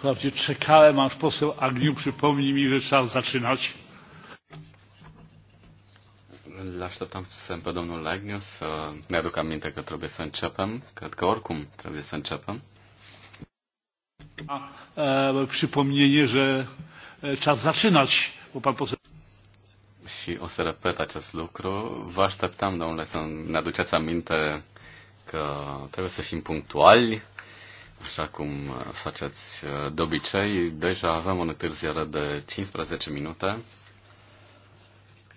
Wprawdzie czekałem, aż poseł Agniu przypomni mi, że trzeba zaczynać. Îl așteptam să pe domnul Agniu să ne aduc aminte că trebuie să începem. Cred că oricum trebuie să începem. przypomnienie, że czas zaczynać, bo pan poseł și o să repet acest lucru. Vă așteptam, domnule, să ne aduceți aminte că trebuie să fim punctuali așa cum uh, faceți uh, de obicei, deja avem o întârziere de 15 minute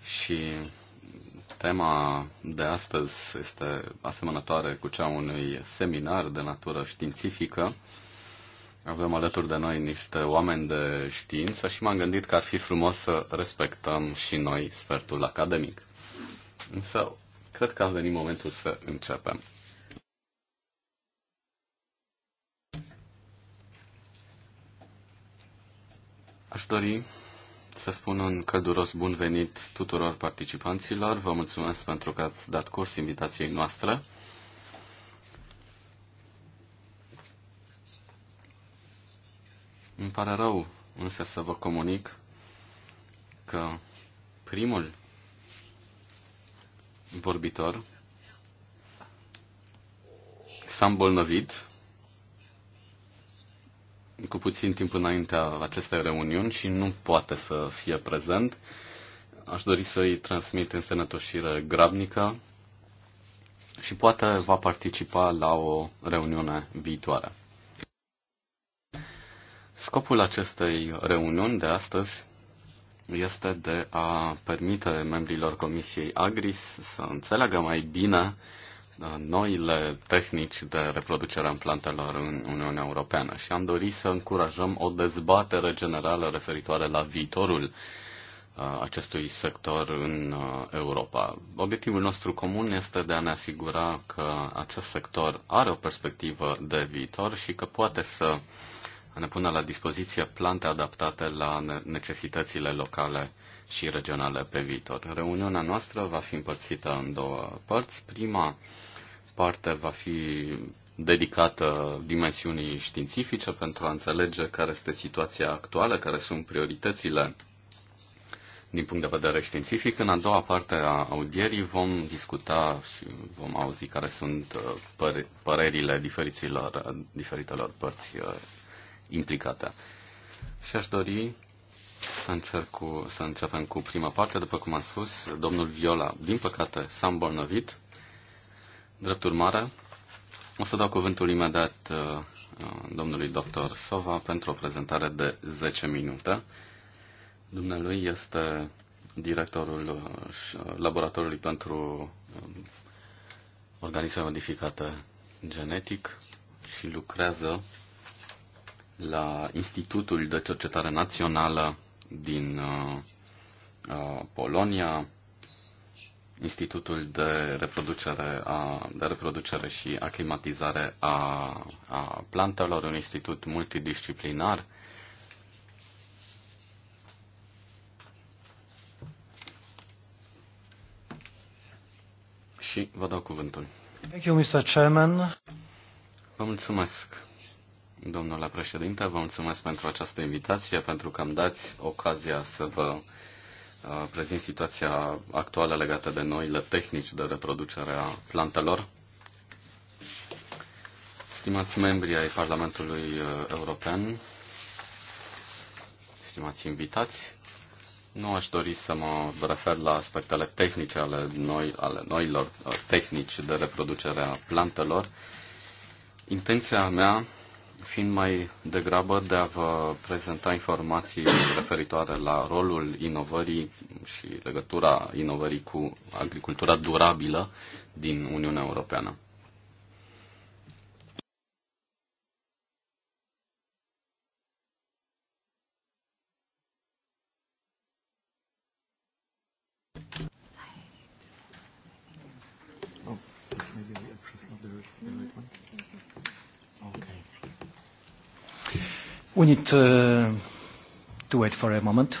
și tema de astăzi este asemănătoare cu cea unui seminar de natură științifică. Avem alături de noi niște oameni de știință și m-am gândit că ar fi frumos să respectăm și noi sfertul academic. Însă, cred că a venit momentul să începem. Aș dori să spun un călduros bun venit tuturor participanților. Vă mulțumesc pentru că ați dat curs invitației noastre. Îmi pare rău însă să vă comunic că primul vorbitor s-a îmbolnăvit cu puțin timp înaintea acestei reuniuni și nu poate să fie prezent. Aș dori să-i transmit în sănătoșire grabnică și poate va participa la o reuniune viitoare. Scopul acestei reuniuni de astăzi este de a permite membrilor Comisiei Agris să înțeleagă mai bine noile tehnici de reproducere a plantelor în Uniunea Europeană și am dorit să încurajăm o dezbatere generală referitoare la viitorul uh, acestui sector în uh, Europa. Obiectivul nostru comun este de a ne asigura că acest sector are o perspectivă de viitor și că poate să ne pună la dispoziție plante adaptate la necesitățile locale și regionale pe viitor. Reuniunea noastră va fi împărțită în două părți. Prima parte va fi dedicată dimensiunii științifice pentru a înțelege care este situația actuală, care sunt prioritățile din punct de vedere științific. În a doua parte a audierii vom discuta și vom auzi care sunt uh, părerile uh, diferitelor părți uh, implicate. Și aș dori să, încerc cu, să începem cu prima parte. După cum am spus, domnul Viola, din păcate, s-a îmbolnăvit Drept urmare, o să dau cuvântul imediat uh, domnului doctor Sova pentru o prezentare de 10 minute. Dumnealui este directorul uh, uh, laboratorului pentru organisme modificate genetic și lucrează la Institutul de Cercetare Națională din Polonia, Institutul de Reproducere, a, de reproducere și Aclimatizare a, a Plantelor, un institut multidisciplinar. Și vă dau cuvântul. Thank you, Mr. Chairman. Vă mulțumesc, domnule președinte, vă mulțumesc pentru această invitație, pentru că am dat ocazia să vă prezint situația actuală legată de noile tehnici de reproducere a plantelor. Stimați membri ai Parlamentului uh, European, stimați invitați, nu aș dori să mă refer la aspectele tehnice ale, noi, ale noilor uh, tehnici de reproducere a plantelor. Intenția mea fiind mai degrabă de a vă prezenta informații referitoare la rolul inovării și legătura inovării cu agricultura durabilă din Uniunea Europeană. We need to, to wait for a moment.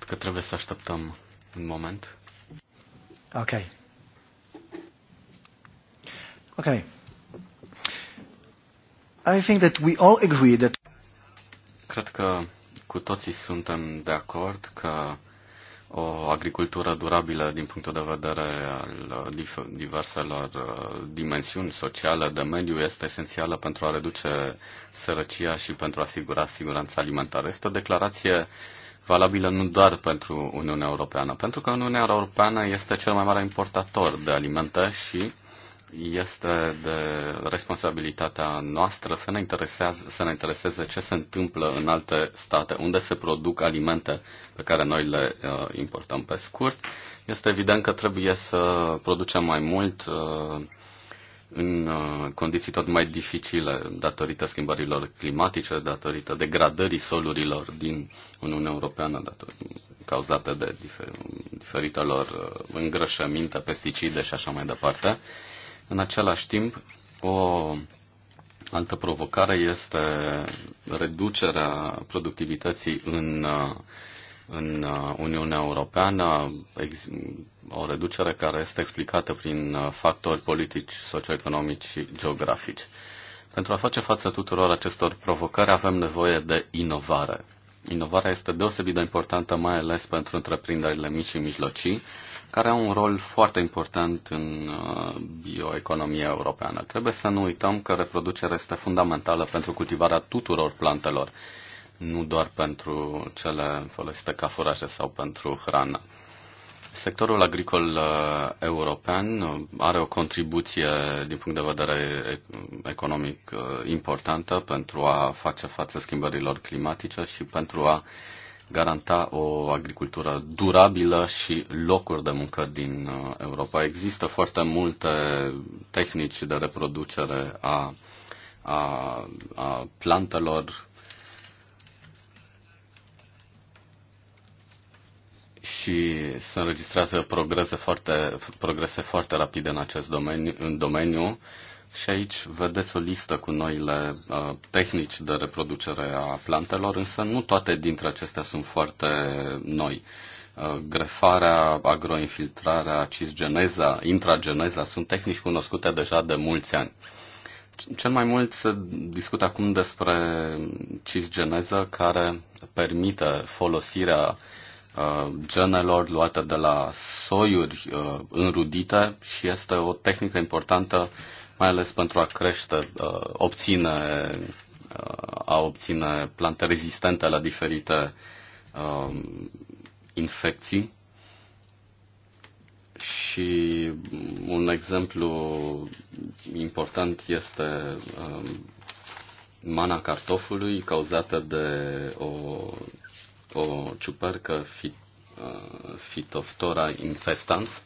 Cred că trebuie să așteptăm un moment. Ok. Ok. I think that we all agree that Cred că cu toții suntem de acord că o agricultură durabilă din punctul de vedere al uh, diverselor uh, dimensiuni sociale de mediu este esențială pentru a reduce sărăcia și pentru a asigura siguranța alimentară. Este o declarație valabilă nu doar pentru Uniunea Europeană, pentru că Uniunea Europeană este cel mai mare importator de alimente și este de responsabilitatea noastră să ne, interesează, să ne intereseze ce se întâmplă în alte state, unde se produc alimente pe care noi le uh, importăm pe scurt. Este evident că trebuie să producem mai mult uh, în uh, condiții tot mai dificile datorită schimbărilor climatice, datorită degradării solurilor din Uniunea Europeană, dator, cauzate de difer, diferitelor uh, îngrășăminte, pesticide și așa mai departe. Uh, în același timp, o altă provocare este reducerea productivității în, în Uniunea Europeană, o reducere care este explicată prin factori politici, socioeconomici și geografici. Pentru a face față tuturor acestor provocări avem nevoie de inovare. Inovarea este deosebit de importantă, mai ales pentru întreprinderile mici și mijlocii, care au un rol foarte important în uh, bioeconomia europeană. Trebuie să nu uităm că reproducerea este fundamentală pentru cultivarea tuturor plantelor, nu doar pentru cele folosite ca furaje sau pentru hrană. Sectorul agricol uh, european uh, are o contribuție din punct de vedere economic importantă pentru a face față schimbărilor climatice și pentru a garanta o agricultură durabilă și locuri de muncă din uh, Europa. Există foarte multe tehnici de reproducere a, a, a plantelor și se înregistrează progrese foarte, progrese foarte rapide în acest domeniu. În domeniu și aici vedeți o listă cu noile uh, tehnici de reproducere a plantelor, însă nu toate dintre acestea sunt foarte noi. Uh, grefarea, agroinfiltrarea, cisgeneza, intrageneza sunt tehnici cunoscute deja de mulți ani. Cel mai mult se discută acum despre cisgeneză care permite folosirea uh, genelor luate de la soiuri uh, înrudite și este o tehnică importantă mai ales pentru a crește, uh, obține, uh, a obține plante rezistente la diferite um, infecții. Și un exemplu important este um, mana cartofului cauzată de o, o ciupercă fit, fitoftora uh, infestans,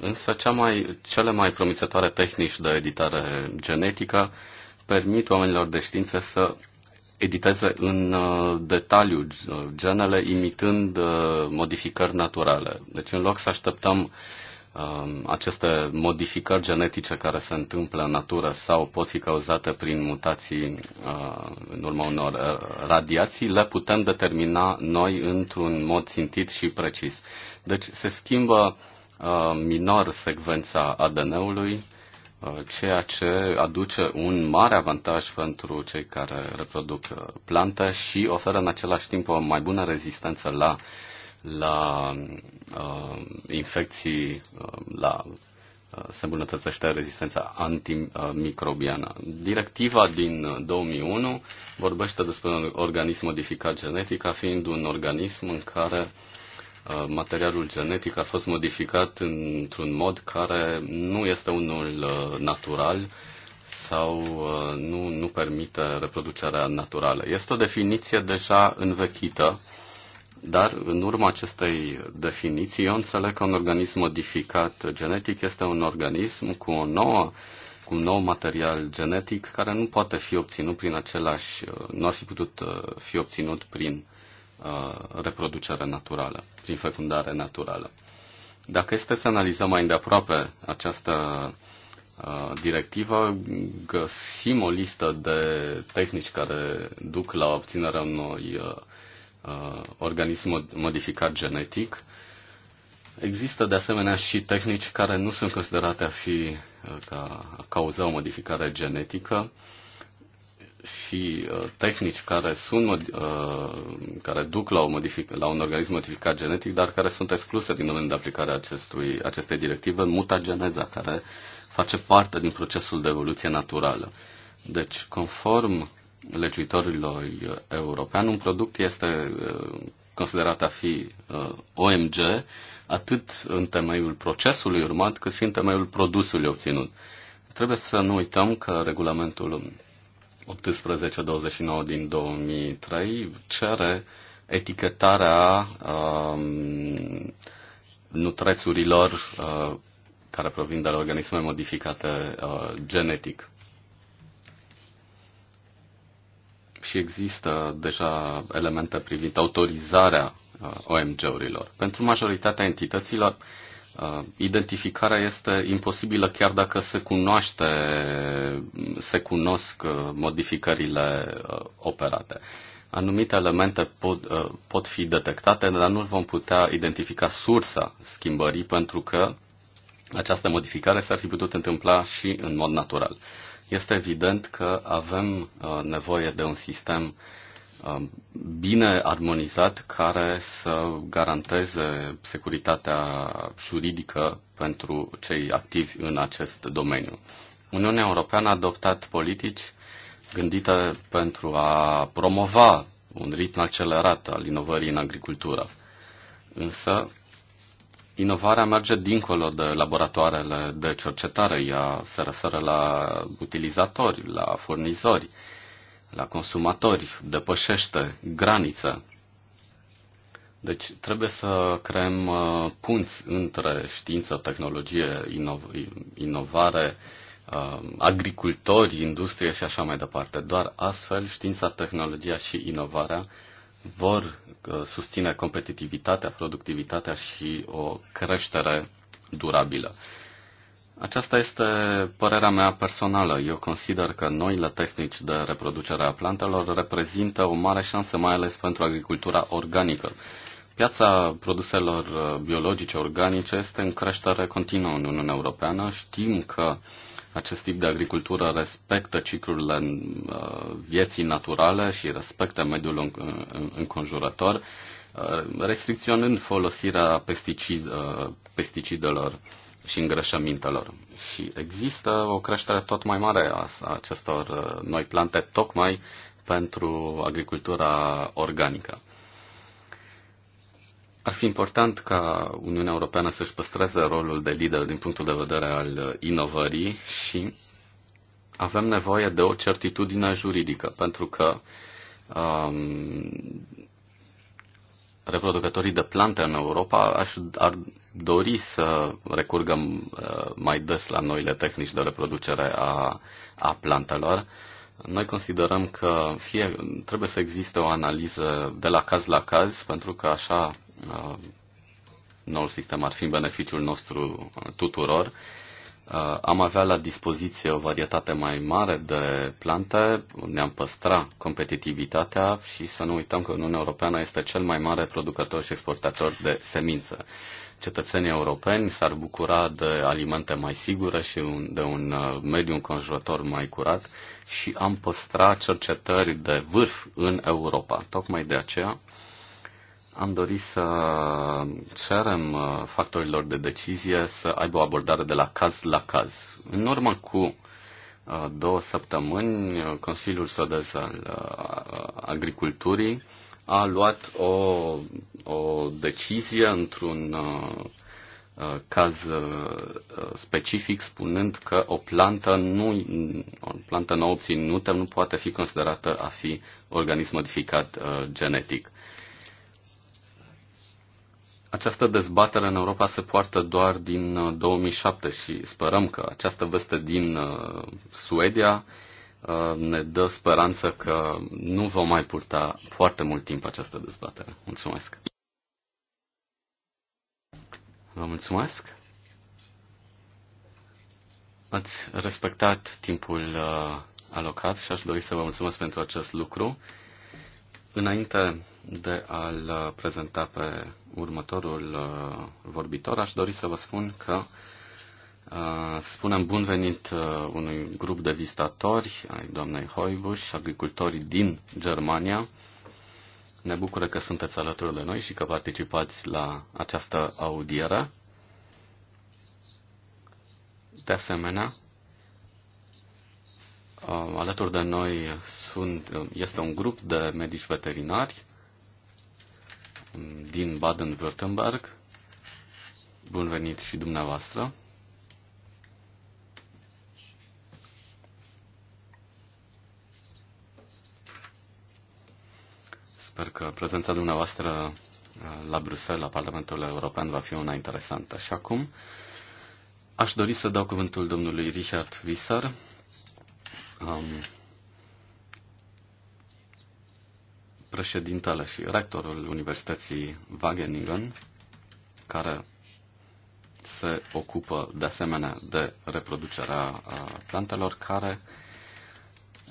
Însă cea mai, cele mai promițătoare tehnici de editare genetică permit oamenilor de știință să editeze în uh, detaliu uh, genele, imitând uh, modificări naturale. Deci în loc să așteptăm um, aceste modificări genetice care se întâmplă în natură sau pot fi cauzate prin mutații în urma unor radiații, le putem determina noi într-un mod țintit și precis. Deci se schimbă Uh, minor secvența ADN-ului, uh, ceea ce aduce un mare avantaj pentru cei care reproduc uh, plante și oferă în același timp o mai bună rezistență la, la uh, infecții, uh, la se îmbunătățește rezistența antimicrobiană. Directiva din 2001 vorbește despre un organism modificat genetic ca fiind un organism în care uh, Uh, materialul genetic a fost modificat într-un mod care nu este unul uh, natural sau uh, nu, nu permite reproducerea naturală. Este o definiție deja învechită, dar în urma acestei definiții eu înțeleg că un organism modificat genetic este un organism cu o nouă cu un nou material genetic care nu poate fi obținut prin același, nu ar fi putut fi obținut prin Uh, reproducere naturală, prin fecundare naturală. Dacă este să analizăm mai îndeaproape această uh, directivă, găsim o listă de tehnici care duc la obținerea unui uh, organism modificat genetic. Există de asemenea și tehnici care nu sunt considerate a fi ca a cauza o modificare genetică, și uh, tehnici care, sunt, uh, care duc la, o modific- la un organism modificat genetic, dar care sunt excluse din domeniul de aplicare a acestui, acestei directive, mutageneza, care face parte din procesul de evoluție naturală. Deci, conform legiuitorilor european, un produs este uh, considerat a fi uh, OMG atât în temeiul procesului urmat, cât și în temeiul produsului obținut. Trebuie să nu uităm că regulamentul 1829 din 2003 cere etichetarea uh, nutrețurilor uh, care provin de la organisme modificate uh, genetic. Și există deja elemente privind autorizarea uh, OMG-urilor. Pentru majoritatea entităților, uh, Uh, identificarea este imposibilă chiar dacă se cunoaște, se cunosc uh, modificările uh, operate. Anumite elemente pot, pot fi detectate, dar nu vom putea identifica sursa schimbării pentru că această modificare s-ar fi putut întâmpla și în mod natural. Este evident că avem nevoie de un sistem uh, Um, bine armonizat care să garanteze securitatea juridică pentru cei activi în acest domeniu. Uniunea Europeană a adoptat politici gândite pentru a promova un ritm accelerat al inovării în agricultură. Însă, inovarea merge dincolo de laboratoarele de cercetare, ea se referă la utilizatori, la furnizori, la consumatori depășește graniță. Deci trebuie să creăm uh, punți între știință, tehnologie, inovare, uh, agricultori, industrie și așa mai departe. Doar astfel știința, tehnologia și inovarea vor uh, susține competitivitatea, productivitatea și o creștere durabilă. Aceasta este părerea mea personală. Eu consider că noile tehnici de reproducere a plantelor reprezintă o mare șansă, mai ales pentru agricultura organică. Piața produselor uh, biologice organice este în creștere continuă în Uniunea Europeană. Știm că acest tip de agricultură respectă ciclurile uh, vieții naturale și respectă mediul uh, înconjurător, restricționând folosirea pesticidelor și lor Și există o creștere tot mai mare a acestor uh, noi plante, tocmai pentru agricultura organică. Ar fi important ca Uniunea Europeană să-și păstreze rolul de lider din punctul de vedere al uh, inovării și avem nevoie de o certitudine juridică, pentru că um, reproducătorii de plante în Europa aș, ar dori să recurgă uh, mai des la noile tehnici de reproducere a, a plantelor. Noi considerăm că fie trebuie să existe o analiză de la caz la caz, pentru că așa uh, noul sistem ar fi în beneficiul nostru uh, tuturor Uh, am avea la dispoziție o varietate mai mare de plante, ne-am păstra competitivitatea și să nu uităm că Uniunea Europeană este cel mai mare producător și exportator de semințe. Cetățenii europeni s-ar bucura de alimente mai sigure și de un uh, mediu înconjurător mai curat și am păstra cercetări de vârf în Europa. Tocmai de aceea am dorit să cerem uh, factorilor de decizie să aibă o abordare de la caz la caz. În urmă cu uh, două săptămâni, uh, Consiliul Sodez al Agriculturii a luat o, o decizie într-un caz specific spunând că o plantă, nu, o plantă nouă obținută nu poate fi considerată a fi organism modificat genetic. Această dezbatere în Europa se poartă doar din 2007 uh, și sperăm că această veste din uh, Suedia uh, ne dă speranță că nu vom mai purta foarte mult timp această dezbatere. Mulțumesc! Vă mulțumesc! Ați respectat timpul alocat și aș dori să vă mulțumesc pentru acest lucru. Înainte de a-l prezenta pe următorul uh, vorbitor, aș dori să vă spun că uh, spunem bun venit uh, unui grup de vizitatori ai doamnei Hoibuș, agricultorii din Germania. Ne bucură că sunteți alături de noi și că participați la această audiere. De asemenea, Um, alături de noi sunt, um, este un grup de medici veterinari um, din Baden-Württemberg. Bun venit și dumneavoastră. Sper că prezența dumneavoastră uh, la Bruxelles, la Parlamentul European, va fi una interesantă. Și acum aș dori să dau cuvântul domnului Richard Visser, um, președintele și rectorul Universității Wageningen, care se ocupă de asemenea de reproducerea plantelor, care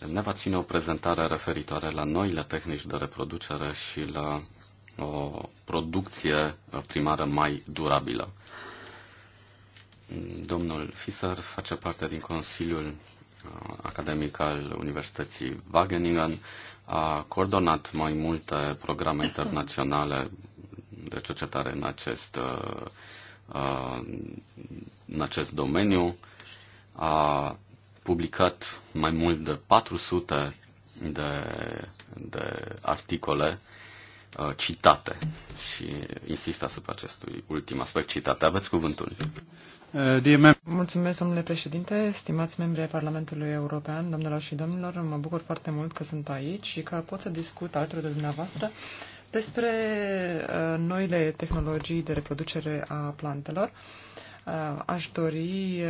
ne va ține o prezentare referitoare la noile tehnici de reproducere și la o producție primară mai durabilă. Domnul Fisar face parte din Consiliul Uh, academic al Universității Wageningen a coordonat mai multe programe internaționale de cercetare în acest, uh, uh, în acest domeniu. A publicat mai mult de 400 de, de articole uh, Uh, citate și insist asupra acestui ultim aspect citat. Aveți cuvântul. Uh, Mulțumesc, domnule președinte, stimați membri ai Parlamentului European, domnilor și domnilor, mă bucur foarte mult că sunt aici și că pot să discut alături de dumneavoastră despre uh, noile tehnologii de reproducere a plantelor. Aș dori,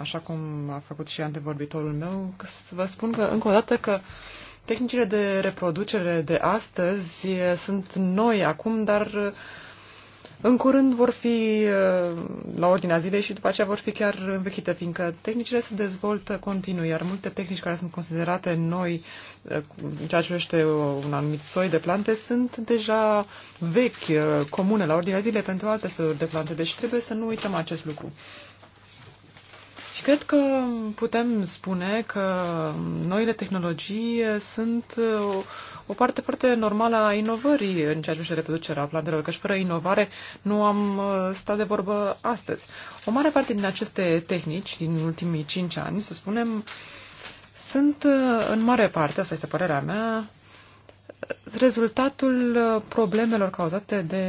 așa cum a făcut și antevorbitorul meu, să vă spun că încă o dată că Tehnicile de reproducere de astăzi eh, sunt noi acum, dar eh, în curând vor fi eh, la ordinea zilei și după aceea vor fi chiar învechite, fiindcă tehnicile se dezvoltă continuu, iar multe tehnici care sunt considerate noi, în ceea ce privește un anumit soi de plante, sunt deja vechi, comune la ordinea zilei pentru alte soiuri de plante, deci trebuie să nu uităm acest lucru. Și cred că putem spune că noile tehnologii sunt o parte foarte normală a inovării în ceea ce privește reproducerea plantelor, căci fără inovare nu am stat de vorbă astăzi. O mare parte din aceste tehnici din ultimii cinci ani, să spunem, sunt în mare parte, asta este părerea mea, rezultatul uh, problemelor cauzate de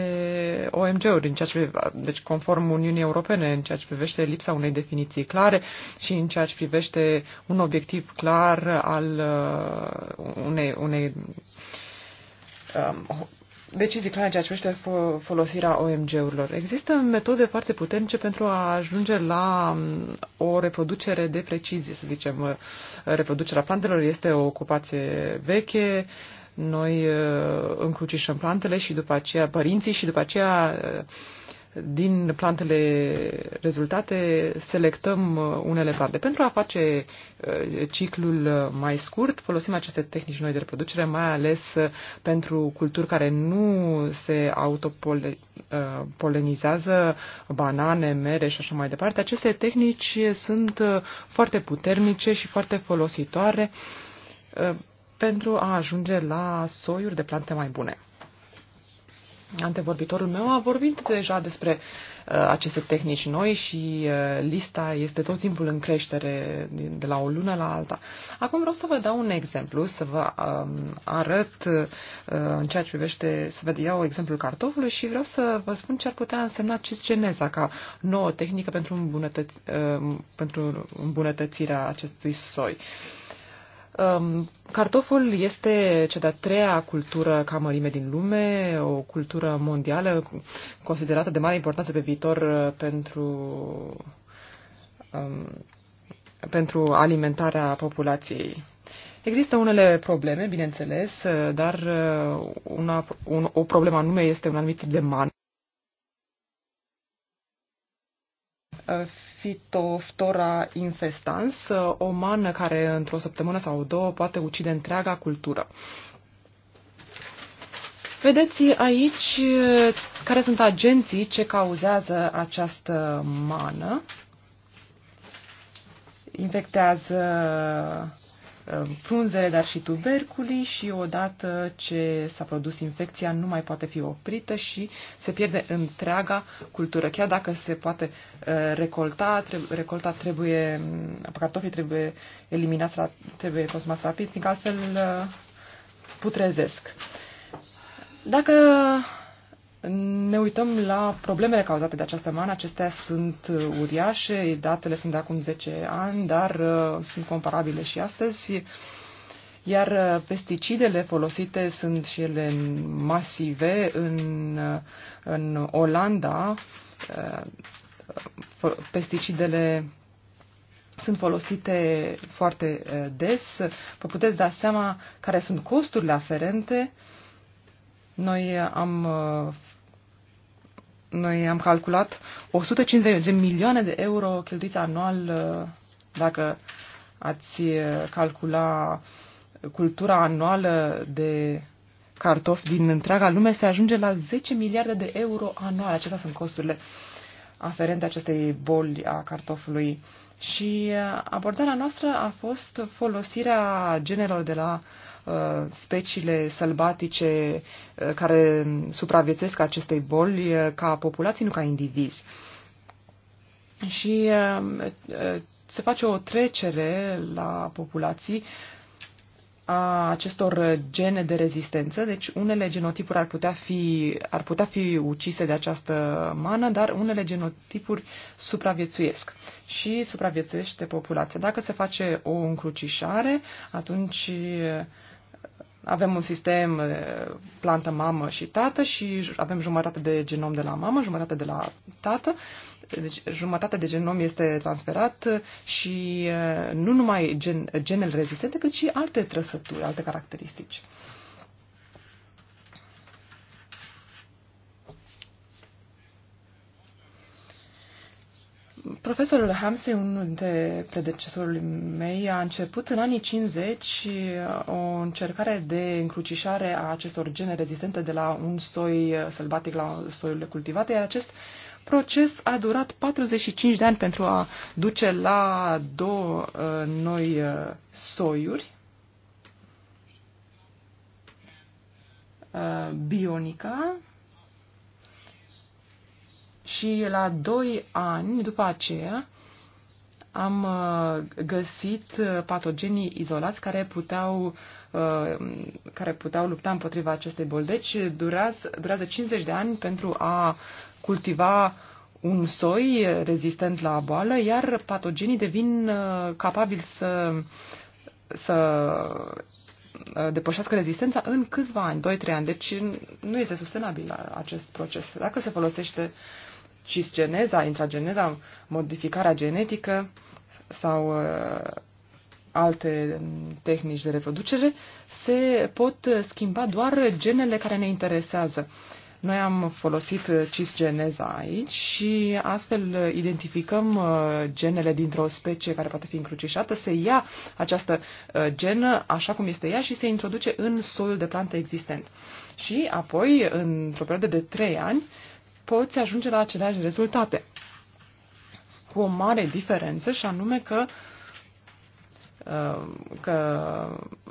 OMG-uri, în ceea ce, deci conform Uniunii Europene, în ceea ce privește lipsa unei definiții clare și în ceea ce privește un obiectiv clar al uh, unei, unei um, decizii clare în ceea ce privește folosirea OMG-urilor. Există metode foarte puternice pentru a ajunge la um, o reproducere de precizie, să zicem. Reproducerea plantelor este o ocupație veche, noi uh, încrucișăm plantele și după aceea părinții și după aceea uh, din plantele rezultate selectăm uh, unele plante. Pentru a face ciclul mai scurt, folosim aceste tehnici noi de reproducere, mai ales pentru culturi care nu se autopolenizează, banane, mere și așa mai departe. Aceste tehnici sunt foarte puternice și foarte folositoare pentru a ajunge la soiuri de plante mai bune. Antevorbitorul meu a vorbit deja despre uh, aceste tehnici noi și uh, lista este tot timpul în creștere de la o lună la alta. Acum vreau să vă dau un exemplu, să vă uh, arăt uh, în ceea ce privește, să vă iau exemplul cartofului și vreau să vă spun ce ar putea însemna cisgeneza ca nouă tehnică pentru, îmbunătăți, uh, pentru îmbunătățirea acestui soi. Uh, Um, cartoful este cea de-a treia cultură ca mărime din lume, o cultură mondială considerată de mare importanță pe viitor uh, pentru, um, pentru alimentarea populației. Există unele probleme, bineînțeles, uh, dar uh, una, un, o problemă anume este un anumit tip de man. Phytophthora infestans, o mană care într-o săptămână sau două poate ucide întreaga cultură. Vedeți aici uh, care sunt agenții ce cauzează această mană. Infectează Um, frunzele, dar și tuberculii și odată ce s-a produs infecția nu mai poate fi oprită și se pierde întreaga cultură. Chiar dacă se poate uh, recolta, trebuie, recolta um, trebuie, cartofii trebuie eliminați, trebuie consumați rapid, fiindcă altfel uh, putrezesc. Dacă ne uităm la problemele cauzate de această mană. Acestea sunt uh, uriașe, datele sunt de acum 10 ani, dar uh, sunt comparabile și astăzi. Iar uh, pesticidele folosite sunt și ele masive în, în Olanda. Pesticidele sunt folosite foarte des. Vă puteți da seama care sunt costurile aferente. Noi am noi am calculat 150 de milioane de euro cheltuiți anual uh, dacă ați uh, calcula cultura anuală de cartofi din întreaga lume, se ajunge la 10 miliarde de euro anual. Acestea sunt costurile aferente acestei boli a cartofului. Și uh, abordarea noastră a fost folosirea genelor de la Uh, speciile sălbatice uh, care supraviețuiesc acestei boli uh, ca populații, nu ca indivizi. Și se face o trecere la populații a acestor gene de rezistență. Deci unele genotipuri ar putea fi, ar putea fi ucise de această mană, dar unele genotipuri supraviețuiesc și supraviețuiește populația. Dacă se face o încrucișare, atunci avem un sistem plantă mamă și tată și avem jumătate de genom de la mamă, jumătate de la tată. Deci jumătate de genom este transferat și nu numai gen, genele rezistente, cât și alte trăsături, alte caracteristici. Profesorul Hamse, unul dintre predecesorii mei, a început în anii 50 uh, o încercare de încrucișare a acestor gene rezistente de la un soi uh, sălbatic la soiurile cultivate, iar acest proces a durat 45 de ani pentru a duce la două uh, noi soiuri, Bionica și la doi ani după aceea am uh, găsit uh, patogenii izolați care puteau, uh, care puteau lupta împotriva acestei boli. Deci durează, durează 50 de ani pentru a cultiva un soi rezistent la boală, iar patogenii devin capabili să, să depășească rezistența în câțiva ani, 2-3 ani. Deci nu este sustenabil acest proces. Dacă se folosește cisgeneza, intrageneza, modificarea genetică sau uh, alte tehnici de reproducere, se pot schimba doar genele care ne interesează. Noi am folosit cisgeneza aici și astfel identificăm uh, genele dintr-o specie care poate fi încrucișată, se ia această uh, genă așa cum este ea și se introduce în soiul de plantă existent. Și apoi, într-o perioadă de 3 ani, poți ajunge la aceleași rezultate. Cu o mare diferență și anume că uh, că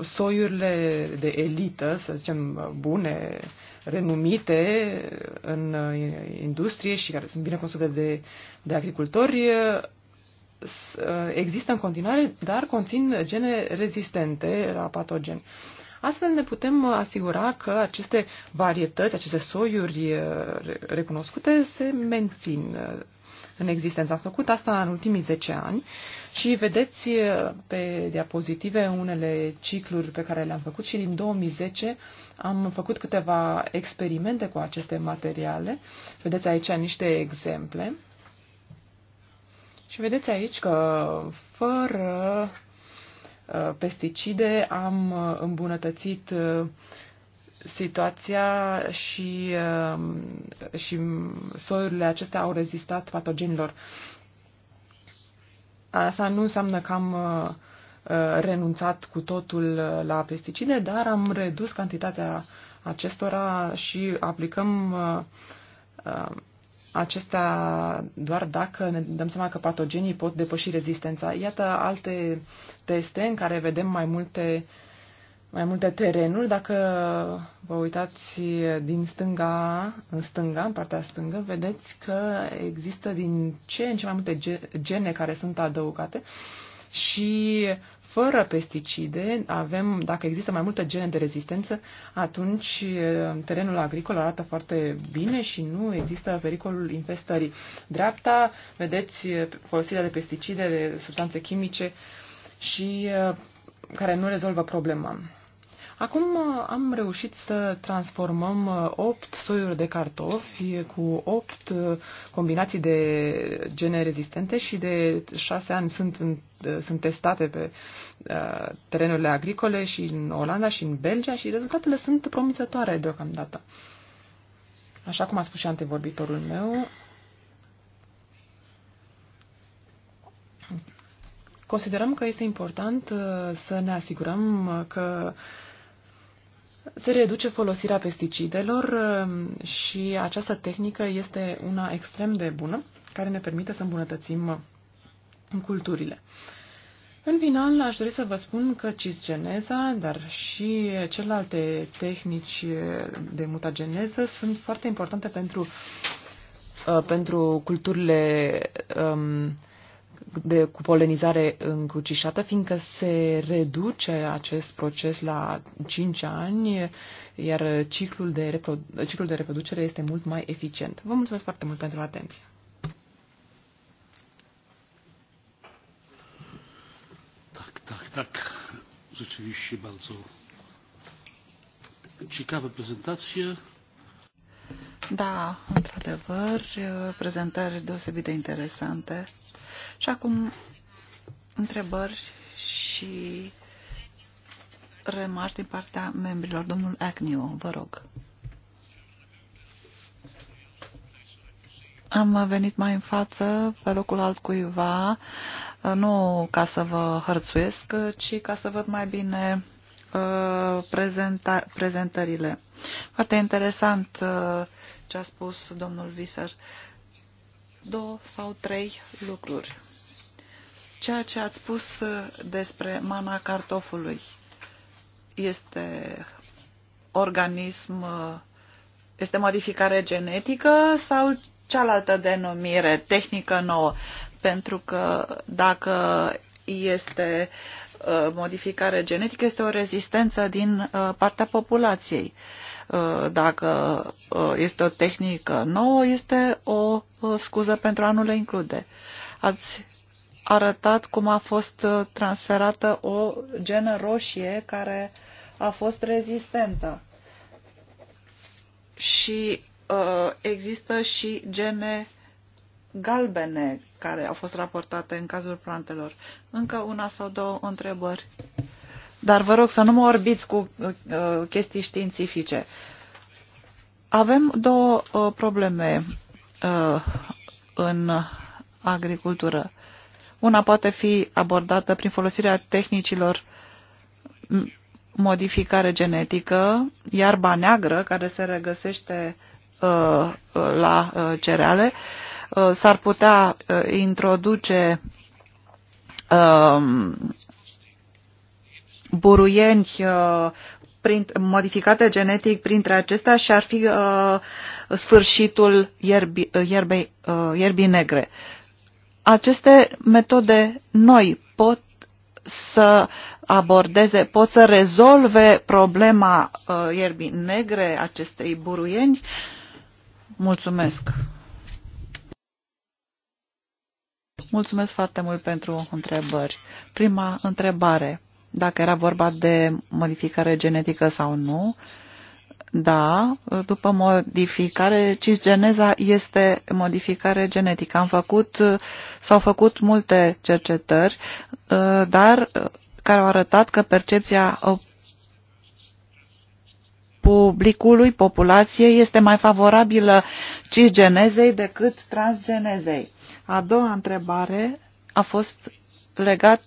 soiurile de elită, să zicem, bune, renumite în uh, industrie și care sunt bine construite de, de agricultori, uh, există în continuare, dar conțin gene rezistente la patogeni. Astfel ne putem uh, asigura că aceste varietăți, aceste soiuri uh, recunoscute se mențin uh, în existență. Am făcut asta în ultimii 10 ani și vedeți pe diapozitive unele cicluri pe care le-am făcut și din 2010 am făcut câteva experimente cu aceste materiale. Vedeți aici niște exemple. Și vedeți aici că fără Uh, pesticide, am uh, îmbunătățit uh, situația și, um, și soiurile acestea au rezistat patogenilor. Asta nu înseamnă că am renunțat cu totul la pesticide, dar am redus cantitatea acestora și aplicăm acestea doar dacă ne dăm seama că patogenii pot depăși rezistența. Iată alte teste în care vedem mai multe, mai multe terenuri. Dacă vă uitați din stânga în stânga, în partea stângă, vedeți că există din ce în ce mai multe gene care sunt adăugate și fără pesticide avem, dacă există mai multe gene de rezistență, atunci terenul agricol arată foarte bine și nu există pericolul infestării. Dreapta, vedeți folosirea de pesticide, de substanțe chimice și care nu rezolvă problema. Acum uh, am reușit să transformăm 8 uh, soiuri de cartofi cu 8 uh, combinații de gene rezistente și de 6 ani sunt, în, sunt testate pe terenurile agricole și în Olanda și în Belgia și rezultatele sunt promițătoare deocamdată. Așa cum a spus și antevorbitorul meu, considerăm că este important să ne asigurăm că uh, se reduce folosirea pesticidelor um, și această tehnică este una extrem de bună, care ne permite să îmbunătățim culturile. În final, aș dori să vă spun că cisgeneza, dar și celelalte tehnici de mutageneză sunt foarte importante pentru, uh, pentru culturile um, de, cu polenizare încrucișată, fiindcă se reduce acest proces la 5 ani, iar ciclul de, reprodu- ciclul de reproducere este mult mai eficient. Vă mulțumesc foarte mult pentru atenție. Tak, tak, tak. Rzeczywiście bardzo ciekawe prezentacje. Da, într-adevăr, prezentări deosebit de interesante. Și acum întrebări și remarci din partea membrilor. Domnul Agnew, vă rog. Am venit mai în față, pe locul altcuiva, nu ca să vă hărțuiesc, ci ca să văd mai bine uh, prezenta, prezentările. Foarte interesant uh, ce a spus domnul Viser. Două sau trei lucruri. Ceea ce ați spus uh, despre mana cartofului este organism, uh, este modificare genetică sau cealaltă denumire tehnică nouă? Pentru că dacă este uh, modificare genetică, este o rezistență din partea populației. Dacă este o tehnică nouă, este o scuză pentru a nu le include. Ați arătat cum a fost uh, transferată o genă roșie care a fost rezistentă. Și uh, există și gene galbene care au fost raportate în cazul plantelor. Încă una sau două întrebări. Dar vă rog să nu mă orbiți cu uh, chestii științifice. Avem două uh, probleme uh, în agricultură. Una poate fi abordată prin folosirea tehnicilor modificare genetică, iarba neagră care se regăsește uh, uh, la uh, cereale, uh, s-ar putea uh, introduce uh, buruieni uh, modificate genetic printre acestea și ar fi uh, sfârșitul ierbi, uh, ierbei, uh, ierbii negre. Uh, aceste metode noi pot să abordeze, pot să rezolve problema uh, ierbii negre, acestei buruieni? Mulțumesc! Mulțumesc foarte mult pentru întrebări. Prima întrebare, dacă era vorba de modificare genetică sau nu, uh, da, după modificare, cisgeneza este modificare genetică. Am făcut, s-au făcut multe cercetări, dar care au arătat că percepția uh, publicului, populației, este mai favorabilă cisgenezei decât transgenezei. A doua întrebare a fost legată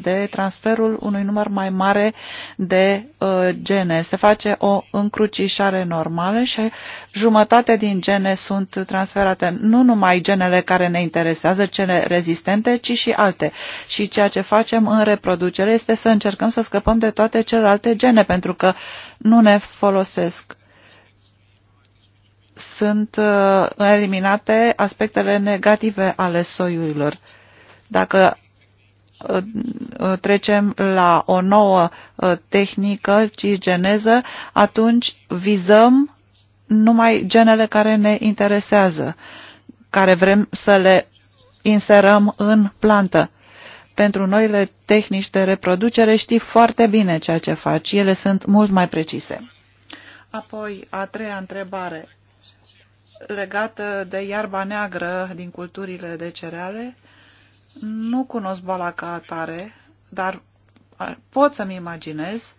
de transferul unui număr mai mare de uh, gene. Se face o încrucișare normală și jumătate din gene sunt transferate, nu numai genele care ne interesează, cele rezistente, ci și alte. Și ceea ce facem în reproducere este să încercăm să scăpăm de toate celelalte gene, pentru că nu ne folosesc sunt uh, eliminate aspectele negative ale soiurilor. Dacă trecem la o nouă uh, tehnică cisgeneză, atunci vizăm numai genele care ne interesează, care vrem să le inserăm în plantă. Pentru noile tehnici de reproducere știi foarte bine ceea ce faci, ele sunt mult mai precise. Apoi, a treia întrebare legată de iarba neagră din culturile de cereale, nu cunosc boala ca atare, dar uh, pot să-mi imaginez.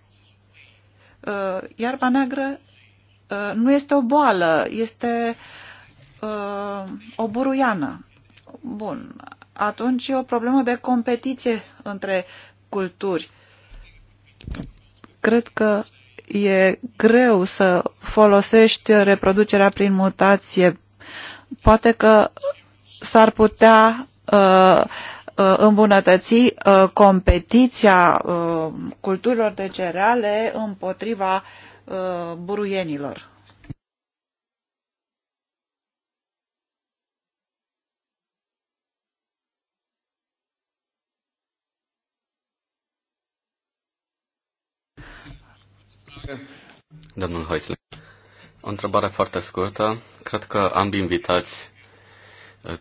Uh, iarba neagră uh, nu este o boală, este o buruiană. Bun, atunci e o problemă de competiție între culturi. Cred că e greu să folosești reproducerea prin mutație. Poate că s-ar putea Uh, uh, îmbunătăți uh, competiția culturilor de cereale împotriva buruienilor. Domnul Heusling. O întrebare foarte scurtă. Cred că ambii invitați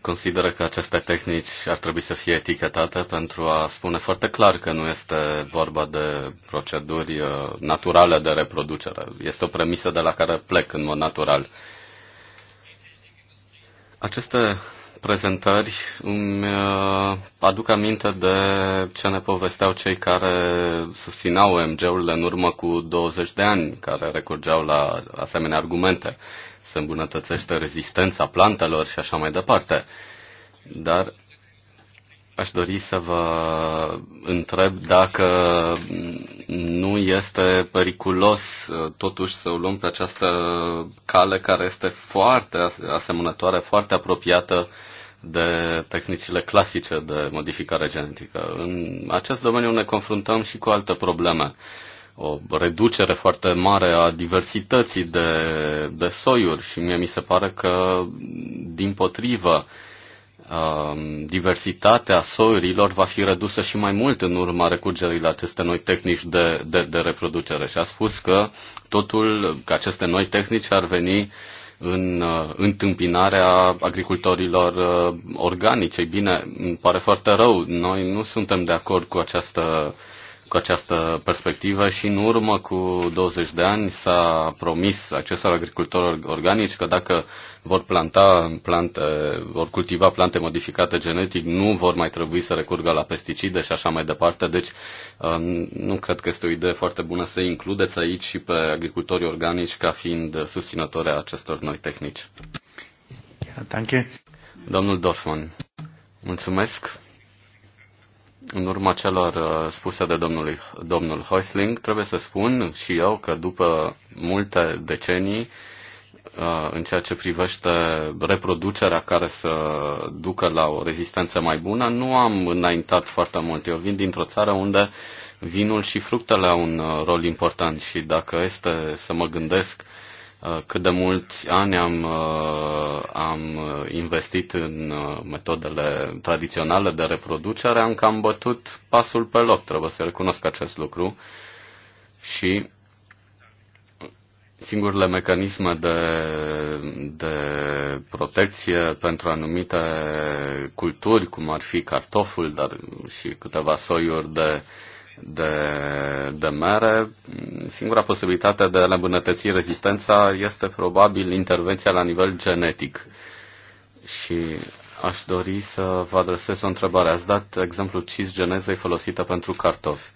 consideră că aceste tehnici ar trebui să fie etichetate pentru a spune foarte clar că nu este vorba de proceduri uh, naturale de reproducere. Este o premisă de la care plec în mod natural. Aceste prezentări îmi uh, aduc aminte de ce ne povesteau cei care susțineau MG-urile în urmă cu 20 de ani, care recurgeau la asemenea argumente se îmbunătățește rezistența plantelor și așa mai departe. Dar aș dori să vă întreb dacă nu este periculos totuși să o luăm pe această cale care este foarte asemănătoare, foarte apropiată de tehnicile clasice de modificare genetică. În acest domeniu ne confruntăm și cu alte probleme o reducere foarte mare a diversității de, de soiuri și mie mi se pare că, din potrivă, um, diversitatea soiurilor va fi redusă și mai mult în urma recurgerii la aceste noi tehnici de, de, de reproducere. Și a spus că totul, că aceste noi tehnici ar veni în uh, întâmpinarea agricultorilor uh, organice. Bine, îmi pare foarte rău, noi nu suntem de acord cu această uh, cu această perspectivă și în urmă cu 20 de ani s-a promis acestor agricultori organici că dacă vor planta plante, vor cultiva plante modificate genetic, nu vor mai trebui să recurgă la pesticide și așa mai departe. Deci um, nu cred că este o idee foarte bună să includeți aici și pe agricultorii organici ca fiind susținători acestor noi tehnici. you. Domnul Dorfman, mulțumesc. În urma celor uh, spuse de domnului, domnul Heusling, trebuie să spun și eu că după multe decenii, uh, în ceea ce privește reproducerea care să ducă la o rezistență mai bună, nu am înaintat foarte mult. Eu vin dintr-o țară unde vinul și fructele au un uh, rol important și dacă este să mă gândesc Uh, cât de mulți ani am, uh, am investit în uh, metodele tradiționale de reproducere, am cam bătut pasul pe loc, trebuie să recunosc acest lucru. Și singurele mecanisme de, de protecție pentru anumite culturi, cum ar fi cartoful, dar și câteva soiuri de uh, de, de mere, singura posibilitate de a le îmbunătăți rezistența este probabil intervenția la nivel genetic. Și aș dori să vă adresez o întrebare. Ați dat exemplul cisgenezei folosită pentru cartofi.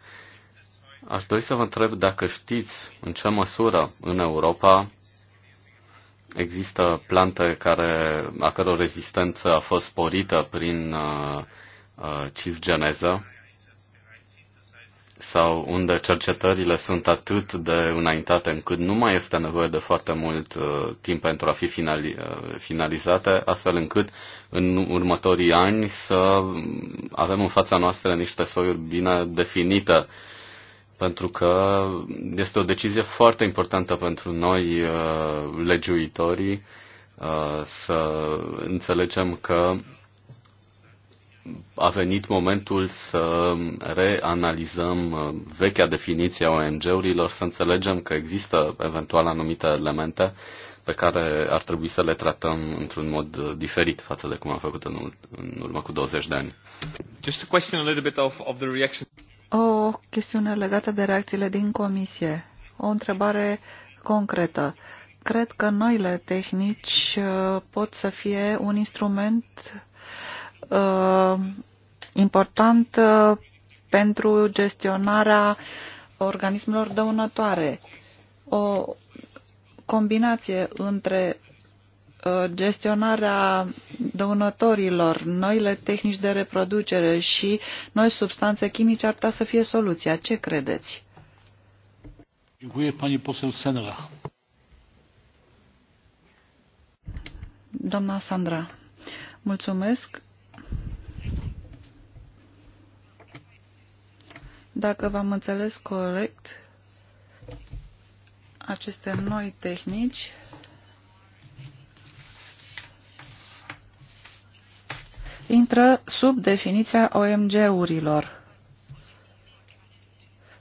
Aș dori să vă întreb dacă știți în ce măsură în Europa există plante care, a căror rezistență a fost sporită prin uh, uh, cisgeneză sau unde cercetările sunt atât de înaintate încât nu mai este nevoie de foarte mult uh, timp pentru a fi finali, uh, finalizate, astfel încât în următorii ani să avem în fața noastră niște soiuri bine definite, pentru că este o decizie foarte importantă pentru noi, uh, legiuitorii, uh, să înțelegem că a venit momentul să reanalizăm uh, vechea definiție a ONG-urilor, să înțelegem că există eventual anumite elemente pe care ar trebui să le tratăm într-un mod uh, diferit față de cum am făcut în, în urmă cu 20 de ani. Just a question a little bit of, of the reaction. O chestiune legată de reacțiile din comisie. O întrebare concretă. Cred că noile tehnici uh, pot să fie un instrument Uh, important uh, pentru gestionarea organismelor dăunătoare. O combinație între uh, gestionarea dăunătorilor, noile tehnici de reproducere și noi substanțe chimice ar putea să fie soluția. Ce credeți? pani poseł Senra. Doamna Sandra, mulțumesc. Dacă v-am înțeles corect, aceste noi tehnici intră sub definiția OMG-urilor.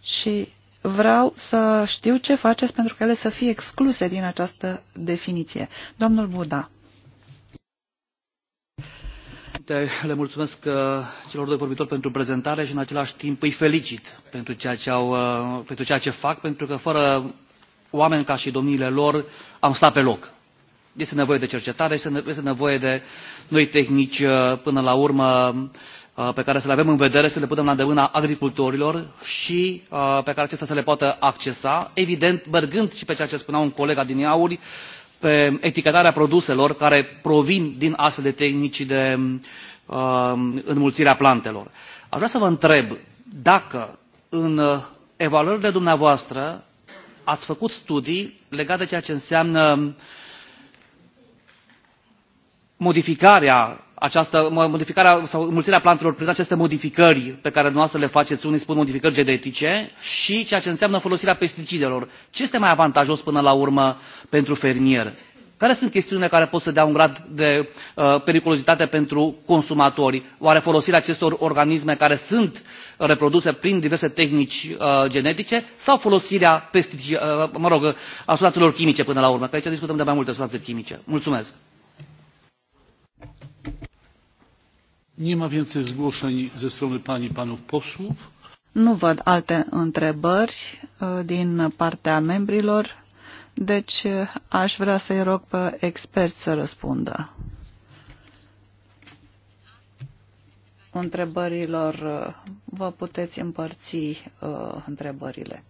Și vreau să știu ce faceți pentru că ele să fie excluse din această definiție. Domnul Buda președinte le mulțumesc uh, celor doi vorbitori pentru prezentare și în același timp îi felicit pentru ceea ce, au, uh, pentru ceea ce fac pentru că fără oameni ca și domniile lor am stat pe loc. Este nevoie de cercetare, este nevoie de noi tehnici uh, până la urmă pe care să le avem în vedere, să le putem la îndemâna agricultorilor și pe care acestea să le poată accesa, evident, mergând și pe ceea ce spunea un coleg Iauri, pe etichetarea produselor care provin din astfel de tehnici de uh, um, înmulțire a plantelor. Aș vrea să vă întreb dacă în evaluările dumneavoastră ați făcut studii legate de ceea ce înseamnă modificarea această modificare sau înmulțirea plantelor prin aceste modificări pe care dumneavoastră le faceți unii spun modificări genetice și ceea ce înseamnă folosirea pesticidelor. ce este mai avantajos până la urmă pentru fermier? care sunt chestiunile care pot să dea un grad de uh, periculozitate pentru consumatori? oare folosirea acestor organisme care sunt reproduse prin diverse tehnici uh, genetice sau folosirea pesticidelor, uh, mă rog, a uh, substanțelor chimice până la urmă? că aici discutăm de mai multe substanțe chimice. mulțumesc. Nie ma więcej zgłoszeń ze strony pani panów posłów. Nu văd alte întrebări din partea membrilor, deci aș vrea să-i rog pe experți să răspundă. Întrebărilor, vă puteți împărți întrebările.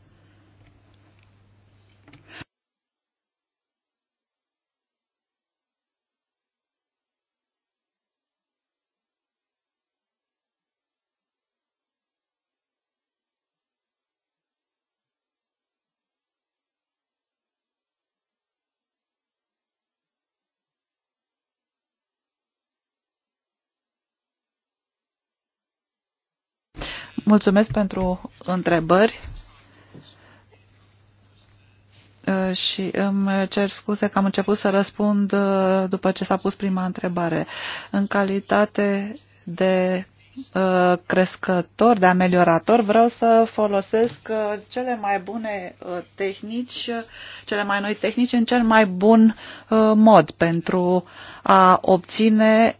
Mulțumesc pentru întrebări și îmi cer scuze că am început să răspund după ce s-a pus prima întrebare. În calitate de Uh, crescător, de ameliorator, vreau să folosesc uh, cele mai bune uh, tehnici, cele mai noi tehnici în cel mai bun mod pentru a obține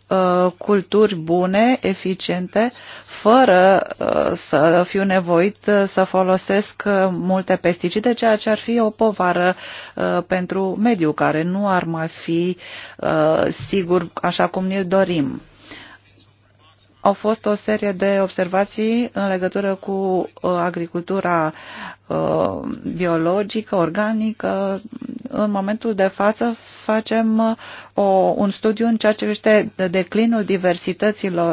culturi bune, eficiente, fără să fiu nevoit să folosesc multe pesticide, ceea ce ar fi o povară pentru mediu, care nu ar mai fi sigur așa cum ne dorim au fost o serie de observații în legătură cu uh, agricultura uh, biologică, organică. În momentul de față facem uh, o, un studiu în ceea ce privește declinul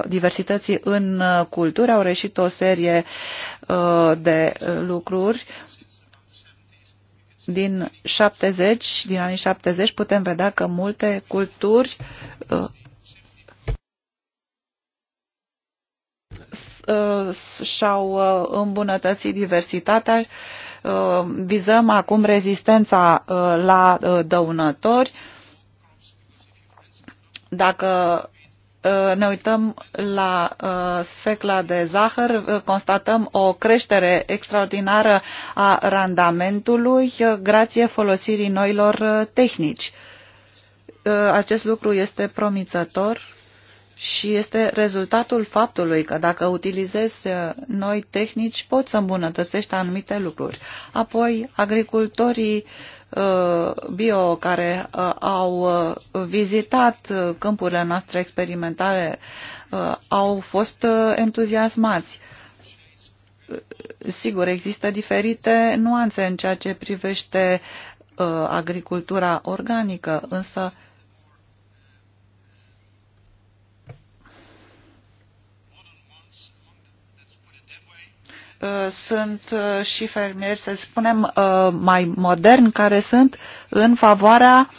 diversității în cultură. Au reșit o serie de lucruri din 70, din anii 70, putem vedea că multe culturi Uh, și-au uh, îmbunătățit diversitatea. Uh, vizăm acum rezistența la dăunători. Dacă ne uităm la sfecla de zahăr, constatăm o creștere extraordinară a randamentului grație folosirii noilor tehnici. Acest lucru este promițător și este rezultatul faptului că dacă utilizezi uh, noi tehnici poți să îmbunătățești anumite lucruri. Apoi, agricultorii uh, bio care uh, au vizitat câmpurile noastre experimentale au fost entuziasmați. Sigur, există diferite nuanțe în ceea ce privește agricultura organică, însă Uh, sunt uh, și fermieri, să spunem, uh, mai moderni, care sunt în favoarea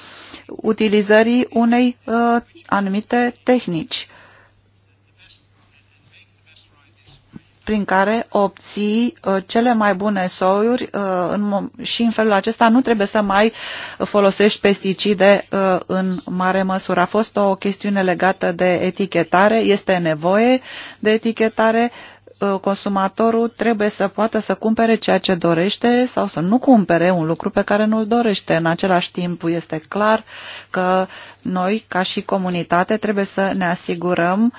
utilizării unei anumite tehnici prin care obții cele mai bune soiuri și în felul acesta nu trebuie să mai folosești pesticide în mare măsură. A fost o chestiune legată de etichetare, este nevoie de etichetare, Uh, consumatorul trebuie să poată să cumpere ceea ce dorește sau să nu cumpere un lucru pe care nu-l dorește. În același timp este clar că noi, ca și comunitate, trebuie să ne asigurăm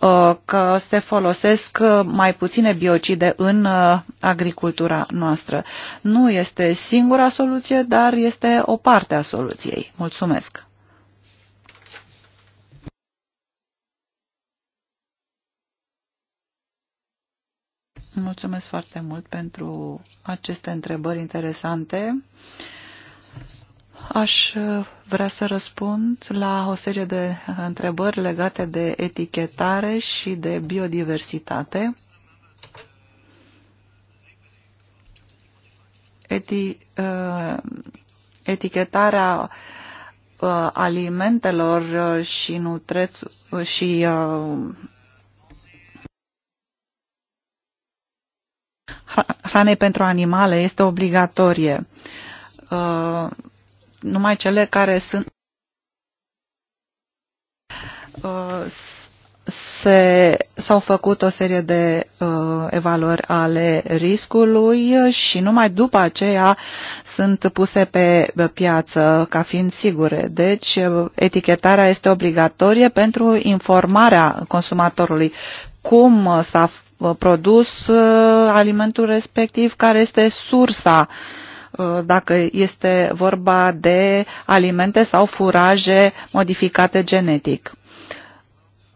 uh, că se folosesc mai puține biocide în uh, agricultura noastră. Nu este singura soluție, dar este o parte a soluției. Mulțumesc! Mulțumesc foarte mult pentru aceste întrebări interesante. Aș vrea să răspund la o serie de întrebări legate de etichetare și de biodiversitate. Eti, uh, etichetarea uh, alimentelor și, nutreț, și uh, hranei pentru animale este obligatorie. Uh, numai cele care sunt uh, se, s-au făcut o serie de uh, evaluări ale riscului și numai după aceea sunt puse pe piață ca fiind sigure. Deci etichetarea este obligatorie pentru informarea consumatorului cum s-a Uh, produs uh, alimentul respectiv, care este sursa uh, dacă este vorba de alimente sau furaje modificate genetic.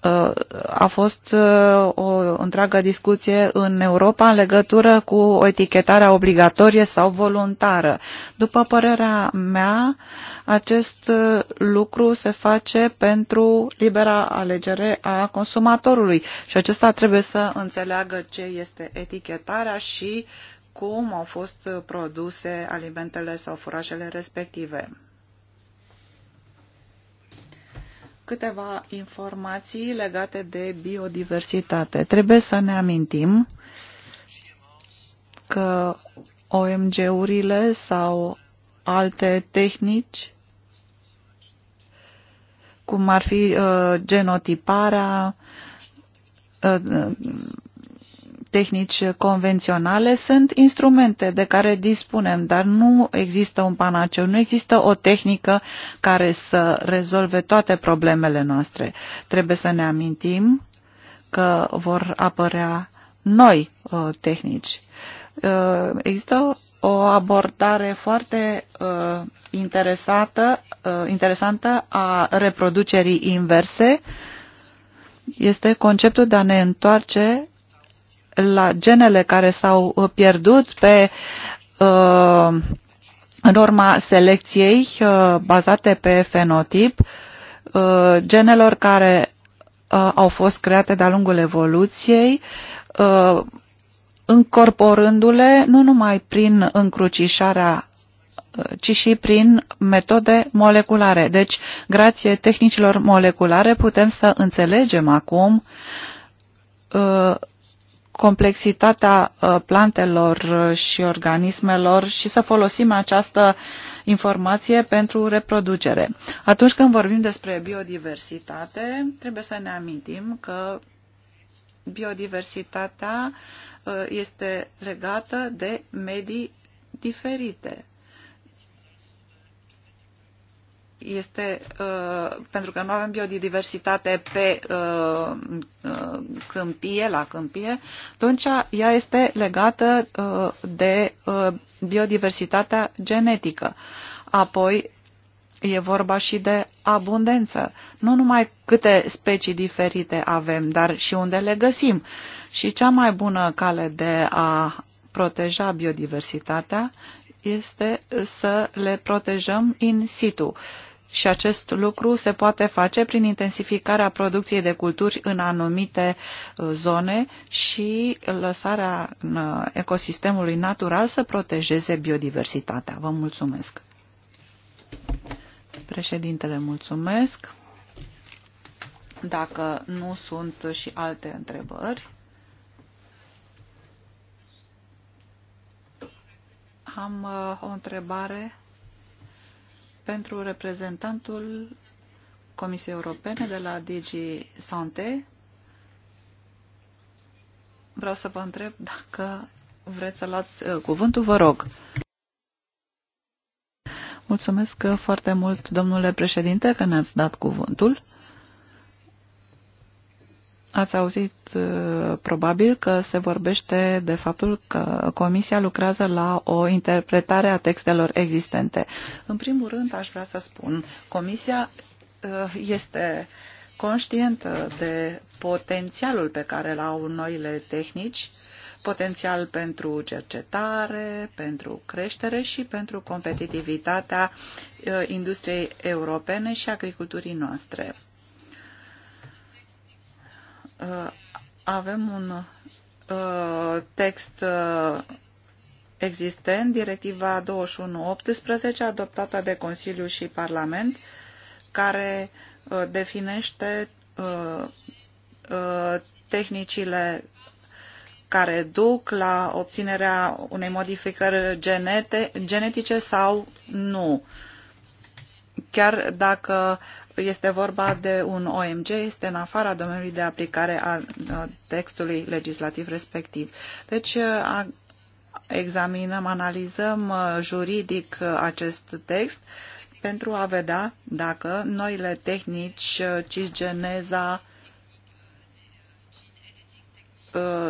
Uh, a fost uh, o întreagă discuție în Europa în legătură cu o etichetare obligatorie sau voluntară. După părerea mea, acest uh, lucru se face pentru libera alegere a consumatorului și acesta trebuie să înțeleagă ce este etichetarea și cum au fost produse alimentele sau furajele respective. câteva informații legate de biodiversitate. Trebuie să ne amintim că OMG-urile sau alte tehnici, cum ar fi uh, genotiparea, uh, tehnici convenționale sunt instrumente de care dispunem, dar nu există un panaceu, nu există o tehnică care să rezolve toate problemele noastre. Trebuie să ne amintim că vor apărea noi uh, tehnici. Uh, există o abordare foarte uh, interesată, uh, interesantă a reproducerii inverse. Este conceptul de a ne întoarce la genele care s-au uh, pierdut pe uh, urma selecției uh, bazate pe fenotip, uh, genelor care uh, au fost create de-a lungul evoluției, uh, încorporându-le nu numai prin încrucișarea uh, ci și prin metode moleculare. Deci, grație tehnicilor moleculare, putem să înțelegem acum uh, complexitatea uh, plantelor uh, și organismelor și să folosim această informație pentru reproducere. Atunci când vorbim despre biodiversitate, trebuie să ne amintim că biodiversitatea uh, este legată de medii diferite. este uh, pentru că nu avem biodiversitate pe uh, uh, câmpie, la câmpie, atunci ea este legată uh, de uh, biodiversitatea genetică. Apoi e vorba și de abundență. Nu numai câte specii diferite avem, dar și unde le găsim. Și cea mai bună cale de a proteja biodiversitatea este să le protejăm in situ. Uh, și acest lucru se poate face prin intensificarea producției de culturi în anumite uh, zone și lăsarea uh, ecosistemului natural să protejeze biodiversitatea. Vă mulțumesc. Președintele, mulțumesc. Dacă nu sunt și alte întrebări, am uh, o întrebare pentru reprezentantul Comisiei Europene de la DG Sante. Vreau să vă întreb dacă vreți să luați uh, cuvântul, vă rog. Mulțumesc foarte mult, domnule președinte, că ne-ați dat cuvântul. Ați auzit uh, probabil că se vorbește de faptul că Comisia lucrează la o interpretare a textelor existente. În primul rând, aș vrea să spun, Comisia uh, este conștientă de potențialul pe care îl au noile tehnici, potențial pentru cercetare, pentru creștere și pentru competitivitatea uh, industriei europene și agriculturii noastre. Uh, avem un uh, text uh, existent, directiva 2118, adoptată de Consiliu și Parlament, care definește tehnicile care duc la obținerea unei modificări genete, genetice sau nu. Chiar dacă este vorba de un OMG, este în afara domeniului de aplicare a textului legislativ respectiv. Deci examinăm, analizăm juridic acest text pentru a vedea dacă noile tehnici, cisgeneza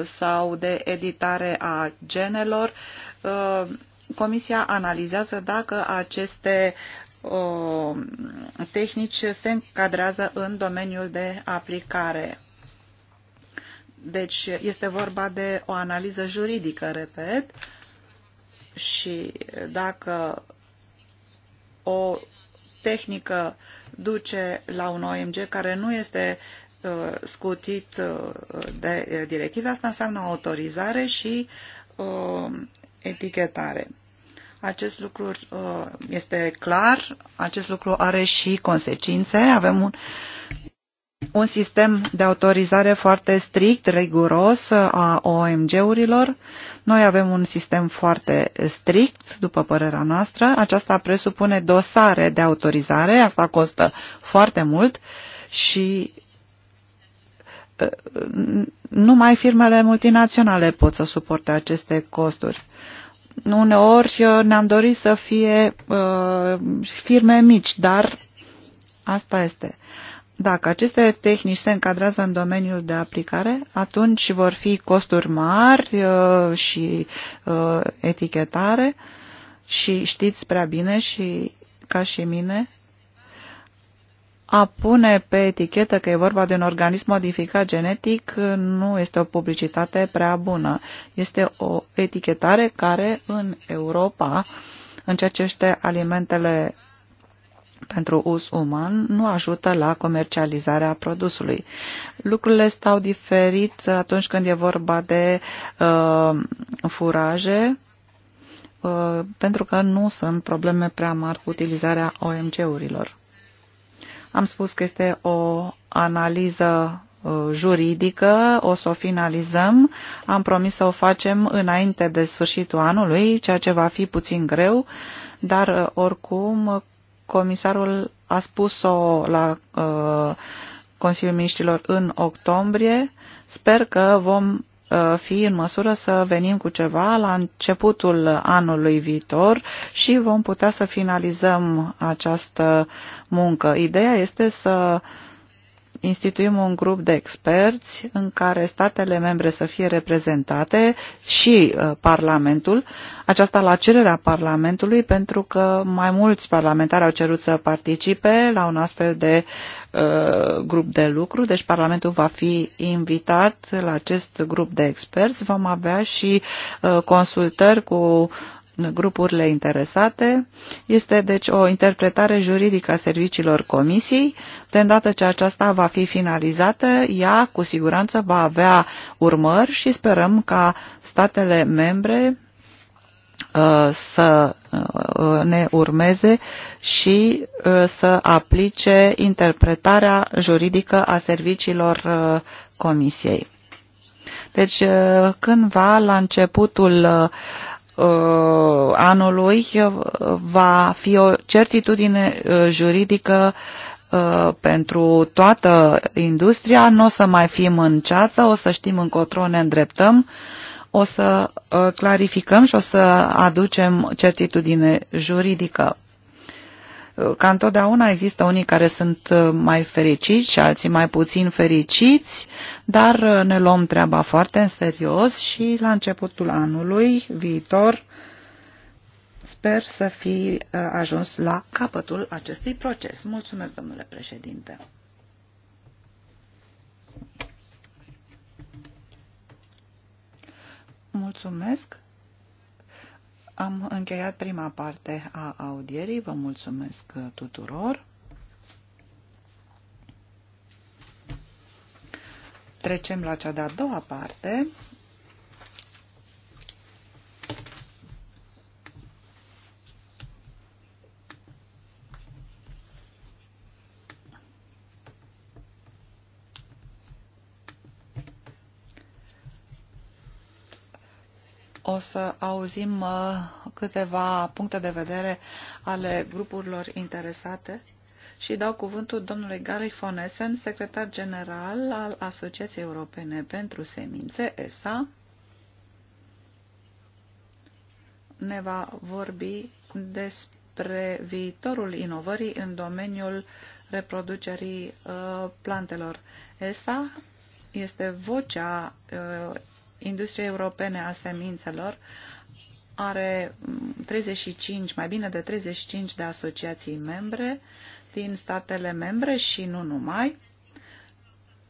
sau de editare a genelor, Comisia analizează dacă aceste tehnici se încadrează în domeniul de aplicare. Deci este vorba de o analiză juridică, repet, și dacă o tehnică duce la un OMG care nu este uh, scutit uh, de directive, asta înseamnă autorizare și uh, etichetare. Acest lucru uh, este clar, acest lucru are și consecințe. Avem un, un sistem de autorizare foarte strict, riguros uh, a OMG-urilor. Noi avem un sistem foarte strict, după părerea noastră. Aceasta presupune dosare de autorizare, asta costă foarte mult și uh, numai firmele multinaționale pot să suporte aceste costuri. Uneori uh, ne-am dorit să fie uh, firme mici, dar asta este. Dacă aceste tehnici se încadrează în domeniul de aplicare, atunci vor fi costuri mari uh, și uh, etichetare și știți prea bine și ca și mine a pune pe etichetă că e vorba de un organism modificat genetic nu este o publicitate prea bună. Este o etichetare care în Europa, în ceea ce este alimentele pentru us uman nu ajută la comercializarea produsului. Lucrurile stau diferit atunci când e vorba de uh, furaje, uh, pentru că nu sunt probleme prea mari cu utilizarea OMG-urilor. Am spus că este o analiză uh, juridică, o să o finalizăm. Am promis să o facem înainte de sfârșitul anului, ceea ce va fi puțin greu, dar uh, oricum comisarul a spus-o la uh, Consiliul Ministrilor în octombrie. Sper că vom Uh, fi în măsură să venim cu ceva la începutul anului viitor și vom putea să finalizăm această muncă. Ideea este să instituim un grup de experți în care statele membre să fie reprezentate și uh, Parlamentul, aceasta la cererea Parlamentului, pentru că mai mulți parlamentari au cerut să participe la un astfel de uh, grup de lucru, deci Parlamentul va fi invitat la acest grup de experți. Vom avea și uh, consultări cu grupurile interesate. Este deci o interpretare juridică a serviciilor comisiei. De îndată ce aceasta va fi finalizată, ea cu siguranță va avea urmări și sperăm ca statele membre uh, să uh, ne urmeze și uh, să aplice interpretarea juridică a serviciilor comisiei. Deci, cândva la începutul Uh, anului uh, va fi o certitudine uh, juridică pentru toată industria, nu o să mai fim în ceață, o să știm încotro ne îndreptăm, o să clarificăm și o să aducem certitudine juridică. Ca întotdeauna există unii care sunt uh, mai fericiți și alții mai puțin fericiți, dar uh, ne luăm treaba foarte în serios și la începutul anului viitor sper să fi uh, ajuns la capătul acestui proces. Mulțumesc, domnule președinte. Mulțumesc. Am încheiat prima parte a audierii. Vă mulțumesc tuturor. Trecem la cea de-a doua parte o să auzim uh, câteva puncte de vedere ale grupurilor interesate și dau cuvântul domnului Gary Fonesen, secretar general al Asociației Europene pentru Semințe, ESA. Ne va vorbi despre viitorul inovării în domeniul reproducerii uh, plantelor. ESA este vocea uh, industria europene a semințelor are 35, mm, mai bine de 35 de asociații membre din statele membre și nu numai,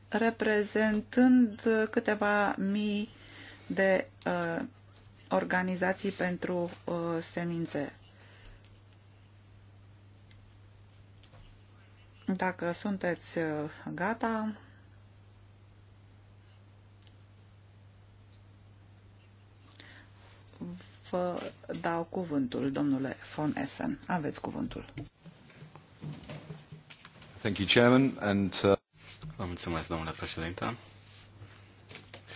reprezentând câteva mii de uh, organizații pentru uh, semințe. Dacă sunteți uh, gata, vă dau cuvântul, domnule von Essen. Aveți cuvântul. Thank you, Chairman, and, uh... Vă mulțumesc, domnule președinte,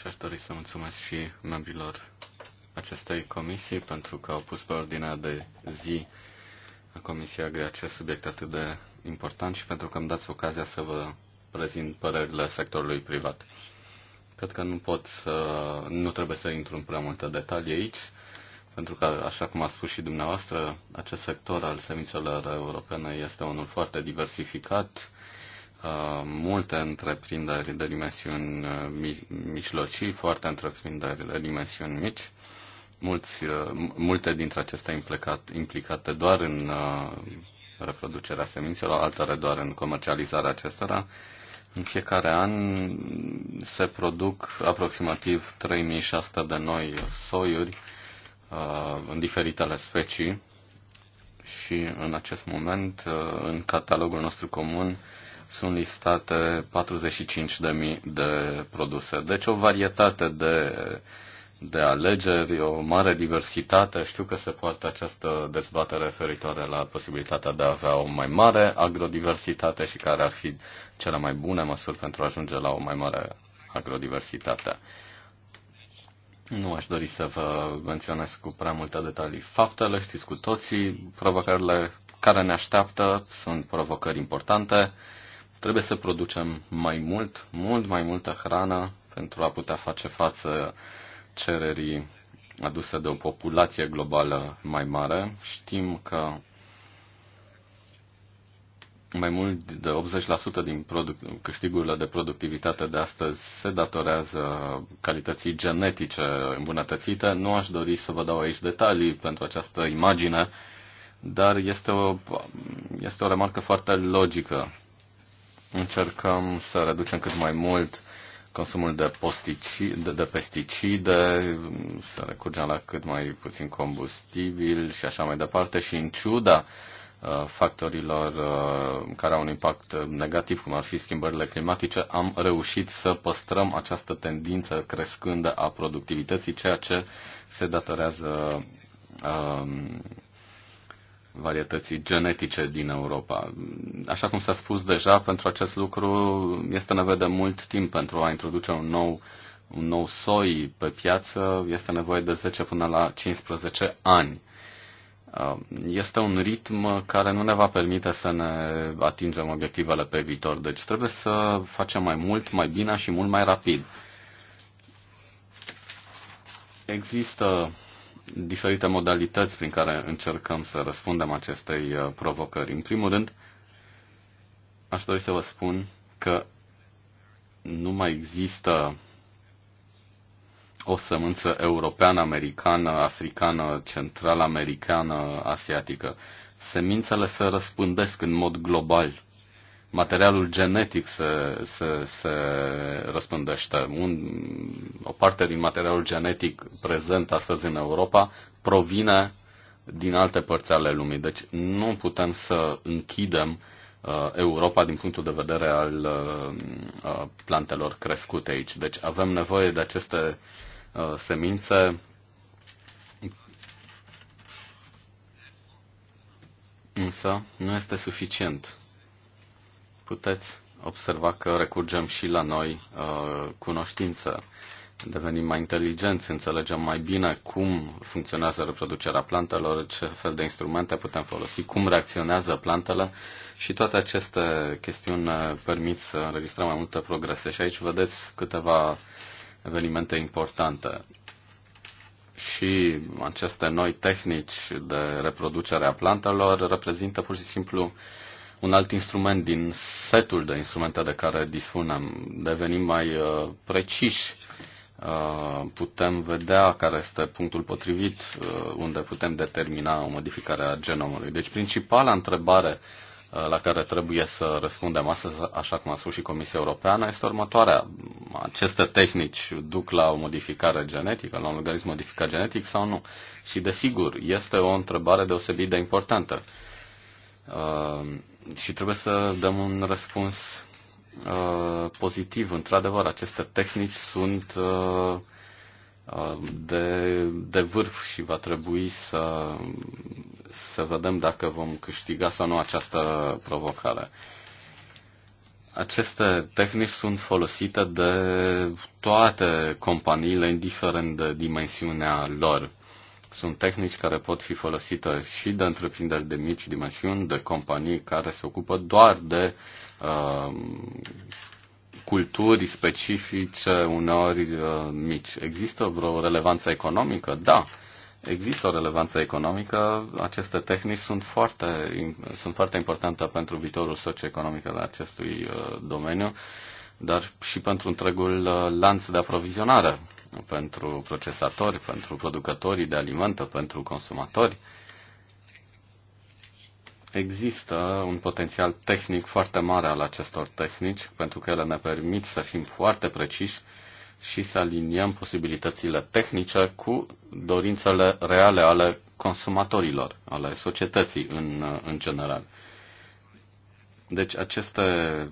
și aș dori să mulțumesc și membrilor acestei comisii pentru că au pus pe ordinea de zi a Comisiei Agri acest subiect atât de important și pentru că îmi dați ocazia să vă prezint părerile sectorului privat. Cred că nu pot să, nu trebuie să intru în prea multe detalii aici pentru că, așa cum a spus și dumneavoastră, acest sector al semințelor europene este unul foarte diversificat, uh, multe întreprinderi de dimensiuni uh, mijlocii, foarte întreprinderi de dimensiuni mici, mulți, uh, multe dintre acestea implicat, implicate doar în reproducerea semințelor, altele doar în comercializarea acestora. În fiecare an se produc aproximativ 3600 de noi soiuri Uh, în diferitele specii și în acest moment uh, în catalogul nostru comun sunt listate 45.000 de produse. Deci o varietate de, de alegeri, o mare diversitate. Știu că se poartă această dezbatere referitoare la posibilitatea de a avea o mai mare agrodiversitate și care ar fi cele mai bune măsuri pentru a ajunge la o mai mare agrodiversitate. Nu aș dori să vă menționez cu prea multe detalii faptele, știți cu toții, provocările care ne așteaptă sunt provocări importante. Trebuie să producem mai mult, mult mai multă hrană pentru a putea face față cererii aduse de o populație globală mai mare. Știm că mai mult de 80% din produc- câștigurile de productivitate de astăzi se datorează calității genetice îmbunătățite. Nu aș dori să vă dau aici detalii pentru această imagine, dar este o, este o remarcă foarte logică. Încercăm să reducem cât mai mult consumul de, posticide, de pesticide, să recurgem la cât mai puțin combustibil și așa mai departe și în ciuda Uh, factorilor uh, care au un impact negativ, cum ar fi schimbările climatice, am reușit să păstrăm această tendință crescândă a productivității, ceea ce se datorează um, varietății genetice din Europa. Așa cum s-a spus deja, pentru acest lucru este nevoie de mult timp pentru a introduce un nou, un nou soi pe piață, este nevoie de 10 până la 15 ani. Um, este un ritm care nu ne va permite să ne atingem obiectivele pe viitor. Deci trebuie să facem mai mult, mai bine și mult mai rapid. Există diferite modalități prin care încercăm să răspundem acestei uh, provocări. În primul rând, aș dori să vă spun că nu mai există o sămânță europeană, americană, africană, central americană, asiatică. Semințele se răspândesc în mod global. Materialul genetic se, se, se răspândește. Un, o parte din materialul genetic prezent astăzi în Europa provine din alte părți ale lumii. Deci nu putem să închidem uh, Europa din punctul de vedere al uh, uh plantelor crescute aici. Deci avem nevoie de aceste Uh, semințe. Însă nu este suficient. Puteți observa că recurgem și la noi uh, cunoștință. Devenim mai inteligenți, înțelegem mai bine cum funcționează reproducerea plantelor, ce fel de instrumente putem folosi, cum reacționează plantele și toate aceste chestiuni permit să înregistrăm mai multe progrese. Și aici vedeți câteva evenimente importante. Și aceste noi tehnici de reproducere a plantelor reprezintă pur și simplu un alt instrument din setul de instrumente de care dispunem. Devenim mai uh, preciși, uh, putem vedea care este punctul potrivit uh, unde putem determina o modificare a genomului. Deci principala întrebare Uh, la care trebuie să răspundem astăzi, așa cum a spus și Comisia Europeană, este următoarea. Aceste tehnici duc la o modificare genetică, la un organism modificat genetic sau nu? Și desigur, este o întrebare deosebit de importantă. Uh, și trebuie să dăm un răspuns uh, pozitiv. Într-adevăr, aceste tehnici sunt de, de vârf și va trebui să, să vedem dacă vom câștiga sau nu această provocare. Aceste tehnici sunt folosite de toate companiile, indiferent de dimensiunea lor. Sunt tehnici care pot fi folosite și de întreprinderi de mici dimensiuni, de companii care se ocupă doar de uh, culturi specifice, uneori uh, mici. Există vreo relevanță economică? Da, există o relevanță economică. Aceste tehnici sunt foarte, sunt foarte importante pentru viitorul socioeconomic al acestui uh, domeniu, dar și pentru întregul uh, lanț de aprovizionare, pentru procesatori, pentru producătorii de alimente, pentru consumatori. Uh, Există un potențial tehnic foarte mare al acestor tehnici, pentru că ele ne permit să fim foarte preciși și să aliniem posibilitățile tehnice cu dorințele reale ale consumatorilor, ale societății în, în general. Deci aceste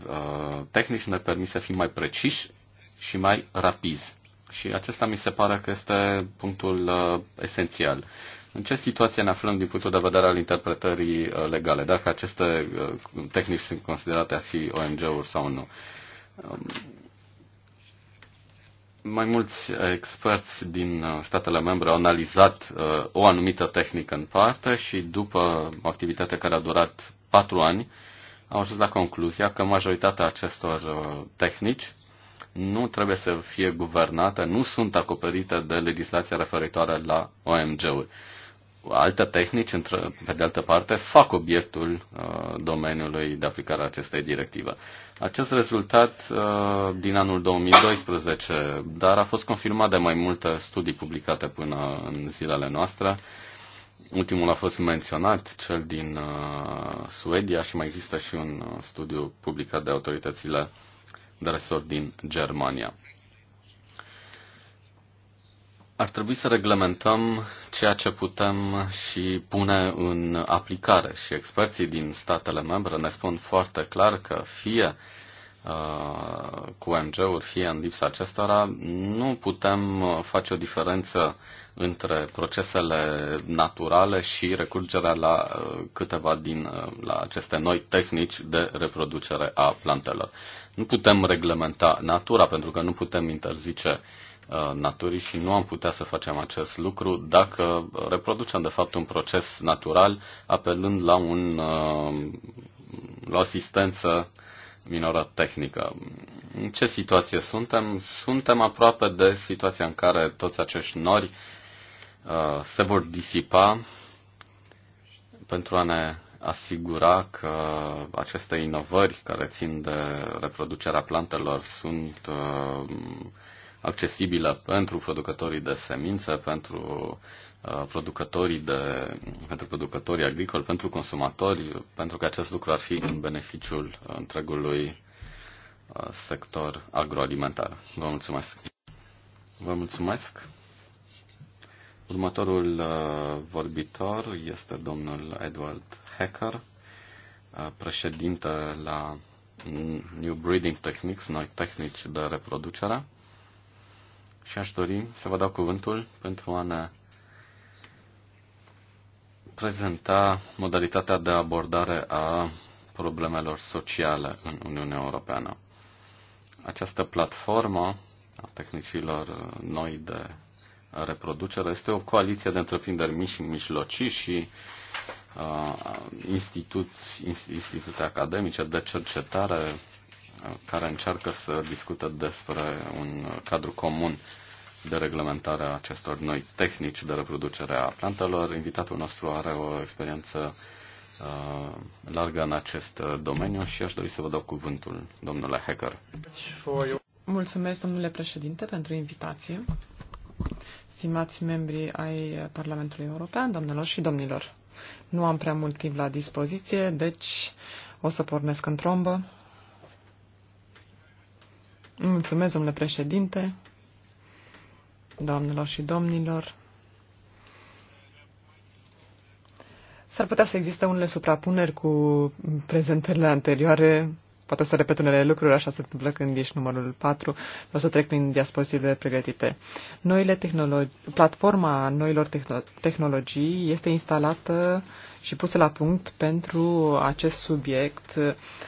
uh, tehnici ne permit să fim mai preciși și mai rapizi. Și acesta mi se pare că este punctul uh, esențial. În ce situație ne aflăm din punctul de vedere al interpretării uh, legale, dacă aceste uh, tehnici sunt considerate a fi OMG-uri sau nu? Um, mai mulți experți din uh, statele membre au analizat o anumită tehnică în parte și după o activitate care a durat patru ani, au ajuns la concluzia că majoritatea acestor tehnici nu trebuie să fie guvernate, nu sunt acoperite de legislația referitoare la OMG-uri alte tehnici, pe de altă parte, fac obiectul uh, domeniului de aplicare a acestei directive. Acest rezultat uh, din anul 2012, dar a fost confirmat de mai multe studii publicate până în zilele noastre. Ultimul a fost menționat, cel din uh, Suedia și mai există și un uh, studiu publicat de autoritățile de resort din Germania. Ar trebui să reglementăm ceea ce putem și pune în aplicare și experții din statele membre ne spun foarte clar că fie uh, cu MG-uri, fie în lipsa acestora, nu putem face o diferență între procesele naturale și recurgerea la uh, câteva din uh, la aceste noi tehnici de reproducere a plantelor. Nu putem reglementa natura pentru că nu putem interzice uh, Uh, naturii și nu am putea să facem acest lucru dacă reproducem de fapt un proces natural apelând la, un, uh, la o asistență minoră tehnică. În ce situație suntem? Suntem aproape de situația în care toți acești nori uh, se vor disipa pentru a ne asigura că aceste inovări care țin de reproducerea plantelor sunt uh, accesibilă pentru producătorii de semințe, pentru uh, producătorii de, pentru producătorii agricoli, pentru consumatori, pentru că acest lucru ar fi în beneficiul întregului uh, sector agroalimentar. Vă mulțumesc! Vă mulțumesc! Următorul uh, vorbitor este domnul Edward Hacker, președinte la New Breeding Techniques, noi tehnici de reproducere și aș dori să vă dau cuvântul pentru a ne prezenta modalitatea de abordare a problemelor sociale în Uniunea Europeană. Această platformă a tehnicilor noi de reproducere este o coaliție de întreprinderi mici și mijlocii și uh, institut, institute academice de cercetare, care încearcă să discute despre un cadru comun de reglementare a acestor noi tehnici de reproducere a plantelor. Invitatul nostru are o experiență uh, largă în acest uh, domeniu și aș dori să vă dau cuvântul, domnule Hacker. Mulțumesc, domnule președinte, pentru invitație. Stimați membri ai Parlamentului European, domnilor și domnilor, nu am prea mult timp la dispoziție, deci o să pornesc în trombă. Mulțumesc, domnule președinte, doamnelor și domnilor. S-ar putea să existe unele suprapuneri cu prezentările anterioare, poate o să repet unele lucruri, așa se întâmplă când ești numărul 4, o să trec prin diapozitive pregătite. Noile tehnologi... Platforma noilor tehn... tehnologii este instalată și pusă la punct pentru acest subiect.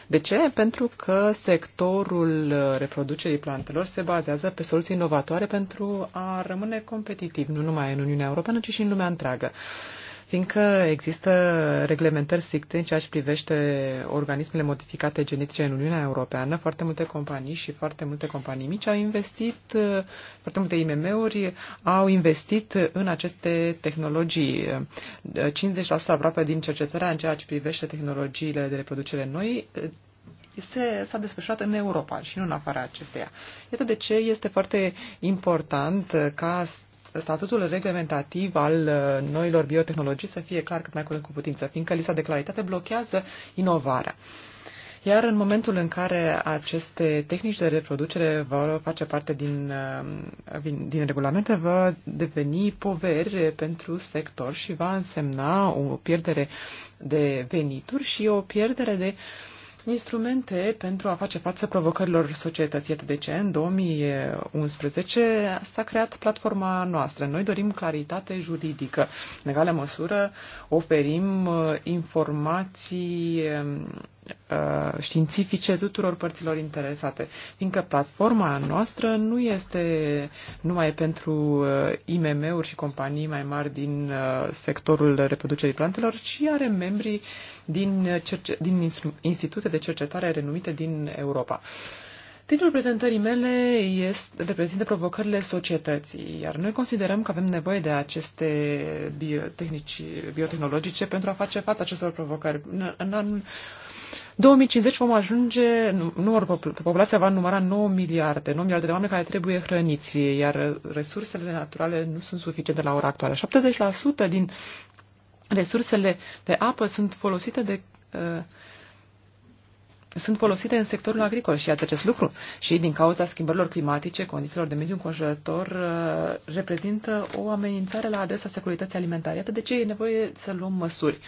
De ce? Pentru că sectorul reproducerii plantelor se bazează pe soluții inovatoare pentru a rămâne competitiv, nu numai în Uniunea Europeană, ci și în lumea întreagă fiindcă există reglementări stricte în ceea ce privește organismele modificate genetice în Uniunea Europeană. Foarte multe companii și foarte multe companii mici au investit, foarte multe IMM-uri au investit în aceste tehnologii. 50% aproape din cercetarea în ceea ce privește tehnologiile de reproducere noi se, s-a desfășurat în Europa și nu în afara acesteia. Iată de ce este foarte important ca statutul reglementativ al uh, noilor biotehnologii să fie clar cât mai curând cu putință, fiindcă lista de claritate blochează inovarea. Iar în momentul în care aceste tehnici de reproducere vor face parte din, uh, din regulamente, va deveni poveri pentru sector și va însemna o pierdere de venituri și o pierdere de uh, instrumente pentru a face față provocărilor societății. de ce, în 2011 s-a creat platforma noastră. Noi dorim claritate juridică. În egală măsură oferim uh, informații um, Uh, științifice tuturor părților interesate, fiindcă platforma noastră nu este numai pentru uh, IMM-uri și companii mai mari din uh, sectorul reproducerii plantelor, ci are membrii din, din institute de cercetare renumite din Europa. Titlul prezentării mele este, reprezintă provocările societății, iar noi considerăm că avem nevoie de aceste biotehnici biotehnologice pentru a face față acestor provocări. În, în anul 2050 vom ajunge, număr, populația va număra 9 miliarde, 9 miliarde de oameni care trebuie hrăniți, iar resursele naturale nu sunt suficiente la ora actuală. 70% din resursele de apă sunt folosite de uh, sunt folosite în sectorul agricol și iată acest lucru. Și din cauza schimbărilor climatice, condițiilor de mediu înconjurător, uh, reprezintă o amenințare la adresa securității alimentare. Iată de ce e nevoie să luăm măsuri.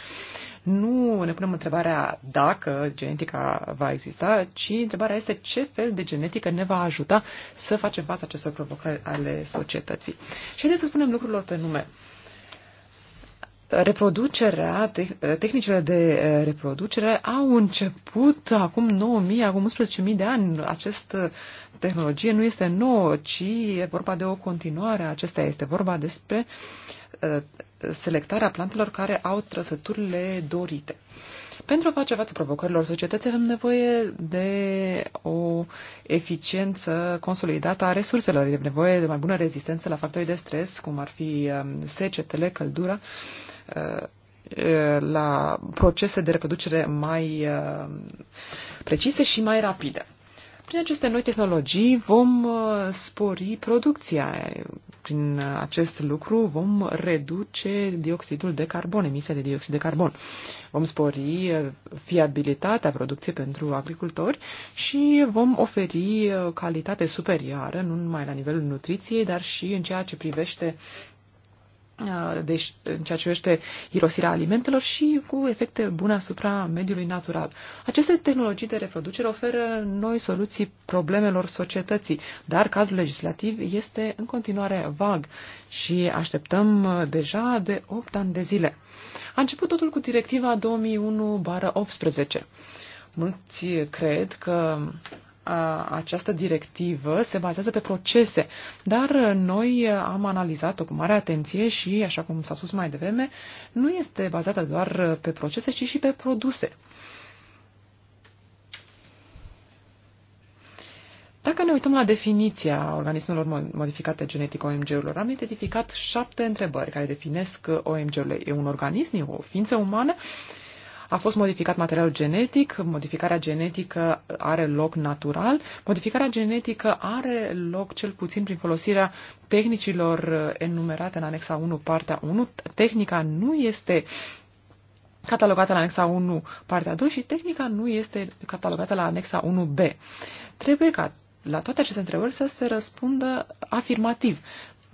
Nu ne punem întrebarea dacă genetica va exista, ci întrebarea este ce fel de genetică ne va ajuta să facem față acestor provocări ale societății. Și haideți să spunem lucrurilor pe nume reproducerea, tehnicile de eh, reproducere au început acum 9.000, acum 11.000 de ani. Această tehnologie nu este nouă, ci e vorba de o continuare Acestea Este vorba despre eh, selectarea plantelor care au trăsăturile dorite. Pentru a face față provocărilor societății avem nevoie de o eficiență consolidată a resurselor. E nevoie de mai bună rezistență la factorii de stres, cum ar fi eh, secetele, căldura Uh, la procese de reproducere mai uh, precise și mai rapide. Prin aceste noi tehnologii vom uh, spori producția. Prin acest lucru vom reduce dioxidul de carbon, emisia de dioxid de carbon. Vom spori fiabilitatea producției pentru agricultori și vom oferi calitate superioară, nu numai la nivelul nutriției, dar și în ceea ce privește Ah, deci, în ceea ce privește irosirea alimentelor și cu efecte bune asupra mediului natural. Aceste tehnologii de reproducere oferă noi soluții problemelor societății, dar cadrul legislativ este în continuare vag și așteptăm ah, deja de 8 ani de zile. A început totul cu directiva 2001-18. Mulți cred că această directivă se bazează pe procese, dar noi am analizat-o cu mare atenție și, așa cum s-a spus mai devreme, nu este bazată doar pe procese, ci și pe produse. Dacă ne uităm la definiția organismelor modificate genetic OMG-urilor, am identificat șapte întrebări care definesc OMG-urile. E un organism, e o ființă umană? Uh, a fost modificat materialul genetic, modificarea genetică are loc natural, modificarea genetică are loc cel puțin prin folosirea tehnicilor enumerate în anexa 1, partea 1. Tehnica nu este catalogată la anexa 1, partea 2 și tehnica nu este catalogată la anexa 1b. Trebuie ca la toate aceste întrebări să se răspundă afirmativ.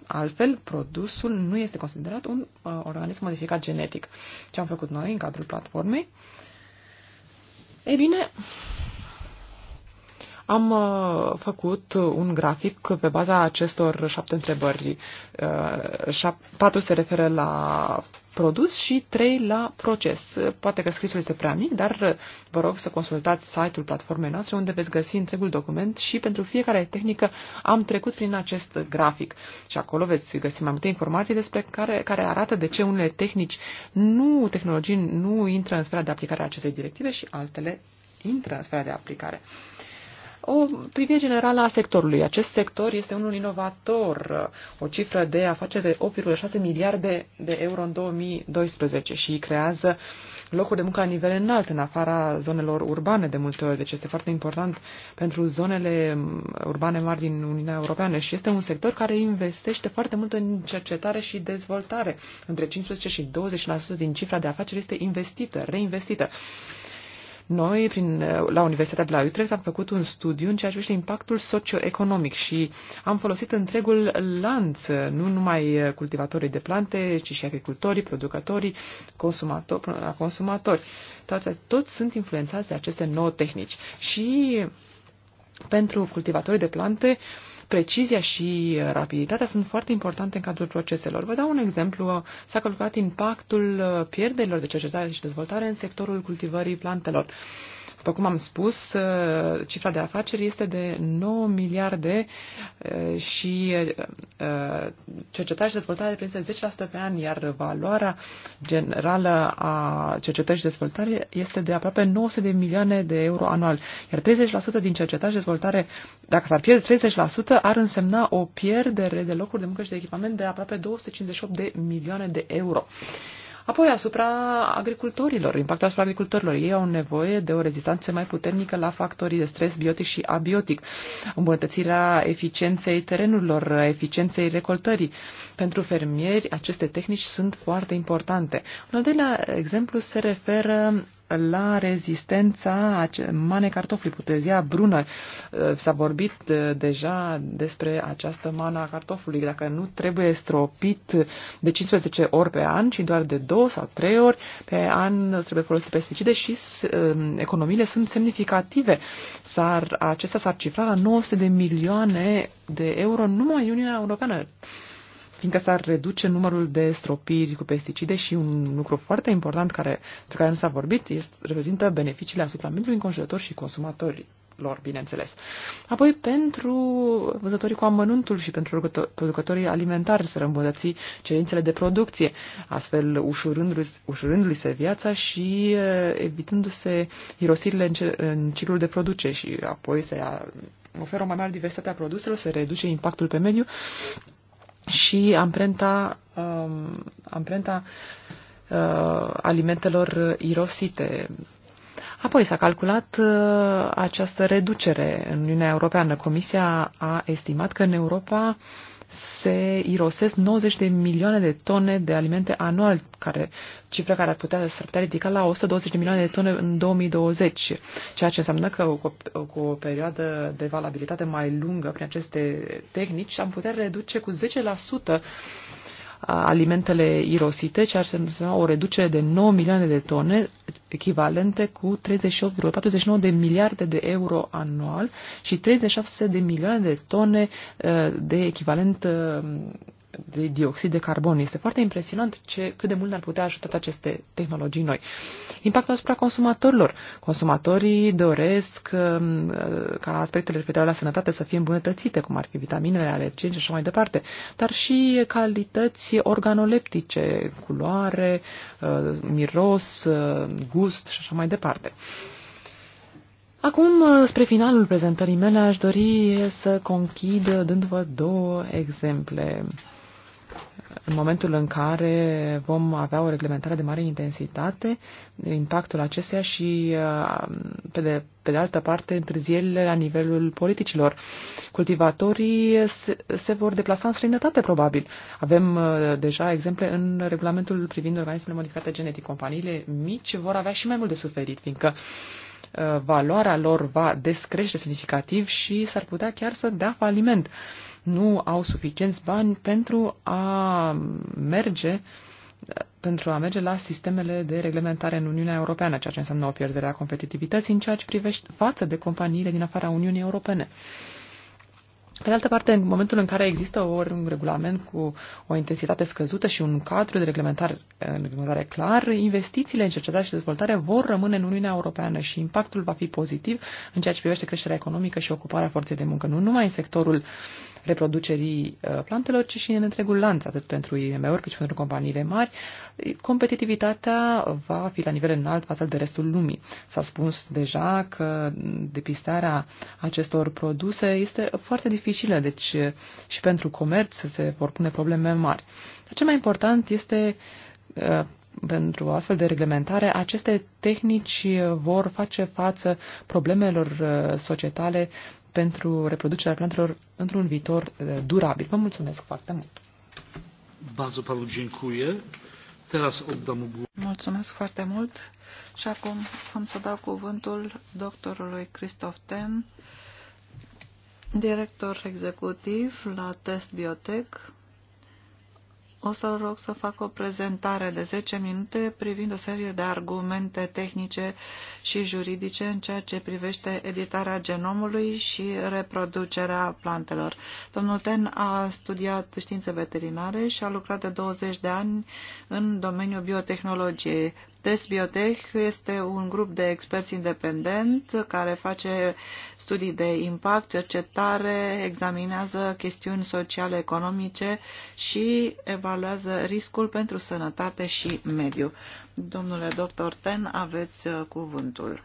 Altfel, produsul nu este considerat un uh, organism modificat genetic. Ce am făcut noi în cadrul platformei? Ei bine, am uh, făcut un grafic pe baza acestor șapte întrebări. Uh, patru se referă la produs și 3 la proces. Poate că scrisul este prea mic, dar vă rog să consultați site-ul platformei noastre unde veți găsi întregul document și pentru fiecare tehnică am trecut prin acest grafic și acolo veți găsi mai multe informații despre care, care arată de ce unele tehnici, nu tehnologii, nu intră în sfera de aplicare a acestei directive și altele intră în sfera de aplicare. Uh, o privire generală a sectorului. Acest sector este unul inovator, o cifră de afaceri de 8,6 miliarde de euro în 2012 și creează locuri de muncă la nivel înalt, în afara zonelor urbane de multe ori. Deci este foarte important pentru zonele urbane mari din Uniunea Europeană și este un sector care investește foarte mult în cercetare și dezvoltare. Între 15 și 20% din cifra de afaceri este investită, reinvestită. Noi, prin, uh, la Universitatea de la Utrecht, am făcut un studiu în ceea ce privește impactul socioeconomic și am folosit întregul lanț, nu numai uh, cultivatorii de plante, ci și agricultorii, producătorii, consumatori, până uh, la consumatori. Toate, toți sunt influențați de aceste nouă tehnici. Și pentru cultivatorii de plante, uh, precizia și rapiditatea sunt foarte importante în cadrul proceselor. Vă dau un exemplu. S-a calculat impactul pierderilor de cercetare și dezvoltare în sectorul cultivării plantelor. După cum am spus, uh, cifra de afaceri este de 9 miliarde uh, și uh, cercetare și dezvoltare reprezintă 10% pe an, iar valoarea generală a cercetării și dezvoltare este de aproape 900 de milioane de euro anual. Iar 30% din cercetare și dezvoltare, dacă s-ar pierde 30%, ar însemna o pierdere de locuri de muncă și de echipament de aproape 258 de milioane de euro. Apoi asupra agricultorilor, impactul asupra agricultorilor. Ei au nevoie de o rezistanță mai puternică la factorii de stres biotic și abiotic, îmbunătățirea eficienței terenurilor, eficienței recoltării. Pentru fermieri, aceste tehnici sunt foarte importante. Un al doilea exemplu se referă la rezistența manei cartofului, putezia brună. Uh, s-a vorbit uh, deja despre această mana a cartofului, dacă nu trebuie stropit de 15 ori pe an, ci doar de 2 sau 3 ori pe an trebuie folosit pesticide și um, economiile sunt semnificative. S-ar, acesta s-ar cifra la 900 de milioane de euro numai Uniunea Europeană fiindcă s-ar reduce numărul de stropiri cu pesticide și un lucru foarte important care, pe care nu s-a vorbit este, reprezintă beneficiile asupra mediului înconjurător și consumatorii lor, bineînțeles. Apoi, pentru văzătorii cu amănuntul și pentru producătorii alimentari să rămbunătăți cerințele de producție, astfel ușurându i se viața și evitându-se irosirile în, în ciclul de produce și apoi să oferă o mai mare diversitate a produselor, să reduce impactul pe mediu și amprenta, um, amprenta uh, alimentelor irosite. Apoi s-a calculat uh, această reducere în Uniunea Europeană. Comisia a estimat că în Europa uh, se irosesc 90 de milioane de tone de alimente anual, care, cifra care ar putea, s-ar putea ridica la 120 de milioane de tone în 2020, ceea ce înseamnă că cu, cu o perioadă de valabilitate mai lungă prin aceste tehnici am putea reduce cu 10% alimentele irosite, ce ar însemna o reducere de 9 milioane de tone, echivalente cu 38,49 de miliarde de euro anual și 36 de milioane de tone uh, de echivalent uh, de dioxid de carbon. Este foarte impresionant ce, cât de mult ne-ar putea ajuta aceste tehnologii noi. Impactul asupra consumatorilor. Consumatorii doresc um, ca aspectele referitoare la sănătate să fie îmbunătățite, cum ar fi vitaminele, alergeni și așa mai departe, dar și calități organoleptice, culoare, uh, miros, uh, gust și așa mai departe. Acum, spre finalul prezentării mele, aș dori să conchid dându-vă două exemple în momentul în care vom avea o reglementare de mare intensitate, impactul acesteia și, uh, pe de, pe de altă parte, întârzierile la nivelul politicilor. Cultivatorii se, se vor deplasa în străinătate, probabil. Avem uh, deja exemple în regulamentul privind organismele modificate genetic. Companiile mici vor avea și mai mult de suferit, fiindcă uh, valoarea lor va descrește semnificativ și s-ar putea chiar să dea faliment nu au suficienți bani pentru a merge pentru a merge la sistemele de reglementare în Uniunea Europeană, ceea ce înseamnă o pierdere a competitivității în ceea ce privește față de companiile din afara Uniunii Europene. Pe de altă parte, în momentul în care există ori un regulament cu o intensitate scăzută și un cadru de reglementare, reglementare clar, investițiile în cercetare și dezvoltare vor rămâne în Uniunea Europeană și impactul va fi pozitiv în ceea ce privește creșterea economică și ocuparea forței de muncă, nu numai în sectorul uh, reproducerii uh, plantelor, ci și în întregul lanț, atât pentru IMM-uri cât și pentru companiile mari. Competitivitatea va fi la nivel înalt față de restul lumii. S-a spus deja că depistarea acestor produse este foarte dificilă, deci uh, și pentru comerț se vor pune probleme mari. Dar ce mai important este uh, pentru astfel de reglementare, aceste tehnici vor face față problemelor societale pentru reproducerea plantelor într-un viitor eh, durabil. Vă mulțumesc foarte mult! Bardzo panu dziękuję. Teraz oddam Mulțumesc foarte mult și acum am să dau cuvântul doctorului Christoph Ten, director executiv la Test Biotech, o să-l rog să fac o prezentare de 10 minute privind o serie de argumente tehnice și juridice în ceea ce privește editarea genomului și reproducerea plantelor. Domnul Ten a studiat științe veterinare și a lucrat de 20 de ani în domeniul biotehnologiei. Test Biotech este un grup de experți independent care face studii de impact, cercetare, examinează chestiuni sociale, economice și evaluează riscul pentru sănătate și mediu. Domnule doctor Ten, aveți uh, cuvântul.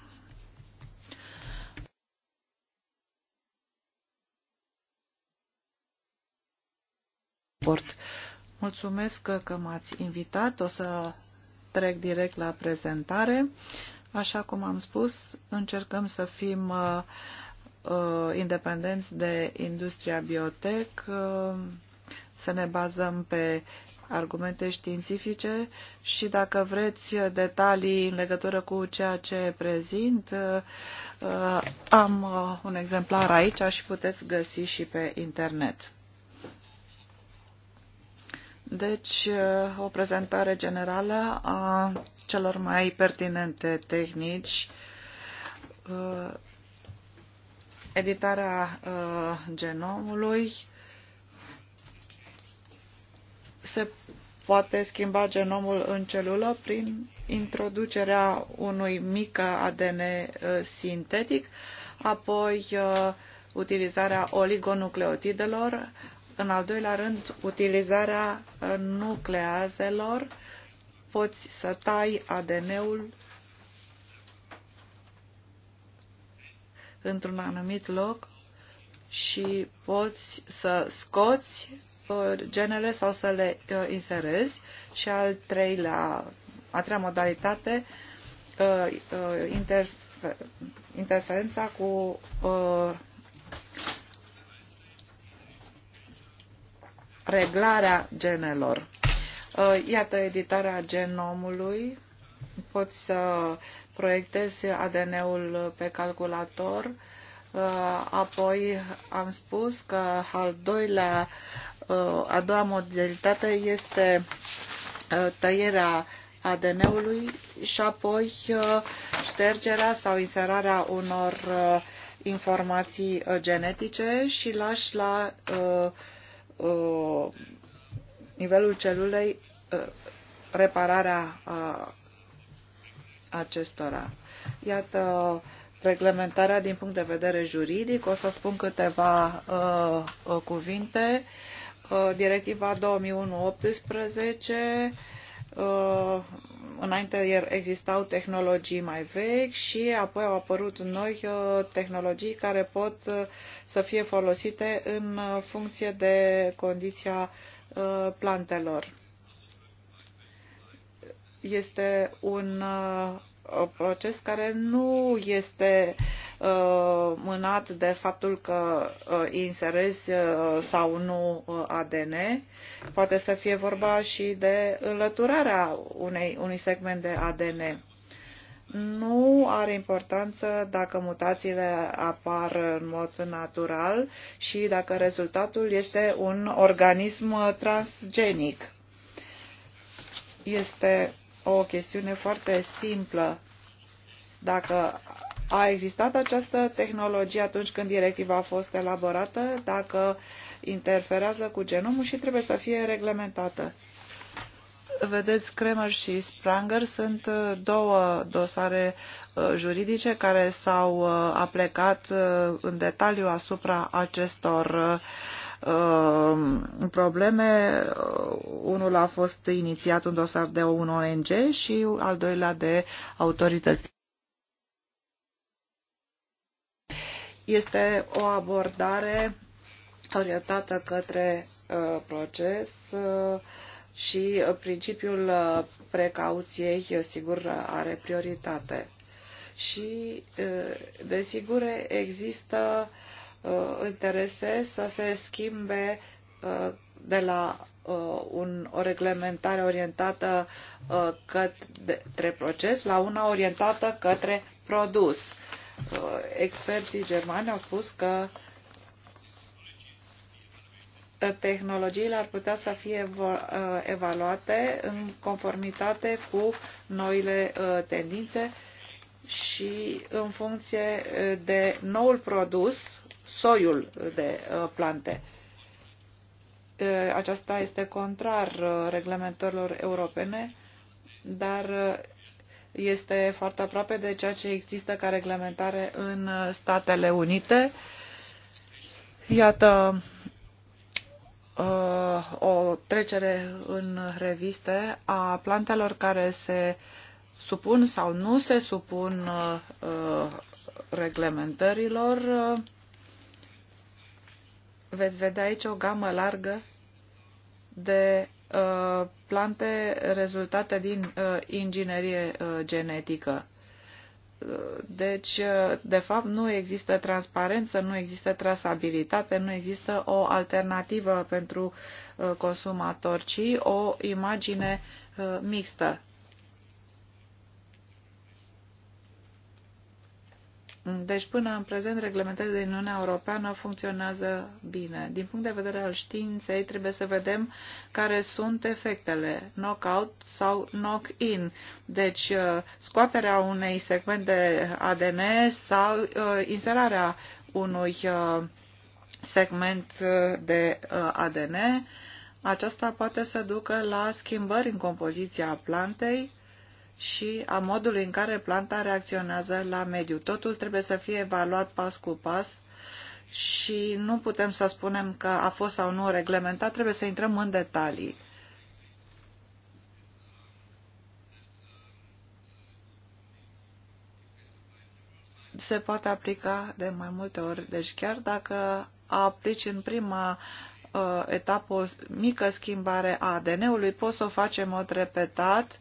Mulțumesc că m-ați invitat. O să trec direct la prezentare. Așa cum am spus, încercăm să fim uh, uh, independenți de industria biotech, uh, să ne bazăm pe argumente științifice și dacă vreți detalii în legătură cu ceea ce prezint, uh, uh am uh, un exemplar aici și puteți găsi și pe internet. Deci, o prezentare generală a celor mai pertinente tehnici, uh, editarea uh, genomului, se poate schimba genomul în celulă prin introducerea unui mic ADN uh, sintetic, apoi utilizarea oligonucleotidelor, în al doilea rând, utilizarea nucleazelor. Poți să tai ADN-ul într-un anumit loc și poți să scoți uh, genele sau să le uh, inserezi și al treilea, a treia modalitate, uh, interferența cu reglarea genelor. Uh, iată editarea genomului. Poți să proiectezi ADN-ul pe calculator. Uh, apoi am spus că al doilea, uh, a doua modalitate este tăierea ADN-ului și apoi ștergerea sau inserarea unor informații genetice și lași la uh, Uh, nivelul celulei, uh, repararea uh, acestora. Iată, reglementarea din punct de vedere juridic, o să spun câteva cuvinte. Directiva 2001-18 Uh, înainte existau tehnologii mai vechi și apoi au apărut noi uh, tehnologii care pot uh, să fie folosite în funcție de condiția plantelor. Este un proces care nu este uh, Uh, mânat de faptul că uh, inserezi uh, sau nu ADN. Poate să fie vorba și de înlăturarea unei, unui segment de ADN. Nu are importanță dacă mutațiile apar în mod natural și dacă rezultatul este un organism transgenic. Este o chestiune foarte simplă. Dacă a existat această tehnologie atunci când directiva a fost elaborată, dacă interferează cu genomul și trebuie să fie reglementată. Vedeți, Kremer și Spranger sunt uh, două dosare uh, juridice care s-au uh, aplecat în detaliu asupra acestor um, probleme. Unul a fost inițiat un dosar de un ONG și al doilea de autorități. Este o abordare orientată către uh, proces uh, și principiul uh, precauției, sigur, are prioritate. Și, desigur, există interese să se schimbe de la un, o reglementare orientată către proces la una orientată către produs Uh, experții germani au spus că tehnologiile ar putea să fie uh, evaluate în conformitate cu noile uh, tendințe și în funcție de noul produs, soiul de plante. Aceasta este contrar reglementărilor europene, dar este foarte aproape de ceea ce există ca reglementare în Statele Unite. Iată uh, o trecere în reviste a plantelor care se supun sau nu se supun uh, uh, reglementărilor. Veți vedea aici o gamă largă de Uh, plante rezultate din uh, inginerie uh, genetică. Deci, de fapt, nu există transparență, nu există trasabilitate, nu există o alternativă pentru consumator, ci o imagine mixtă. Deci, până în prezent, reglementările din Uniunea Europeană funcționează bine. Din punct de vedere al științei, trebuie să vedem care sunt efectele, knockout sau knock-in. Deci, uh, scoaterea unei segmente ADN sau uh, inserarea unui uh, segment de ADN, aceasta poate să ducă la schimbări în compoziția plantei, și a modului în care planta reacționează la mediu. Totul trebuie să fie evaluat pas cu pas și nu putem să spunem că a fost sau nu reglementat, trebuie să intrăm în detalii. Se poate aplica de mai multe ori, deci chiar dacă aplici în prima uh, etapă o mică schimbare a ADN-ului, poți să o faci în mod repetat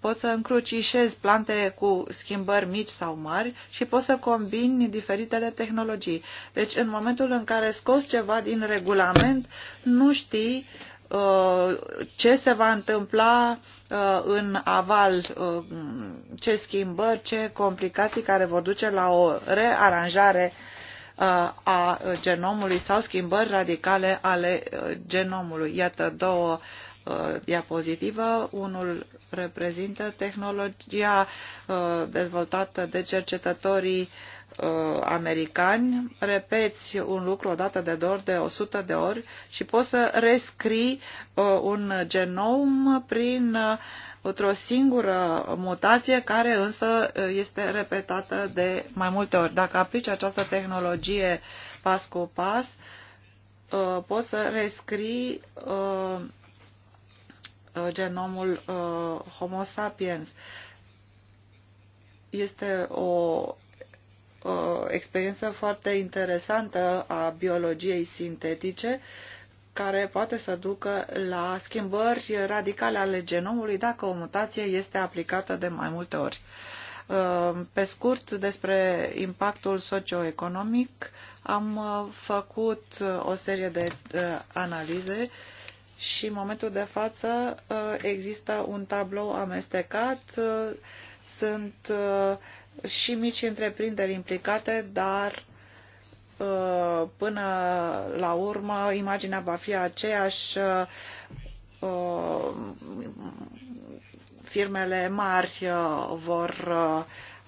Poți să încrucișezi plante cu schimbări mici sau mari și poți să combini diferitele tehnologii. Deci în momentul în care scoți ceva din regulament, nu știi uh, ce se va întâmpla uh, în aval, uh, ce schimbări, ce complicații care vor duce la o rearanjare a genomului sau schimbări radicale ale genomului. Iată două Uh, diapozitivă. Unul reprezintă tehnologia uh, dezvoltată de cercetătorii uh, americani. Repeți un lucru odată de două ori, de 100 de ori și poți să rescrii un genom prin o singură mutație care însă este repetată de mai multe ori. Dacă aplici această tehnologie pas cu pas, poți să rescrii Uh, genomul uh, Homo sapiens. Este o uh, experiență foarte interesantă a biologiei sintetice care poate să ducă la schimbări radicale ale genomului dacă o mutație este aplicată de mai multe ori. Pe scurt, despre impactul socioeconomic am făcut o serie de analize și în momentul de față uh, există un tablou amestecat, uh, sunt uh, și mici întreprinderi implicate, dar până la urmă imaginea va fi aceeași firmele mari vor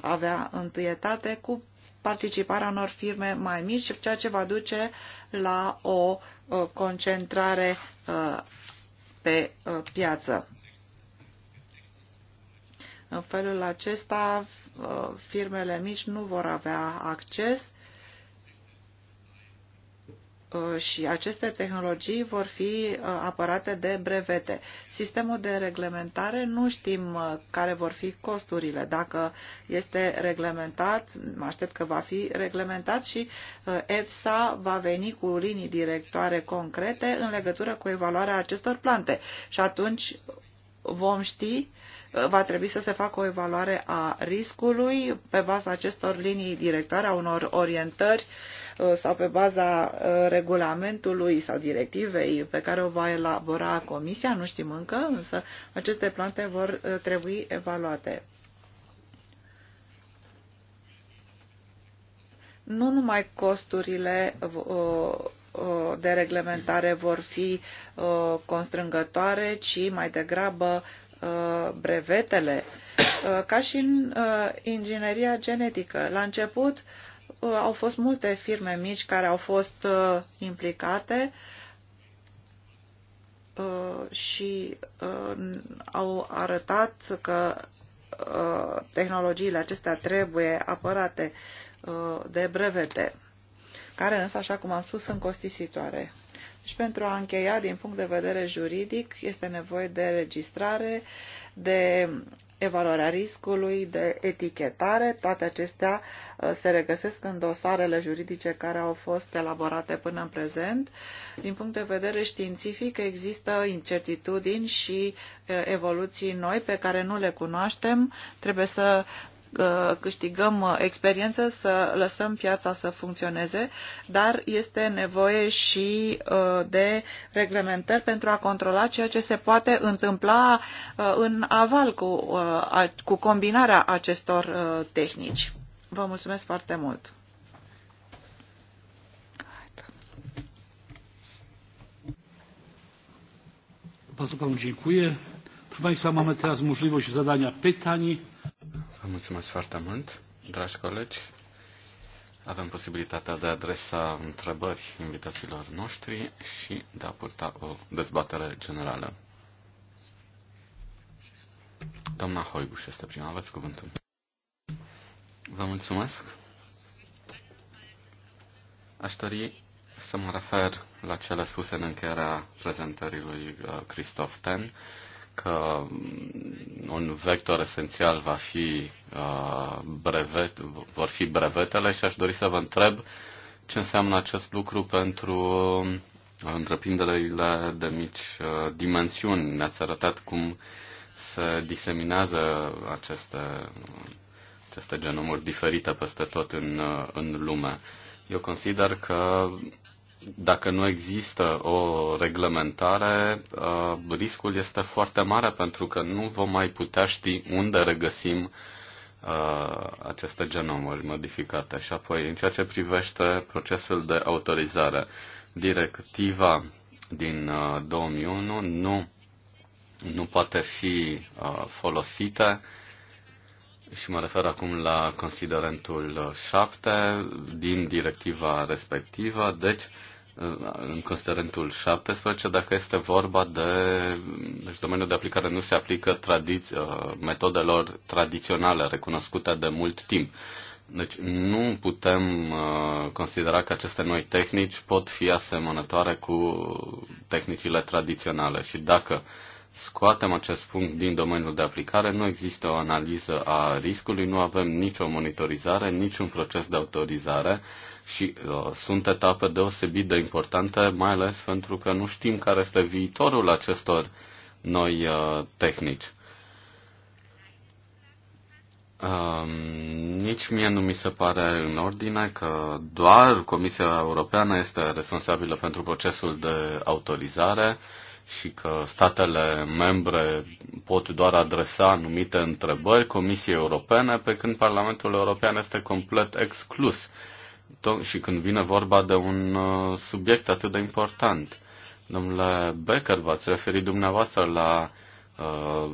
avea întâietate cu participarea unor firme mai mici, ceea ce va duce la o concentrare uh, pe uh, piață. În felul acesta, uh, firmele mici nu vor avea acces Uh, și aceste tehnologii vor fi uh, apărate de brevete. Sistemul de reglementare nu știm uh, care vor fi costurile. Dacă este reglementat, mă aștept că va fi reglementat și EFSA va veni cu linii directoare concrete în legătură cu evaluarea acestor plante. Și atunci vom ști va trebui să se facă o evaluare a riscului pe baza acestor linii directoare, a unor orientări uh, Uh, sau pe baza uh, regulamentului sau directivei pe care o va elabora Comisia, nu știm încă, însă aceste plante vor uh, trebui evaluate. Nu numai costurile de reglementare vor fi constrângătoare, ci mai degrabă brevetele, ca și în ingineria genetică. La început, Uh, au fost multe firme mici care au fost uh, implicate uh, și au arătat că tehnologiile acestea trebuie apărate de brevete, care însă, așa cum am spus, sunt costisitoare. Deci, pentru a încheia din punct de vedere juridic, este nevoie de registrare, de evaluarea riscului, de etichetare, toate acestea uh, se regăsesc în dosarele juridice care au fost elaborate până în prezent. Din punct de vedere științific există incertitudini și uh, evoluții noi pe care nu le cunoaștem. Trebuie să câștigăm uh, experiență, să lăsăm piața să funcționeze, dar este nevoie și uh, de reglementări pentru a controla ceea ce se poate întâmpla uh, în aval cu, cu combinarea acestor tehnici. Vă mulțumesc foarte mult! Bardzo panu dziękuję. Proszę Państwa, mamy teraz możliwość zadania pytań. Vă mulțumesc foarte mult, dragi colegi. Avem posibilitatea de a adresa întrebări invitațiilor noștri și de a purta o dezbatere generală. Doamna Hoibuș este prima, aveți cuvântul. Vă mulțumesc. Aș dori să mă refer la cele spuse în încheierea prezentării lui uh, Christoph Ten că mm, un vector esențial va fi, uh, brevet, vor fi brevetele și aș dori să vă întreb ce înseamnă acest lucru pentru uh, întreprinderile de mici uh, dimensiuni. Ne-ați arătat cum se diseminează aceste, aceste genomuri diferite peste tot în, uh, în lume. Eu consider că dacă nu există o reglementare, uh, riscul este foarte mare pentru că nu vom mai putea ști unde regăsim uh, aceste genomuri modificate. Și apoi, în ceea ce privește procesul de autorizare, directiva din 2001 uh, nu, nu poate fi folosită și mă refer acum la considerentul 7 din directiva respectivă. Deci, în considerentul 17, dacă este vorba de deci domeniul de aplicare nu se aplică tradiți, uh, metodelor tradiționale recunoscute de mult timp. Deci nu putem uh, considera că aceste noi tehnici pot fi asemănătoare cu tehnicile tradiționale și dacă scoatem acest punct din domeniul de aplicare, nu există o analiză a riscului, nu avem nicio monitorizare, niciun proces de autorizare și uh, sunt etape deosebit de importante, mai ales pentru că nu știm care este viitorul acestor noi uh, tehnici. Uh, nici mie nu mi se pare în ordine că doar Comisia Europeană este responsabilă pentru procesul de autorizare și că statele membre pot doar adresa anumite întrebări Comisiei Europene, pe când Parlamentul European este complet exclus uh, și când vine vorba de un uh, subiect atât de important. Domnule Becker, v-ați referit dumneavoastră la uh,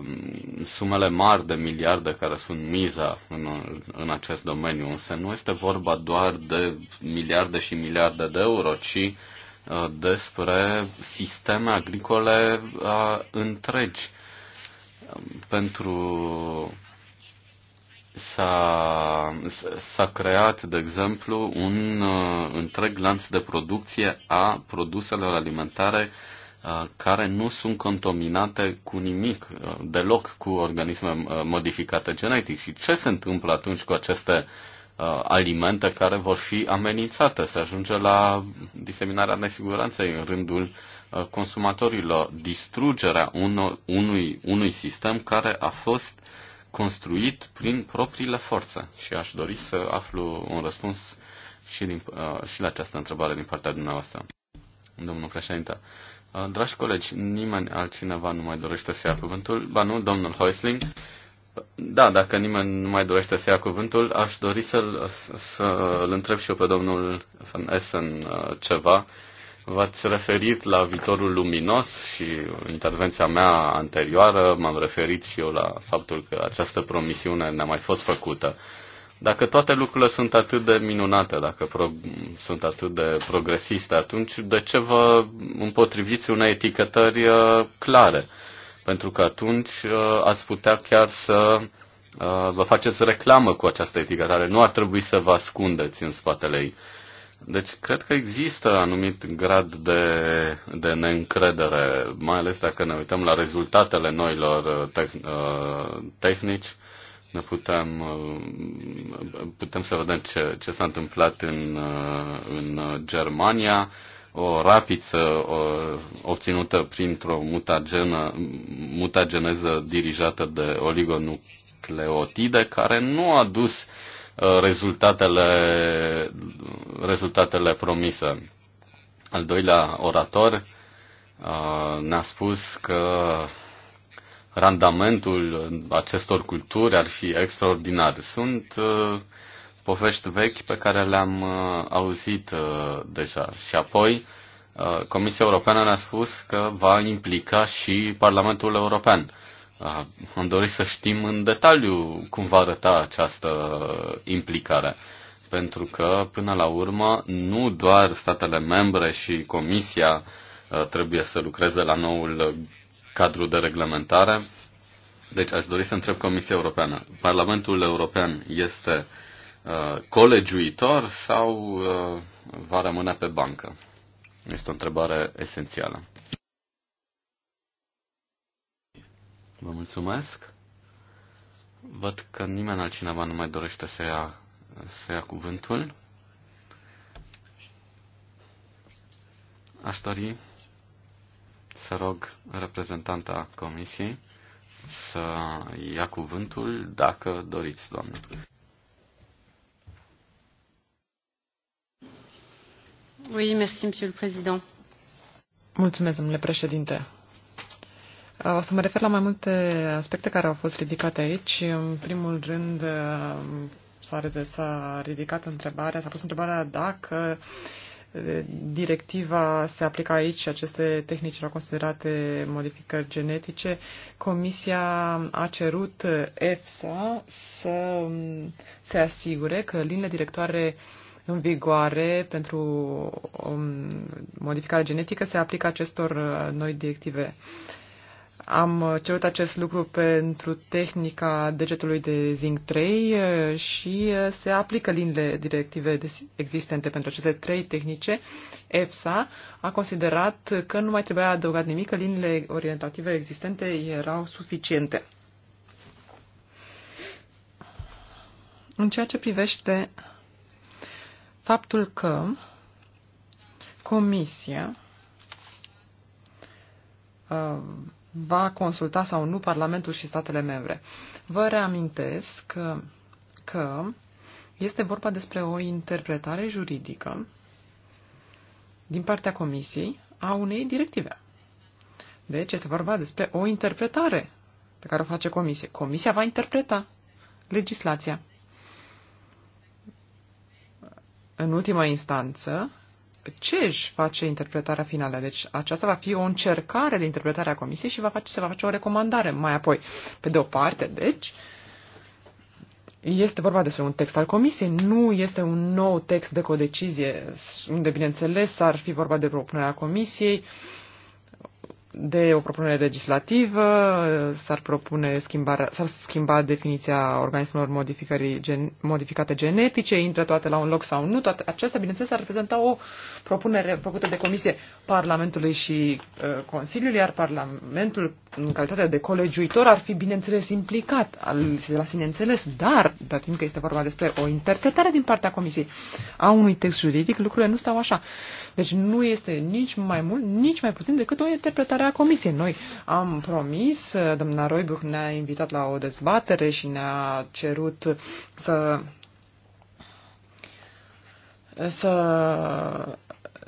sumele mari de miliarde care sunt miza în, în acest domeniu, însă nu este vorba doar de miliarde și miliarde de euro, ci uh, despre sisteme agricole uh, întregi. Pentru s-a, s-a creat, de exemplu, un uh, întreg lanț de producție a produselor alimentare uh, care nu sunt contaminate cu nimic, uh, deloc cu organisme uh, modificate genetic. Și ce se întâmplă atunci cu aceste uh, alimente care vor fi amenințate? Se ajunge la diseminarea nesiguranței în rândul uh, consumatorilor, distrugerea unor, unui, unui sistem care a fost construit prin propriile forțe. Și aș dori să aflu un răspuns și, din, uh, și la această întrebare din partea dumneavoastră. Domnul președinte, uh, dragi colegi, nimeni altcineva nu mai dorește să ia cuvântul. Ba nu, domnul Heusling. Da, dacă nimeni nu mai dorește să ia cuvântul, aș dori să-l, să-l întreb și eu pe domnul Van Essen uh, ceva V-ați referit la viitorul luminos și în intervenția mea anterioară m-am referit și eu la faptul că această promisiune ne-a mai fost făcută. Dacă toate lucrurile sunt atât de minunate, dacă sunt atât de progresiste, atunci de ce vă împotriviți unei etichetări uh, clare? Pentru că atunci uh, ați putea chiar să uh, vă faceți reclamă cu această etichetare. Nu ar trebui să vă ascundeți în spatele ei. Deci cred că există anumit grad de, de neîncredere, mai ales dacă ne uităm la rezultatele noilor uh, teh- uh, tehnici. Ne putem, uh, putem să vedem ce, ce s-a întâmplat în, în Germania, o rapiță o, obținută printr-o mutageneză dirijată de oligonucleotide, care nu a dus uh, Uh, rezultatele, rezultatele promise. Al doilea orator uh, ne-a spus că randamentul acestor culturi ar fi extraordinar. Sunt uh, povești vechi pe care le-am auzit deja. Și apoi Comisia Europeană ne-a spus că va implica și Parlamentul European. Ah, am dorit să știm în detaliu cum va arăta această implicare. Pentru că, până la urmă, nu doar statele membre și Comisia ah, trebuie să lucreze la noul cadru de reglementare. Deci aș dori să întreb Comisia Europeană. Parlamentul European este ah, colegiuitor sau va rămâne pe bancă? Este o întrebare esențială. Vă mulțumesc. Văd că nimeni altcineva nu mai dorește să ia, să ia cuvântul. Aș dori să rog reprezentanta comisiei să ia cuvântul dacă doriți, doamne. Oui, merci, monsieur le président. Mulțumesc, domnule președinte. O să mă refer la mai multe aspecte care au fost ridicate aici. În primul rând, s-a ridicat întrebarea, s-a pus întrebarea dacă directiva se aplică aici și aceste tehnici erau considerate modificări genetice. Comisia a cerut EFSA să mm, se asigure că linile directoare în vigoare pentru mm, modificare genetică se aplică acestor uh, noi directive. Uh, am cerut acest lucru pentru tehnica degetului de zinc 3 uh, și uh, se aplică linile directive existente pentru aceste trei tehnice. EFSA a considerat că nu mai trebuia adăugat nimic, că linile orientative existente erau suficiente. În ceea ce privește faptul că Comisia uh, va consulta sau nu Parlamentul și statele membre. Vă reamintesc că, că este vorba despre o interpretare juridică din partea Comisiei a unei directive. Deci este vorba despre o interpretare pe care o face Comisia. Comisia va interpreta legislația. În ultima instanță, ce își face interpretarea finală. Deci aceasta va fi o încercare de interpretare a comisiei și va face, se va face o recomandare mai apoi. Pe de o parte, deci, este vorba despre un text al comisiei, nu este un nou text de codecizie, unde, bineînțeles, ar fi vorba de propunerea comisiei, de o propunere legislativă, s-ar propune schimbarea, s-ar schimba definiția organismelor modificării gen, modificate genetice, intră toate la un loc sau nu, toate acestea, bineînțeles, ar reprezenta o propunere făcută de Comisie Parlamentului și uh, Consiliului, iar Parlamentul, în calitate de colegiuitor, ar fi, bineînțeles, implicat, al, la sine înțeles, dar, dar fiindcă este vorba despre o interpretare din partea Comisiei a unui text juridic, lucrurile nu stau așa. Deci nu este nici mai mult, nici mai puțin decât o interpretare a comisiei. Noi am promis, doamna Roibuch ne-a invitat la o dezbatere și ne-a cerut să să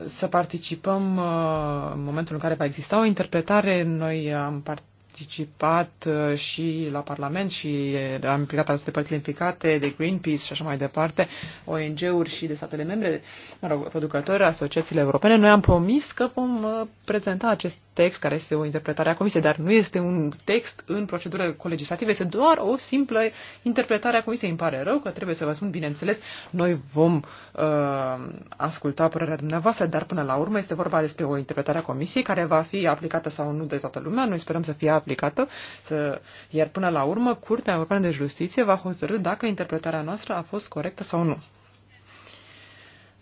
să participăm uh, în momentul în care va exista o interpretare. Noi am participat participat uh, și la Parlament și am implicat toate părțile implicate, de Greenpeace și așa mai departe, ONG-uri și de statele membre, mă rog, producători, asociațiile europene. Noi am promis că vom uh, prezenta acest text, care este o interpretare a Comisiei, dar nu este un text în procedură colegislativă, este doar o simplă interpretare a Comisiei. Îmi pare rău că trebuie să vă spun, bineînțeles, noi vom uh, asculta părerea dumneavoastră, dar până la urmă este vorba despre o interpretare a Comisiei care va fi aplicată sau nu de toată lumea. Noi sperăm să fie aplicată, să... iar până la urmă Curtea Europeană de Justiție va hotărâ dacă interpretarea noastră a fost corectă sau nu.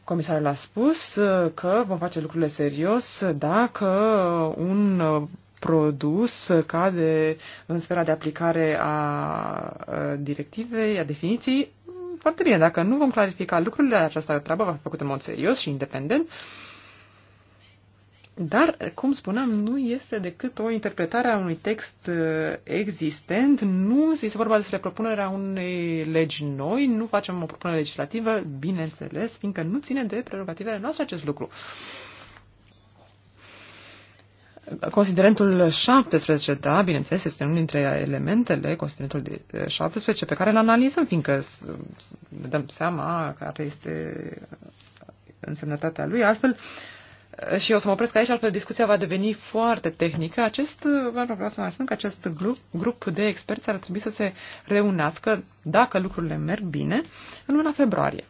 Comisarul a spus uh, că vom face lucrurile serios dacă un uh, produs cade în sfera de aplicare a uh, directivei, a definiției. Mm, foarte bine, dacă nu vom clarifica lucrurile, această treabă va fi făcută în mod serios și independent dar, cum spuneam, nu este decât o interpretare a unui text uh, existent, nu este vorba despre propunerea unei legi noi, nu facem o propunere legislativă, bineînțeles, fiindcă nu ține de prerogativele noastre acest lucru. Considerentul 17, da, bineînțeles, este unul dintre elementele, considerentul 17, uh, pe care îl analizăm, fiindcă ne dăm seama care este uh, însemnătatea lui, altfel uh, și o să mă opresc aici, altfel discuția va deveni foarte tehnică. Acest, vreau să mai spun că acest grup, grup de experți ar trebui să se reunească, dacă lucrurile merg bine, în luna februarie.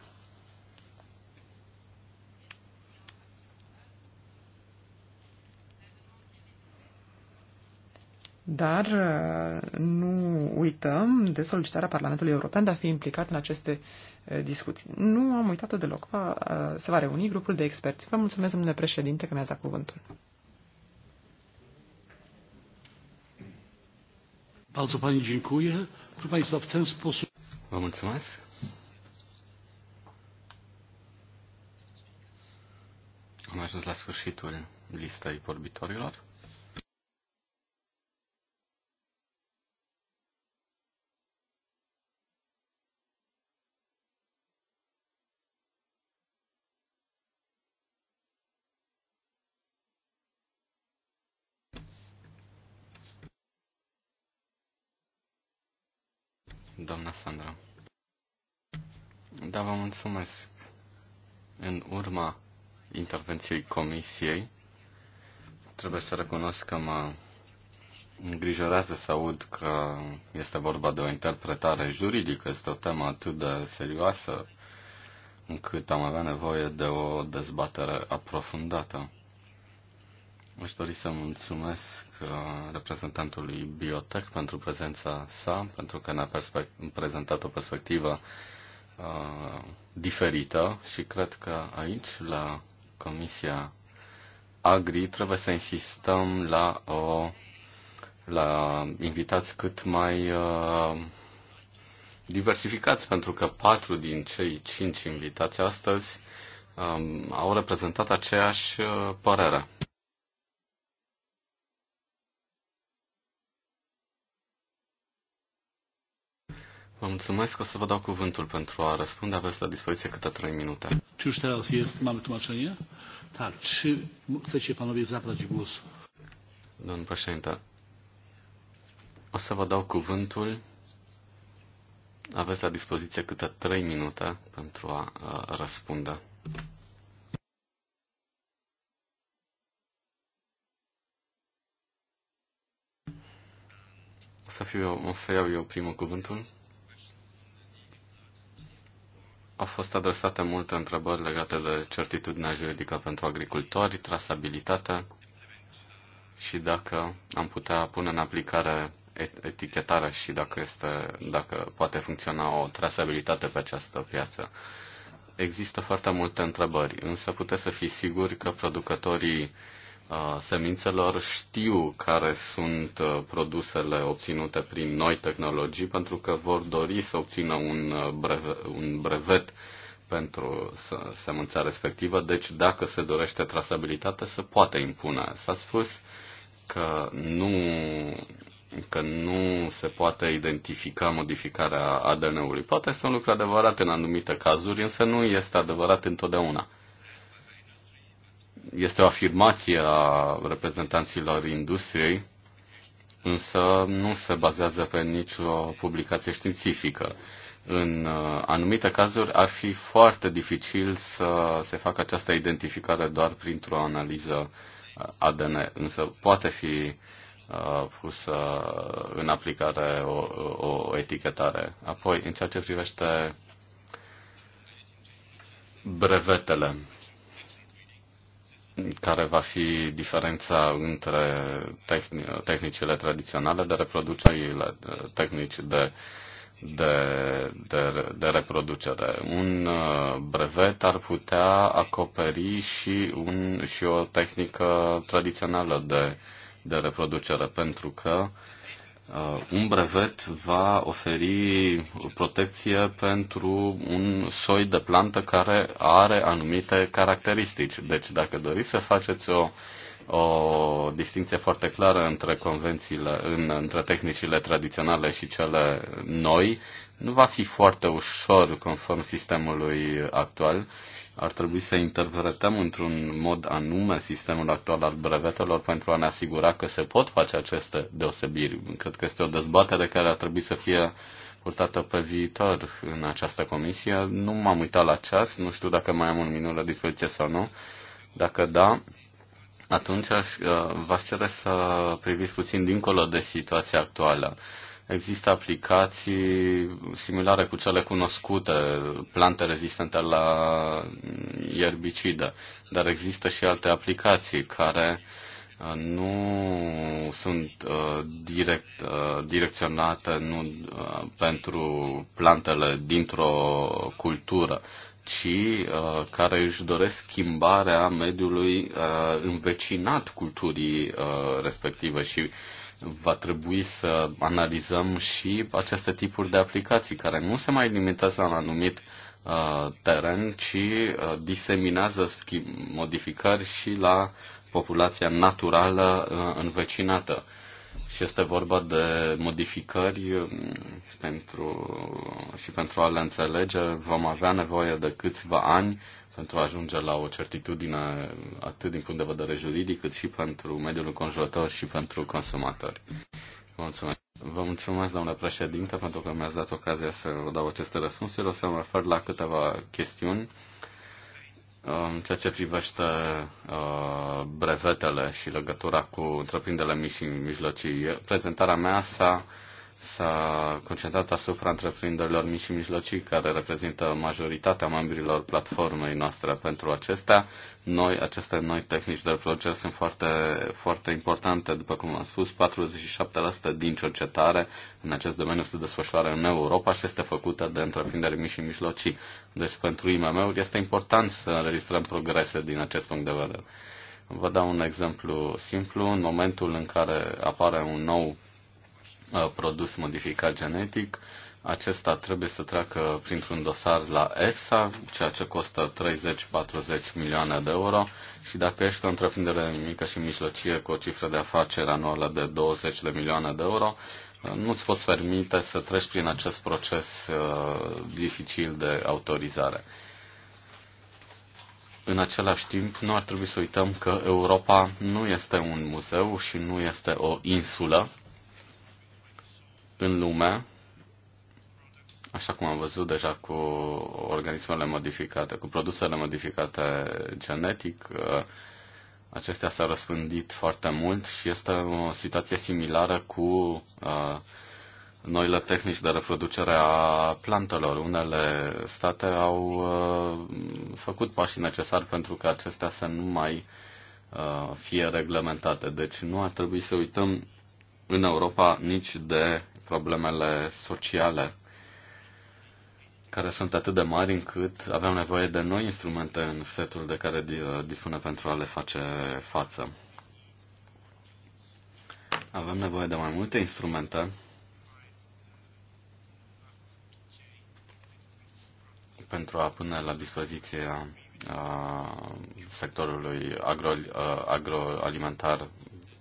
Dar uh, nu uităm de solicitarea Parlamentului European de a fi implicat în aceste uh, discuții. Nu am uitat deloc. Va, uh, se va reuni grupul de experți. Vă mulțumesc, domnule președinte, că mi-ați dat cuvântul. Vă mulțumesc. Am ajuns la sfârșitul listei vorbitorilor. Mulțumesc. În urma intervenției comisiei, trebuie să recunosc că mă îngrijorează să aud că este vorba de o interpretare juridică, este o temă atât de serioasă încât am avea nevoie de o dezbatere aprofundată. Aș dori să mulțumesc uh, reprezentantului Biotech pentru prezența sa, pentru că ne-a prezentat o perspectivă Uh, diferită și cred că aici, la Comisia Agri, trebuie să insistăm la, o, la invitați cât mai uh, diversificați, pentru că patru din cei cinci invitați astăzi um, au reprezentat aceeași uh, părere. Vă mulțumesc, o să vă dau cuvântul pentru a răspunde. Aveți la dispoziție câte trei minute. Czy już teraz jest, mamy tłumaczenie? Tak, czy chcecie panowie zabrać głos? Domnul președinte, o să vă dau cuvântul. Aveți la dispoziție câte trei minute pentru a, a răspunde. O să, fiu eu, o să iau eu primul cuvântul. A fost adresate multe întrebări legate de certitudinea juridică pentru agricultori, trasabilitatea și dacă am putea pune în aplicare etichetarea și dacă, este, dacă poate funcționa o trasabilitate pe această piață. Există foarte multe întrebări, însă puteți să fiți siguri că producătorii Uh, semințelor știu care sunt uh, produsele obținute prin noi tehnologii pentru că vor dori să obțină un uh, brevet, un brevet pentru semânța respectivă, deci dacă se dorește trasabilitate, se poate impune. S-a spus că nu, că nu se poate identifica modificarea ADN-ului. Poate să un lucru adevărat în anumite cazuri, însă nu este adevărat întotdeauna este o afirmație a reprezentanților industriei, însă nu se bazează pe nicio publicație științifică. În uh, anumite cazuri ar fi foarte dificil să se facă această identificare doar printr-o analiză uh, ADN, însă poate fi uh, pusă în aplicare o, o etichetare. Apoi, în ceea ce privește brevetele, care va fi diferența între tehnicile tradiționale de reproducere, tehnici de, de, de, de reproducere. Un uh, brevet ar putea acoperi și, un, și o tehnică tradițională de, de reproducere, pentru că uh, Uh, un brevet va oferi protecție pentru un soi de plantă care are anumite caracteristici. Deci dacă doriți să faceți o, o distinție foarte clară între convențiile, în, între tehnicile tradiționale și cele noi, nu va fi foarte ușor conform sistemului actual. Ar trebui să interpretăm într-un mod anume sistemul actual al brevetelor pentru a ne asigura că se pot face aceste deosebiri. Cred că este o dezbatere care ar trebui să fie purtată pe viitor în această comisie. Nu m-am uitat la ceas, nu știu dacă mai am un minut la dispoziție sau nu. Dacă da, atunci uh, v-aș cere să priviți puțin dincolo de situația actuală. Există aplicații similare cu cele cunoscute, plante rezistente la ierbicidă, dar există și alte aplicații care uh, nu sunt uh, direct, uh, direcționate nu, uh, pentru plantele dintr-o cultură, ci uh, care își doresc schimbarea mediului uh, învecinat culturii uh, respective și uh, va trebui să analizăm și aceste tipuri de aplicații care nu se mai limitează la un anumit uh, teren, ci uh, diseminează modificări și la populația naturală uh, învecinată. Și este vorba de modificări um, pentru, și pentru a le înțelege vom avea nevoie de câțiva ani pentru a ajunge la o certitudine atât din punct de vedere juridic, cât și pentru mediul înconjurător și pentru consumatori. Vă mulțumesc. Vă mulțumesc, doamnă președinte, pentru că mi-ați dat ocazia să vă dau aceste răspunsuri. O să mă refer la câteva chestiuni în ceea ce privește uh, brevetele și legătura cu întreprinderile mici și mijlocii. Prezentarea mea s-a s-a concentrat asupra întreprinderilor mici și mijlocii, care reprezintă majoritatea membrilor platformei noastre. Pentru acestea, noi, aceste noi tehnici de reproducere sunt foarte, foarte importante. După cum am spus, 47% din cercetare în acest domeniu se desfășoară în Europa și este făcută de întreprinderi mici și mijlocii. Deci, pentru IMM-uri este important să înregistrăm progrese din acest punct de vedere. Vă dau un exemplu simplu. În momentul în care apare un nou Uh, produs modificat genetic, acesta trebuie să treacă printr-un dosar la EFSA, ceea ce costă 30-40 milioane de euro și dacă ești o întreprindere mică și mijlocie cu o cifră de afaceri anuală de 20 de milioane de euro, uh, nu-ți poți permite să treci prin acest proces uh, dificil de autorizare. În același timp, nu ar trebui să uităm că Europa nu este un muzeu și nu este o insulă, în lume, așa cum am văzut deja cu organismele modificate, cu produsele modificate genetic, uh, acestea s-au răspândit foarte mult și este o situație similară cu uh, noile tehnici de reproducere a plantelor. Unele state au uh, făcut pașii necesari pentru că acestea să nu mai fie reglementate. Deci nu ar trebui să uităm în Europa nici de problemele sociale care sunt atât de mari încât aveam nevoie de noi instrumente în setul de care uh, dispune pentru a le face față. Avem nevoie de mai multe instrumente pentru a pune la dispoziție uh, sectorului agro, uh, agroalimentar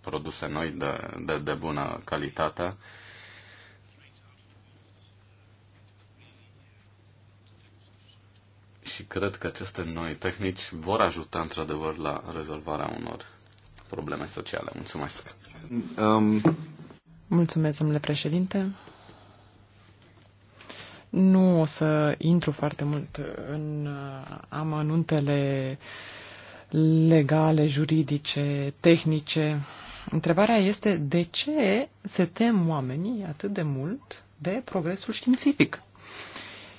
produse noi de, de, de bună calitate și cred că aceste noi tehnici vor ajuta într-adevăr la rezolvarea unor probleme sociale. Mulțumesc! Um... Mulțumesc, domnule președinte! Nu o să intru foarte mult în uh, amănuntele legale, juridice, tehnice. Întrebarea este de ce se tem oamenii atât de mult de progresul științific?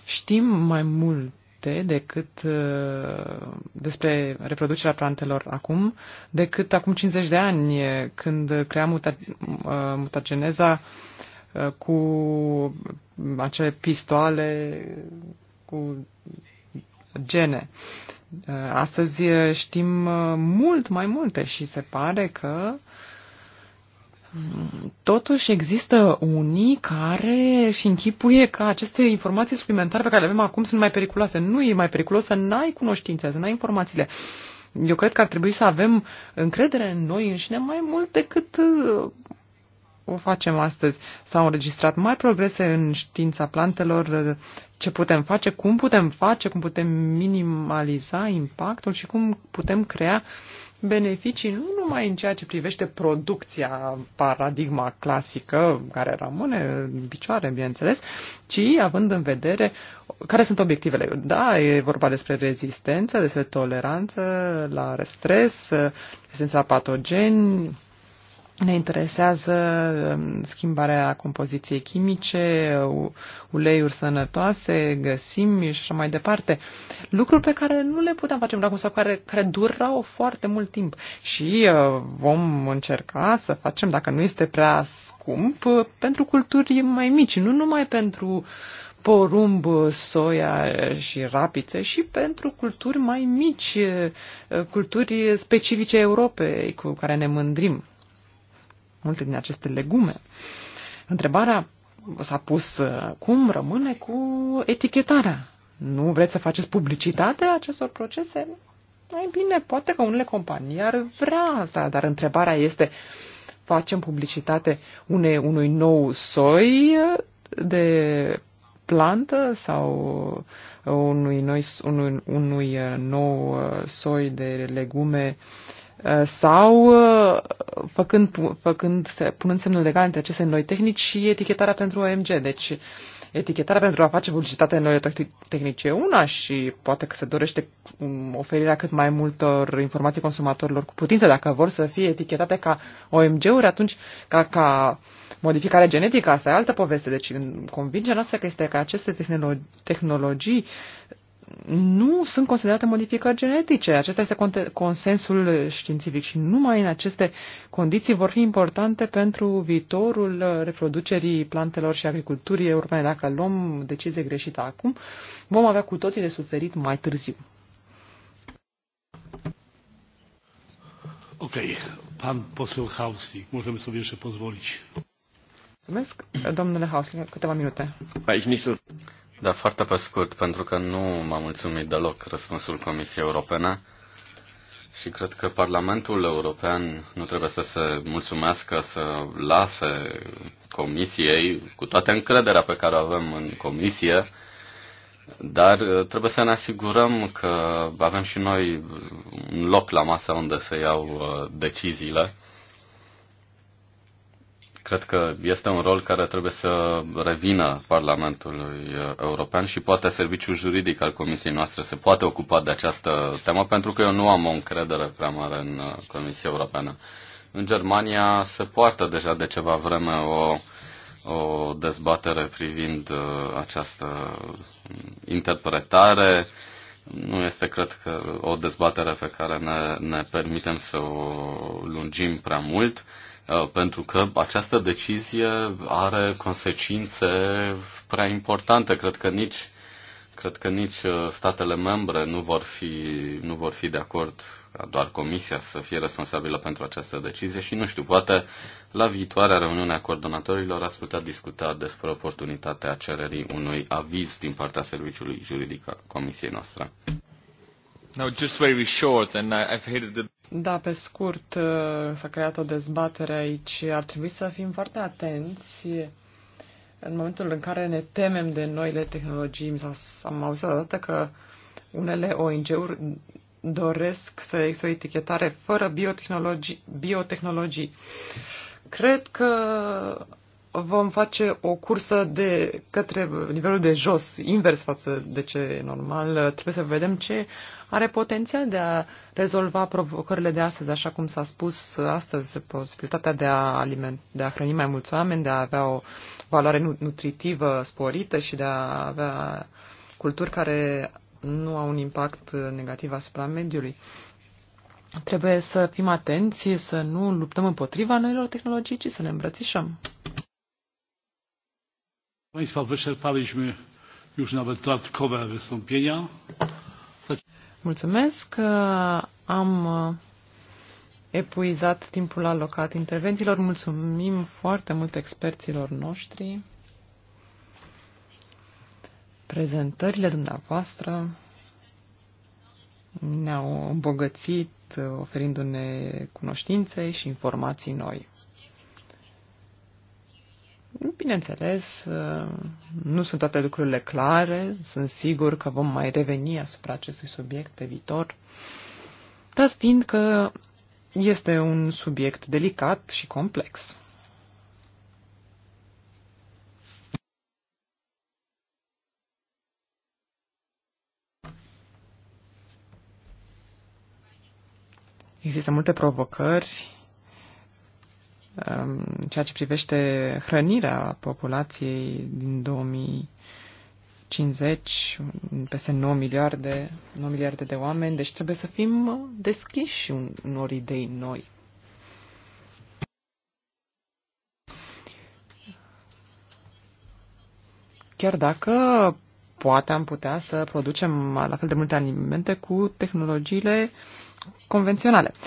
Știm mai mult dezbate decât uh, despre reproducerea plantelor acum, decât acum 50 de ani, când crea muta, uh, mutageneza uh, cu acele pistoale cu gene. Astăzi știm mult mai multe și se pare că uh, Totuși există unii care își închipuie că aceste informații suplimentare pe care le avem acum sunt mai periculoase. Nu e mai periculos să n-ai cunoștințe, să n-ai informațiile. Eu cred că ar trebui să avem încredere în noi înșine mai mult decât uh, o facem astăzi. S-au înregistrat mai progrese în știința plantelor, ce putem face, cum putem face, cum putem minimaliza impactul și cum putem crea uh, beneficii nu numai în ceea ce privește producția, paradigma clasică, care rămâne în picioare, bineînțeles, ci având în vedere care sunt obiectivele. Da, e vorba despre rezistență, despre toleranță la stres, rezistența patogeni, ne interesează um, schimbarea compoziției chimice, uleiuri sănătoase, găsim și așa mai departe. Lucruri pe care nu le puteam face acum sau care, care durau foarte mult timp. Și uh, vom încerca să facem, dacă nu este prea scump, uh, pentru culturi mai mici, nu numai pentru porumb, soia și rapițe și pentru culturi mai mici, uh, culturi specifice Europei cu care ne mândrim multe din aceste legume. Întrebarea s-a pus uh, cum rămâne cu etichetarea. Nu vreți să faceți publicitate acestor procese? Ei bine, poate că unele companii ar vrea asta, dar întrebarea este facem publicitate une, unui nou soi uh, de plantă sau unui, noi, unui, unui uh, nou soi de legume uh, Uh, sau uh, făcând, făcând, punând semnul legal între aceste noi tehnici și etichetarea pentru OMG. Deci etichetarea pentru a face publicitate în noi tehnici e una și poate că se dorește um, oferirea cât mai multor informații consumatorilor cu putință dacă vor să fie etichetate ca OMG-uri, atunci ca, ca modificare genetică, asta e altă poveste. Deci convingerea noastră că este că aceste tehnologii nu sunt considerate modificări genetice. Acesta este consensul științific și numai în aceste condiții vor fi importante pentru viitorul reproducerii plantelor și agriculturii europene. Dacă luăm decizie greșită acum, vom avea cu toții de suferit mai târziu. Ok, pan poseł Hausli, să sobie și pozvolici. Mulțumesc, domnule Hausi câteva minute. Aici nici da, foarte pe scurt, pentru că nu m-a mulțumit deloc răspunsul Comisiei Europene și cred că Parlamentul European nu trebuie să se mulțumească să lase Comisiei, cu toată încrederea pe care o avem în Comisie, dar uh, trebuie să ne asigurăm că avem și noi un loc la masă unde să iau uh, deciziile Cred că este un rol care trebuie să revină Parlamentului European și poate serviciul juridic al comisiei noastre se poate ocupa de această temă, pentru că eu nu am o încredere prea mare în Comisia Europeană. În Germania se poartă deja de ceva vreme o, o dezbatere privind uh, această interpretare. Nu este, cred că, o dezbatere pe care ne, ne permitem să o lungim prea mult. Uh, pentru că această decizie are consecințe prea importante. Cred că nici, cred că nici uh, statele membre nu vor, fi, nu vor fi de acord doar Comisia să fie responsabilă pentru această decizie și nu știu, poate la viitoarea reuniune a coordonatorilor ați putea discuta despre oportunitatea cererii unui aviz din partea serviciului juridic al Comisiei noastre. Now, just very short, and I've heard the da, pe scurt, uh, s-a creat o dezbatere aici. Ar trebui să fim foarte atenți în momentul în care ne temem de noile tehnologii. Am auzit odată că unele ONG-uri doresc să există o etichetare fără biotehnologii. biotehnologii. Cred că vom face o cursă de către nivelul de jos, invers față de ce e normal. Trebuie să vedem ce are potențial de a rezolva provocările de astăzi, așa cum s-a spus astăzi, posibilitatea de a, aliment, de a hrăni mai mulți oameni, de a avea o valoare nutritivă sporită și de a avea culturi care nu au un impact negativ asupra mediului. Trebuie să fim atenți, să nu luptăm împotriva noilor tehnologii, ci să le îmbrățișăm. Państwa, wyczerpaliśmy już nawet dodatkowe wystąpienia. Mulțumesc. Am epuizat timpul alocat intervențiilor. Mulțumim foarte mult experților noștri. Prezentările dumneavoastră ne-au îmbogățit oferindu-ne cunoștințe și informații noi. Bineînțeles, nu sunt toate lucrurile clare, sunt sigur că vom mai reveni asupra acestui subiect pe viitor, dar fiind că este un subiect delicat și complex. Există multe provocări ceea ce privește hrănirea populației din 2050, peste 9 miliarde, 9 miliarde de oameni, deci trebuie să fim deschiși unor idei noi. Chiar dacă poate am putea să producem la fel de multe alimente cu tehnologiile convenționale. Uh,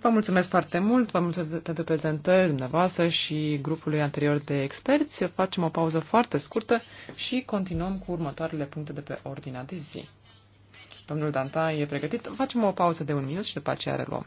Vă mulțumesc foarte mult, vă mulțumesc pentru prezentări dumneavoastră și grupului anterior de experți. Facem o pauză foarte scurtă și continuăm cu următoarele puncte de pe ordinea de zi. Domnul Danta e pregătit. Facem o pauză de un minut și după aceea reluăm.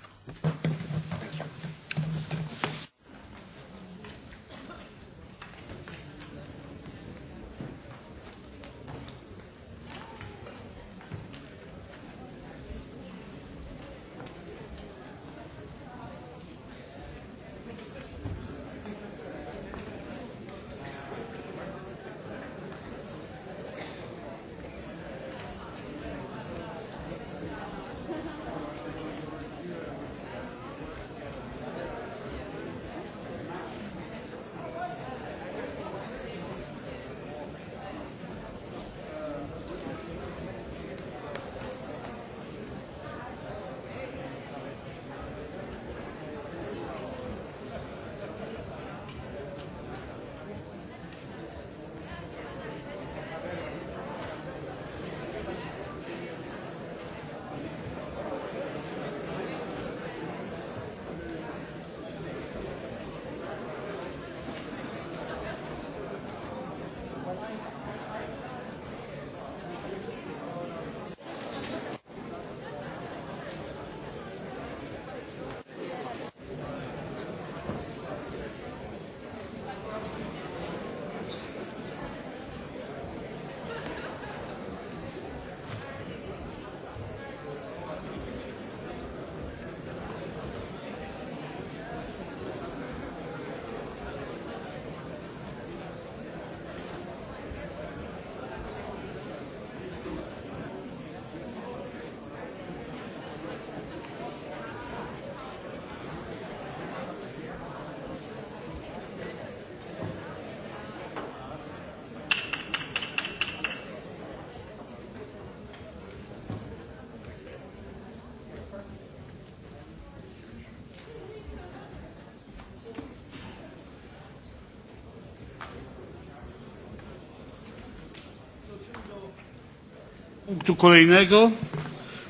punctul kolejnego.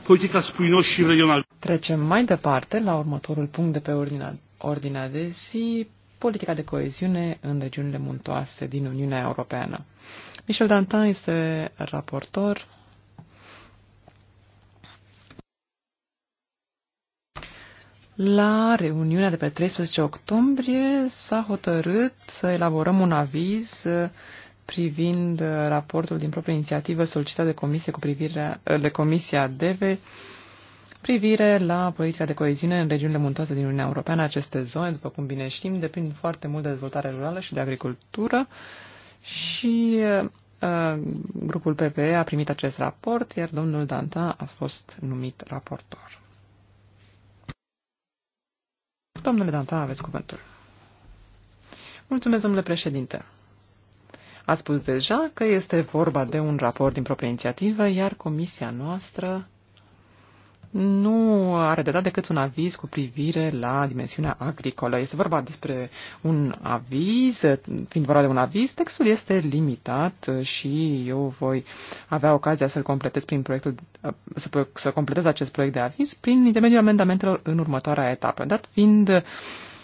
Politica spójności regională. Trecem mai departe la următorul punct de pe ordinea, ordinea de zi, politica de coeziune în regiunile muntoase din Uniunea Europeană. Michel Dantin este raportor. La reuniunea de pe 13 octombrie s-a hotărât să elaborăm un aviz privind uh, raportul din proprie inițiativă solicitat de, comisie cu privire, uh, de Comisia DEVE privire la politica de coeziune în regiunile muntoase din Uniunea Europeană. Aceste zone, după cum bine știm, depind foarte mult de dezvoltare rurală și de agricultură și uh, grupul PPE a primit acest raport, iar domnul Danta a fost numit raportor. Domnule Danta, aveți cuvântul. Mulțumesc, domnule președinte. A spus deja că este vorba de un raport din proprie inițiativă, iar comisia noastră nu are de dat decât un aviz cu privire la dimensiunea agricolă. Este vorba despre un aviz, fiind vorba de un aviz, textul este limitat și eu voi avea ocazia să-l completez prin proiectul, să, să completez acest proiect de aviz prin intermediul amendamentelor în următoarea etapă. Dar fiind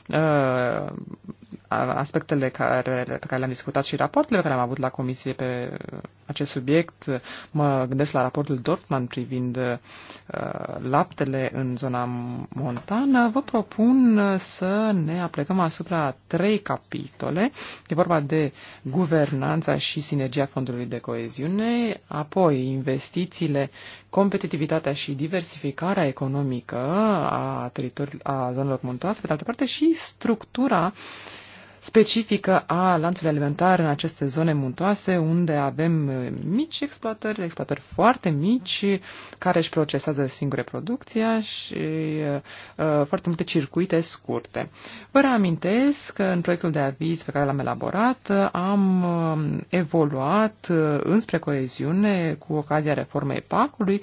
Uh, aspectele care, pe care le-am discutat și rapoartele pe care am avut la comisie pe acest subiect. Mă gândesc la raportul Dorfman privind uh, laptele în zona montană. Vă propun să ne aplecăm asupra trei capitole. E vorba de guvernanța și sinergia fondului de coeziune, apoi investițiile, competitivitatea și diversificarea economică a, teritori- a zonelor montoase, pe de altă parte, și structura specifică a lanțului alimentar în aceste zone muntoase, unde avem eh, mici exploatări, exploatări foarte mici, care își procesează singure producția și uh, foarte multe circuite scurte. Vă reamintesc că în proiectul de aviz pe care l-am elaborat am evoluat înspre coeziune cu ocazia reformei PAC-ului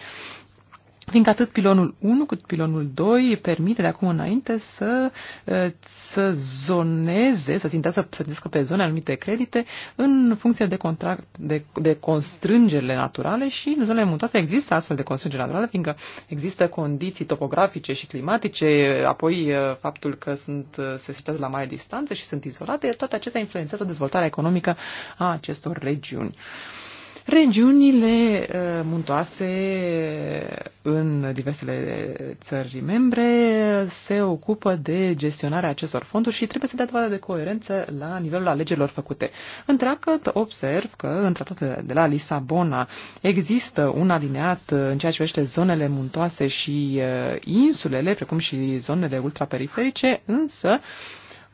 Fiindcă atât pilonul 1 cât pilonul 2 permite de acum înainte să, uh, să zoneze, să țintească, să țintească pe zone anumite credite în funcție de, contract, de, de constrângerile naturale și în zonele mutate există astfel de constrângeri naturale, fiindcă există condiții topografice și climatice, apoi uh, faptul că sunt, uh, se situează la mare distanță și sunt izolate, toate acestea influențează dezvoltarea economică a acestor regiuni regiunile uh, muntoase uh, în diversele țări membre se ocupă de gestionarea acestor fonduri și trebuie să dea dovadă de coerență la nivelul alegerilor făcute. Întreagăt observ că în tratatul de la Lisabona există un alineat în ceea ce privește zonele muntoase și uh, insulele, precum și zonele ultraperiferice, însă uh,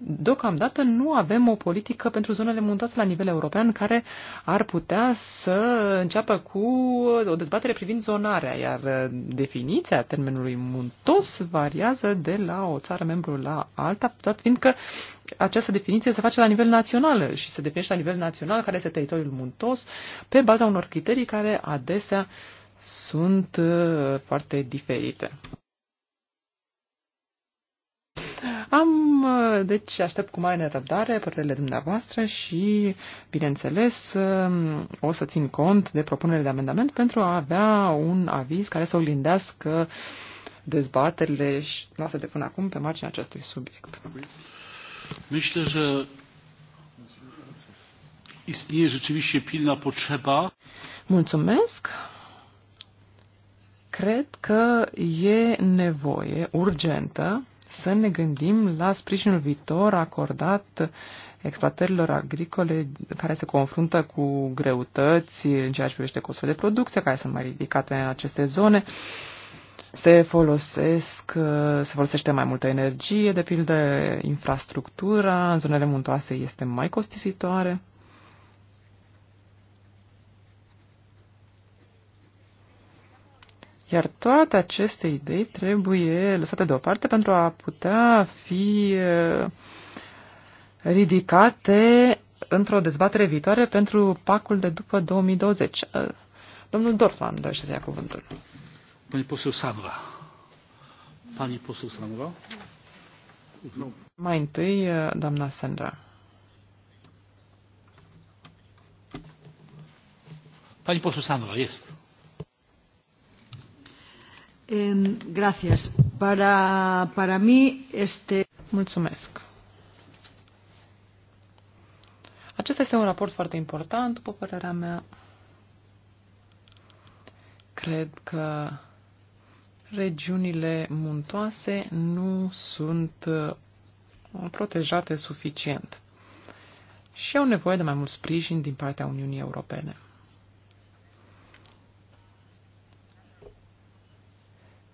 deocamdată nu avem o politică pentru zonele montate la nivel european care ar putea să înceapă cu o dezbatere privind zonarea, iar uh, definiția termenului muntos variază de la o țară membru la alta, dat fiindcă această definiție se face la nivel național și se definește la nivel național care este teritoriul muntos pe baza unor criterii care adesea sunt uh, foarte diferite. Am, uh, deci, aștept cu mai nerăbdare părerele dumneavoastră și, bineînțeles, um, o să țin cont de propunerile de amendament pentru a avea un aviz care să oglindească dezbaterile și lasă de până acum pe marginea acestui subiect. Myślę, że istnieje rzeczywiście pilna potrzeba. Mulțumesc. Cred că e nevoie urgentă să ne gândim la sprijinul viitor acordat exploatărilor agricole care se confruntă cu greutăți în ceea ce privește costul de producție, care sunt mai ridicate în aceste zone. Se, folosesc, se folosește mai multă energie, de pildă infrastructura în zonele muntoase este mai costisitoare. Iar toate aceste idei trebuie lăsate deoparte pentru a putea fi eh, ridicate într-o dezbatere viitoare pentru pacul de după 2020. Eh, domnul Dorfman dorește să ia cuvântul. Pani posul Sandra. Pani posul Sandra. Mai întâi, eh, doamna Sandra. Pani posul Sandra, este. Eh, gracias. Para, para mí este... Mulțumesc. Acesta este un raport foarte important, după părerea mea. Cred că regiunile muntoase nu sunt uh, protejate suficient și au nevoie de mai mult sprijin din partea Uniunii Europene.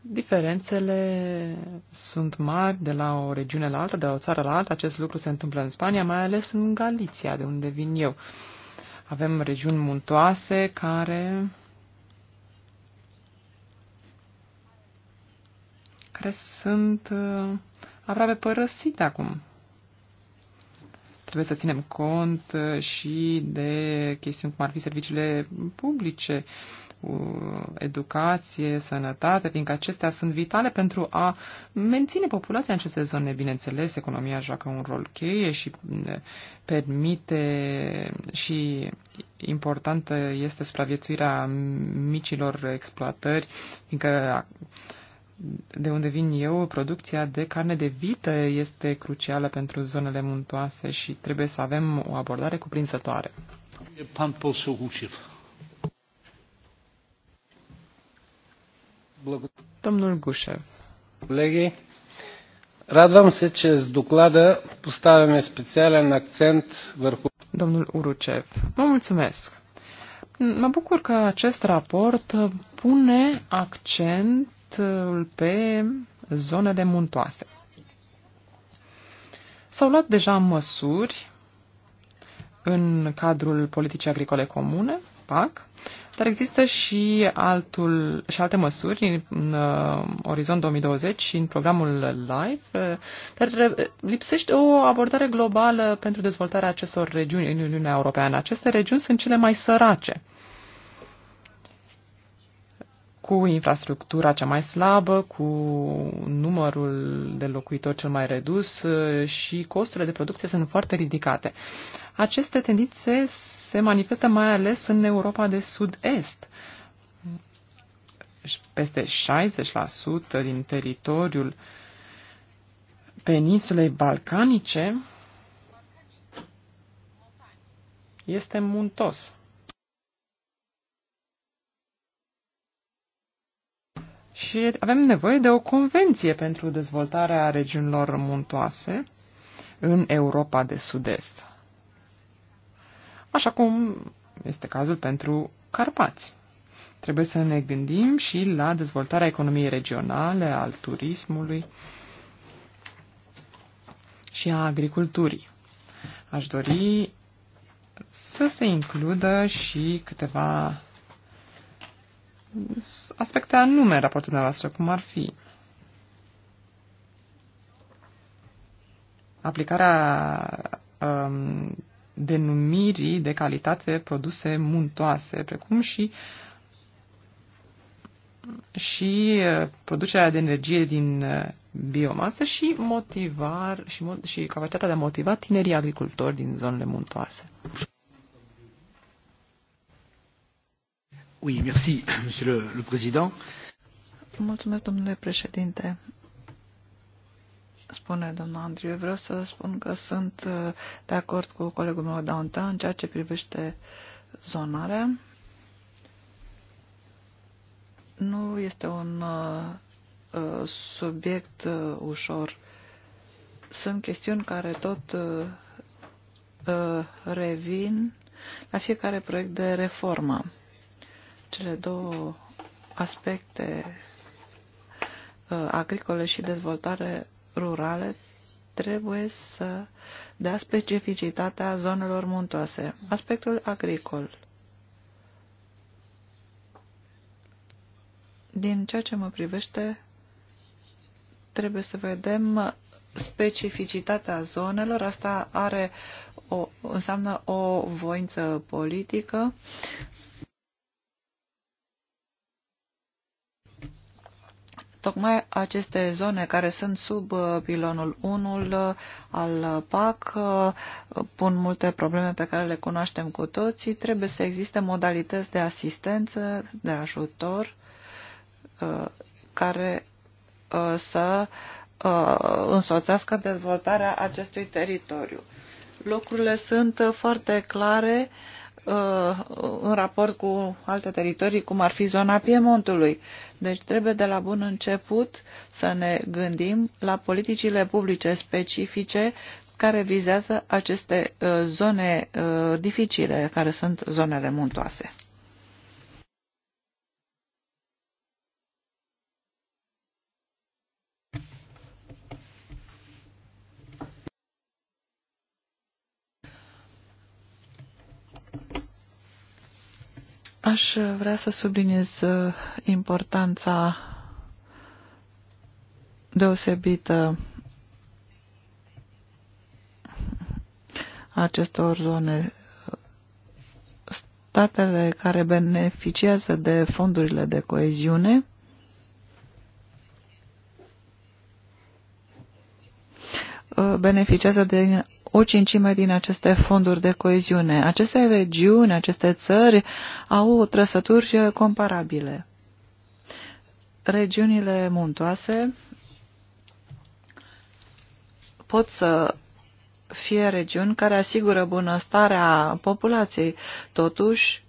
Diferențele sunt mari de la o regiune la alta, de la o țară la alta. Acest lucru se întâmplă în Spania, mai ales în Galiția, de unde vin eu. Avem regiuni muntoase care care sunt uh, aproape părăsite acum. Trebuie să ținem cont uh, și de chestiuni cum ar fi serviciile publice, uh, educație, sănătate, fiindcă acestea sunt vitale pentru a menține populația în aceste zone. Bineînțeles, economia joacă un rol cheie și permite și importantă este supraviețuirea micilor exploatări, fiindcă de unde vin eu, producția de carne de vită este crucială pentru zonele muntoase și trebuie să avem o abordare cuprinzătoare. Pan Domnul Gușev. colegi, radvam se ce s doklada special specialen accent върху... Domnul Urucev, mă mulțumesc. Mă bucur că acest raport pune accentul pe zonele muntoase. S-au luat deja măsuri în cadrul politicii agricole comune, PAC, dar există și, altul, și alte măsuri în uh, Orizont 2020 și în programul LIFE, uh, dar uh, lipsește o abordare globală pentru dezvoltarea acestor regiuni în Uniunea Europeană. Aceste regiuni sunt cele mai sărace. Uh, cu infrastructura cea mai slabă, cu numărul de locuitori cel mai redus uh, și costurile de producție sunt foarte ridicate. Aceste tendințe se manifestă mai ales în Europa de Sud-Est. Peste 60% din teritoriul peninsulei balcanice este muntos. Și avem nevoie de o convenție pentru dezvoltarea regiunilor muntoase în Europa de Sud-Est. Așa cum este cazul pentru Carpați. Trebuie să ne gândim și la dezvoltarea economiei regionale, al turismului și a agriculturii. Aș dori să se includă și câteva aspecte anume în raportul dumneavoastră, cum ar fi aplicarea um, denumirii de calitate produse muntoase, precum și și uh, producerea de energie din uh, biomasă și motivar și, și capacitatea de a motiva tinerii agricultori din zonele muntoase. domnule președinte. Spune domnul andrieu vreau să spun că sunt uh, de acord cu colegul meu Daunta în ceea ce privește zonarea. Nu este un uh, uh subiect uh, ușor. Sunt chestiuni care tot uh, uh revin la fiecare proiect de reformă cele două aspecte uh, agricole și dezvoltare rurale trebuie să dea specificitatea zonelor muntoase. Aspectul agricol. Din ceea ce mă privește, trebuie să vedem specificitatea zonelor. Asta are o, înseamnă o voință politică Tocmai aceste zone care sunt sub uh, pilonul 1 uh, al uh, PAC pun multe probleme pe care le cunoaștem cu toții. Trebuie să existe modalități de asistență, de ajutor, care să însoțească dezvoltarea acestui teritoriu. Lucrurile sunt foarte clare Uh, în raport cu alte teritorii, cum ar fi zona Piemontului. Deci trebuie de la bun început să ne gândim la politicile publice specifice care vizează aceste uh, zone uh, dificile, care sunt zonele muntoase. Aș vrea să subliniez uh, importanța deosebită acestor zone. Statele care beneficiază de fondurile de coeziune beneficiază de o cincime din aceste fonduri de coeziune. Aceste regiuni, aceste țări au trăsături comparabile. Regiunile muntoase pot să fie regiuni care asigură bunăstarea populației. Totuși,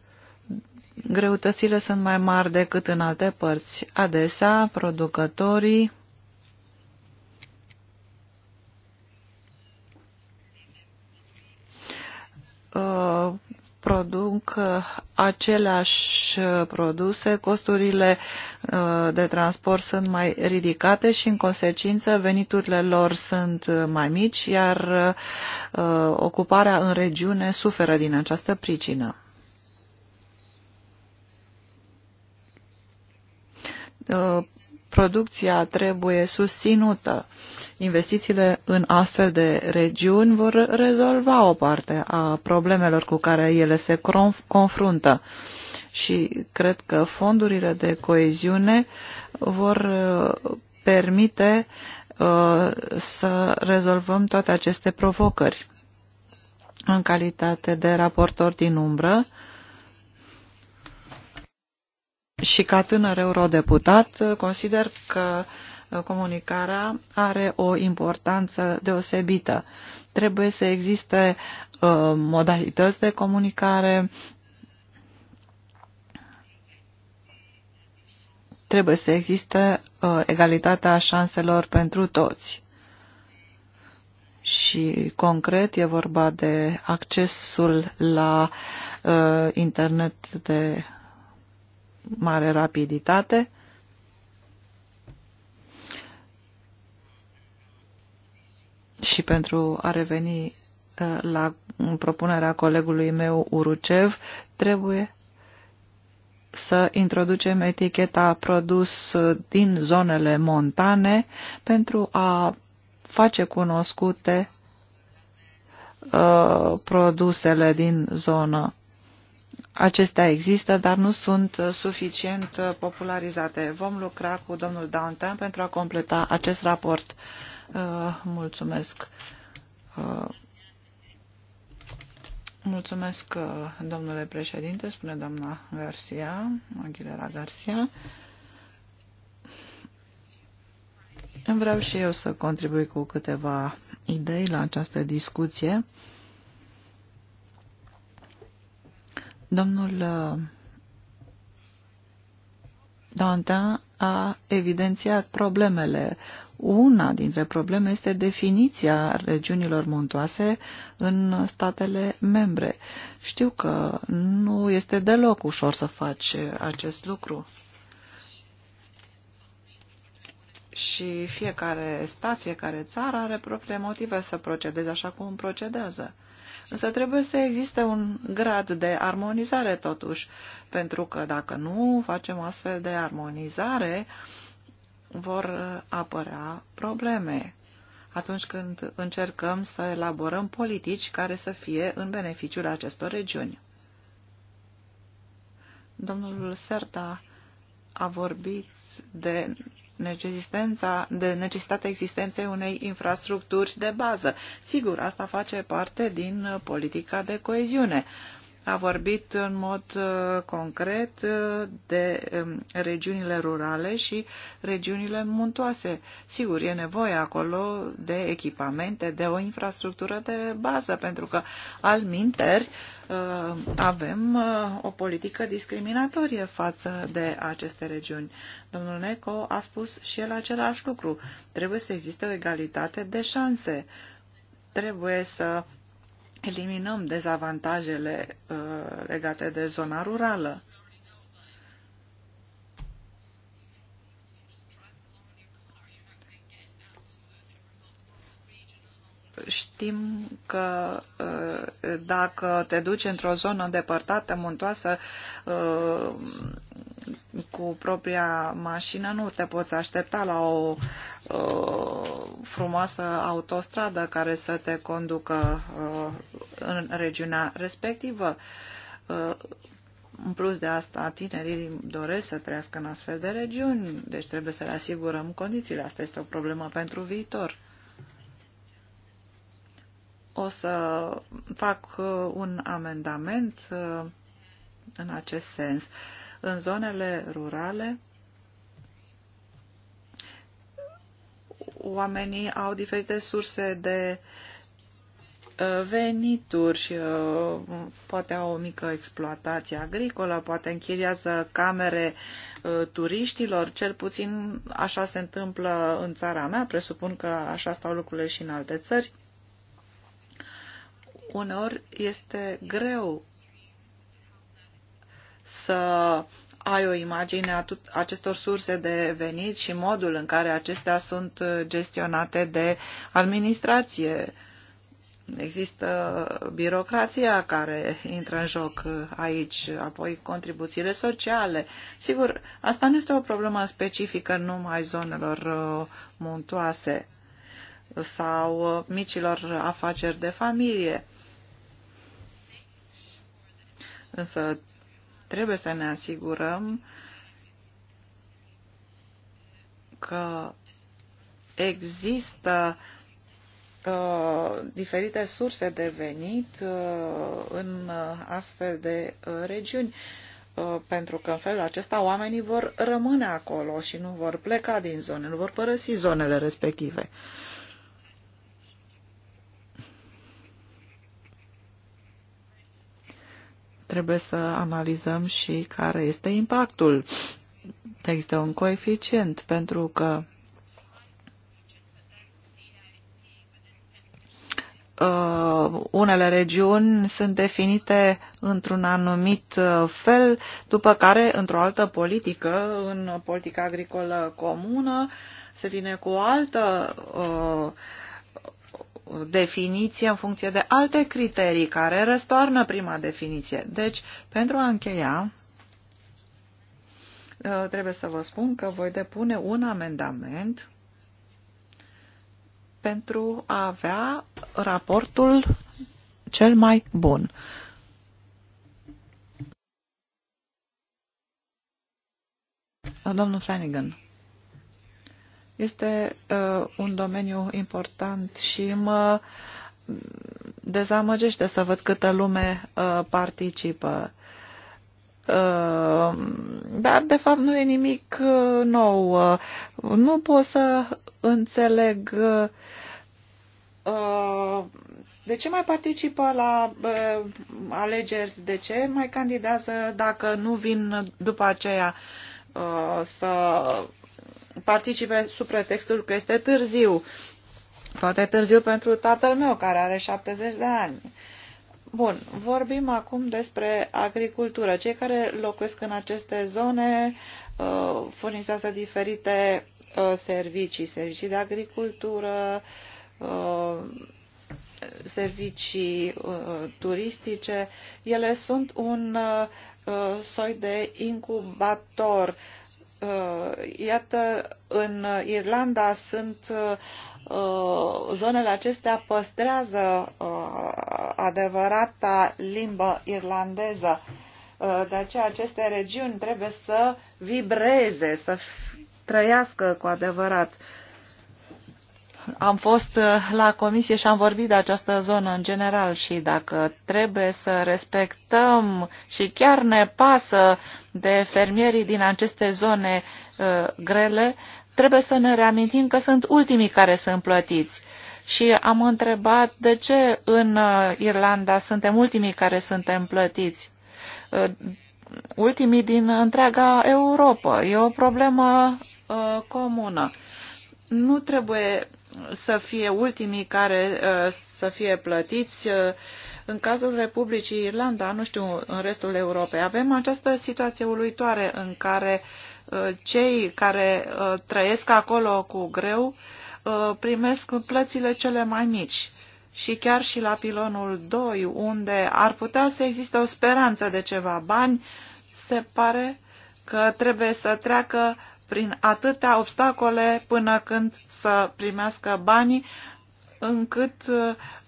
greutățile sunt mai mari decât în alte părți. Adesea, producătorii Uh, produc uh, aceleași produse, costurile uh, de transport sunt mai ridicate și, în consecință, veniturile lor sunt mai mici, iar ocuparea în regiune suferă din această pricină producția trebuie susținută. Investițiile în astfel de regiuni vor rezolva o parte a problemelor cu care ele se confruntă și cred că fondurile de coeziune vor uh, permite uh, să rezolvăm toate aceste provocări. În calitate de raportor din umbră, și ca tânăr eurodeputat, consider că comunicarea are o importanță deosebită. Trebuie să existe uh, modalități de comunicare, trebuie să existe uh, egalitatea șanselor pentru toți. Și concret e vorba de accesul la uh, internet de mare rapiditate. Și pentru a reveni uh, la propunerea colegului meu Urucev, trebuie să introducem eticheta produs uh, din zonele montane pentru a face cunoscute uh, produsele din zonă acestea există, dar nu sunt uh, suficient uh, popularizate. Vom lucra cu domnul Downtown pentru a completa acest raport. Uh, mulțumesc. Mulțumesc, domnule președinte, spune doamna Garcia, Aguilera Garcia. Vreau și eu să contribui cu câteva idei la această discuție. Domnul uh, Dantin a evidențiat problemele. Una dintre probleme este definiția regiunilor muntoase în statele membre. Știu că nu este deloc ușor să faci acest lucru. Și fiecare stat, fiecare țară are proprie motive să procedeze așa cum procedează. Însă trebuie să existe un grad de armonizare totuși, pentru că dacă nu facem astfel de armonizare, vor apărea probleme atunci când încercăm să elaborăm politici care să fie în beneficiul acestor regiuni. Domnul Serta a vorbit de necesitența, de necesitatea existenței unei infrastructuri de bază. Sigur, asta face parte din politica de coeziune. Uh, a vorbit în mod uh, concret uh, de um, regiunile rurale și regiunile muntoase. Sigur, e nevoie acolo de echipamente, de o infrastructură de bază, pentru că al minteri uh, avem o politică discriminatorie față de aceste regiuni. Domnul Neco a spus și el același lucru. Trebuie să existe o egalitate de șanse trebuie să eliminăm dezavantajele uh, legate de zona rurală. știm că uh, dacă te duci într-o zonă îndepărtată, muntoasă, uh, cu propria mașină nu te poți aștepta la o uh, frumoasă autostradă care să te conducă uh, în regiunea respectivă. Uh, în plus de asta, tinerii doresc să trăiască în astfel de regiuni, deci trebuie să le asigurăm condițiile. Asta este o problemă pentru viitor. O să fac uh, un amendament uh, în acest sens. Uh, în zonele rurale, oamenii au diferite surse de uh, venituri, și uh, poate au o mică exploatație agricolă, poate închiriază camere uh, turiștilor, cel puțin așa se întâmplă în țara mea, presupun că așa stau lucrurile și în alte țări. Uneori este greu să ai o imagine a acestor surse de venit și modul în care acestea sunt gestionate de administrație. Există birocrația care intră în joc aici, apoi contribuțiile sociale. Sigur, asta nu este o problemă specifică numai zonelor uh, muntoase sau uh, micilor afaceri de familie. Însă Trebuie să ne asigurăm că există uh, diferite surse de venit uh, în astfel de uh, regiuni, uh, pentru că în felul acesta oamenii vor rămâne acolo și nu vor pleca din zone, nu vor părăsi zonele respective. trebuie să analizăm și care este impactul. Există un coeficient pentru că uh, unele regiuni sunt definite într-un anumit uh, fel, după care într-o altă politică, în politica agricolă comună, se vine cu o altă uh, definiție în funcție de alte criterii care răstoarnă prima definiție. Deci, pentru a încheia, uh, trebuie să vă spun că voi depune un amendament pentru a avea raportul cel mai bun. Domnul Flanagan. Este uh, un domeniu important și mă dezamăgește să văd câtă lume uh, participă. Uh, dar, de fapt, nu e nimic uh, nou. Uh, nu pot să înțeleg uh, uh, de ce mai participă la uh, alegeri, de ce mai candidează dacă nu vin după aceea uh, să participe sub pretextul că este târziu. Poate târziu pentru tatăl meu, care are 70 de ani. Bun, vorbim acum despre agricultură. Cei care locuiesc în aceste zone uh, furnizează diferite uh, servicii, servicii de agricultură, uh, servicii uh, turistice. Ele sunt un uh, soi de incubator uh, Uh, iată, în Irlanda sunt uh, zonele acestea păstrează uh, adevărata limbă irlandeză. De aceea aceste regiuni trebuie să vibreze, să trăiască cu adevărat am fost uh, la comisie și am vorbit de această zonă în general și dacă trebuie să respectăm și chiar ne pasă de fermierii din aceste zone uh, grele, trebuie să ne reamintim că sunt ultimii care sunt plătiți. Și am întrebat de ce în uh, Irlanda suntem ultimii care suntem plătiți. ultimii din întreaga Europa. E o problemă comună. Nu trebuie să fie ultimii care uh, să fie plătiți. Uh, în cazul Republicii Irlanda, nu știu, în restul Europei, avem această situație uluitoare în care uh, cei care trăiesc acolo cu greu primesc plățile cele mai mici și chiar și la pilonul 2, unde ar putea să existe o speranță de ceva bani, se pare că trebuie să treacă prin atâtea obstacole până când să primească banii, încât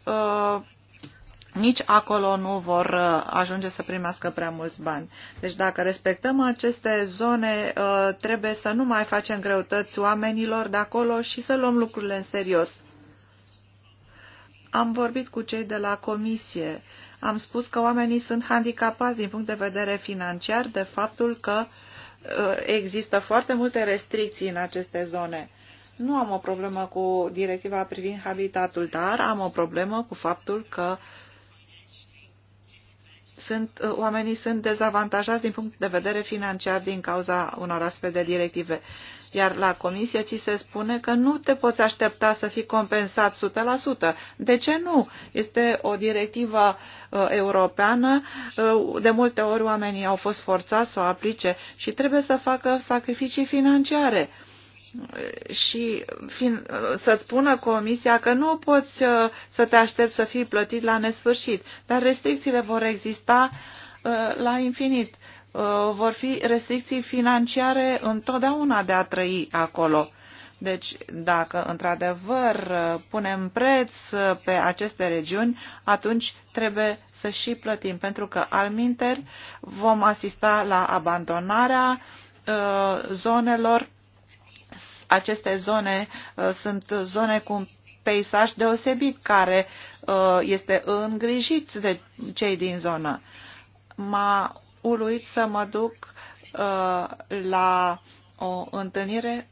uh, nici acolo nu vor uh, ajunge să primească prea mulți bani. Deci dacă respectăm aceste zone, uh, trebuie să nu mai facem greutăți oamenilor de acolo și să luăm lucrurile în serios. Am vorbit cu cei de la comisie. Am spus că oamenii sunt handicapați din punct de vedere financiar de faptul că uh, Uh, există foarte multe restricții în aceste zone. Nu am o problemă cu directiva privind habitatul, dar am o problemă cu faptul că sunt, uh, oamenii sunt dezavantajați din punct de vedere financiar din cauza unor astfel de directive iar la comisie ți se spune că nu te poți aștepta să fii compensat 100%. De ce nu? Este o directivă uh, europeană, uh, de multe ori oamenii au fost forțați să o aplice și trebuie să facă sacrificii financiare uh, și fin, uh, să spună comisia că nu poți uh, să te aștepți să fii plătit la nesfârșit, dar restricțiile vor exista la infinit. Uh, vor fi restricții financiare întotdeauna de a trăi acolo. Deci, dacă într-adevăr uh, punem preț uh, pe aceste regiuni, atunci trebuie să și plătim, pentru că alminteri vom asista la abandonarea zonelor. Aceste zone sunt zone cu un peisaj deosebit care este îngrijit de cei din zonă. M-a uluit să mă duc uh, la o întâlnire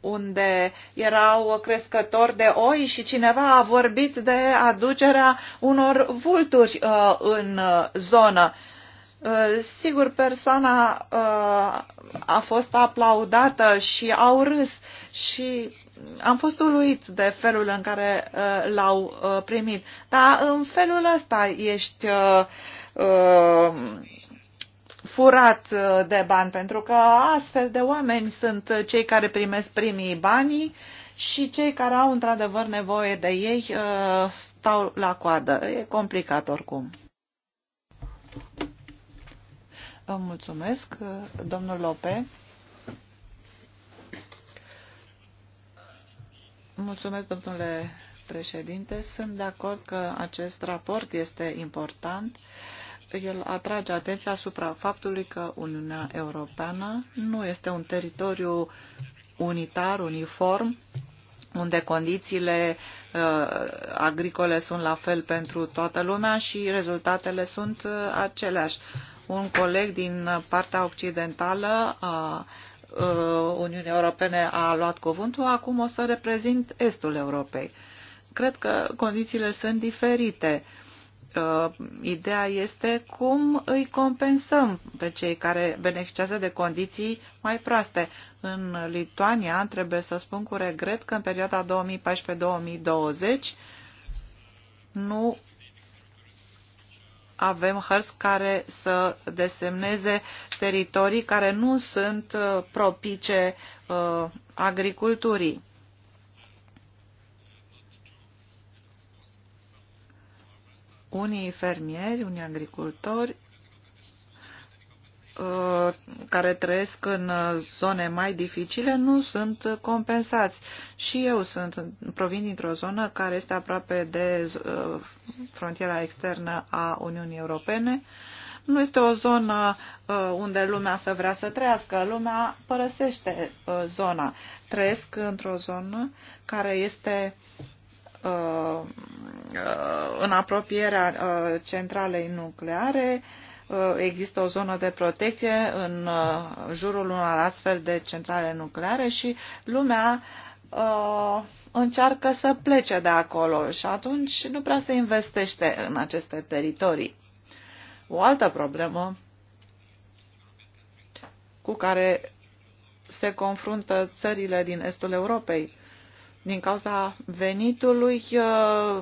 unde erau crescători de oi și cineva a vorbit de aducerea unor vulturi uh, în uh, zonă. Uh, sigur, persoana uh, a fost aplaudată și au râs și am fost uluit de felul în care uh, l-au uh, primit. Dar în felul ăsta ești uh, uh, furat uh, de bani, pentru că astfel de oameni sunt cei care primesc primii banii și cei care au într-adevăr nevoie de ei uh, stau la coadă. E complicat oricum. Mulțumesc, uh, domnul Lope. Mulțumesc, domnule președinte. Sunt de acord că acest raport este important. El atrage atenția asupra faptului că Uniunea Europeană nu este un teritoriu unitar, uniform, unde condițiile uh, agricole sunt la fel pentru toată lumea și rezultatele sunt uh, aceleași. Un coleg din partea occidentală a uh, Uh, Uniunii Europene a luat cuvântul, acum o să reprezint estul Europei. Cred că condițiile sunt diferite. Uh, ideea este cum îi compensăm pe cei care beneficiază de condiții mai proaste. În Lituania, trebuie să spun cu regret că în perioada 2014-2020 nu avem hărți care să desemneze teritorii care nu sunt uh, propice uh, agriculturii. Unii fermieri, unii agricultori care trăiesc în uh, zone mai dificile nu sunt compensați. Și eu sunt, provin dintr-o zonă care este aproape de uh, frontiera externă a Uniunii Europene. Nu este o zonă uh, unde lumea să vrea să trăiască. Lumea părăsește zona. Trăiesc într-o zonă care este în apropierea centralei nucleare Uh, există o zonă de protecție în uh, jurul unor astfel de centrale nucleare și lumea uh, încearcă să plece de acolo și atunci nu prea se investește în aceste teritorii. O altă problemă cu care se confruntă țările din estul Europei. Din cauza venitului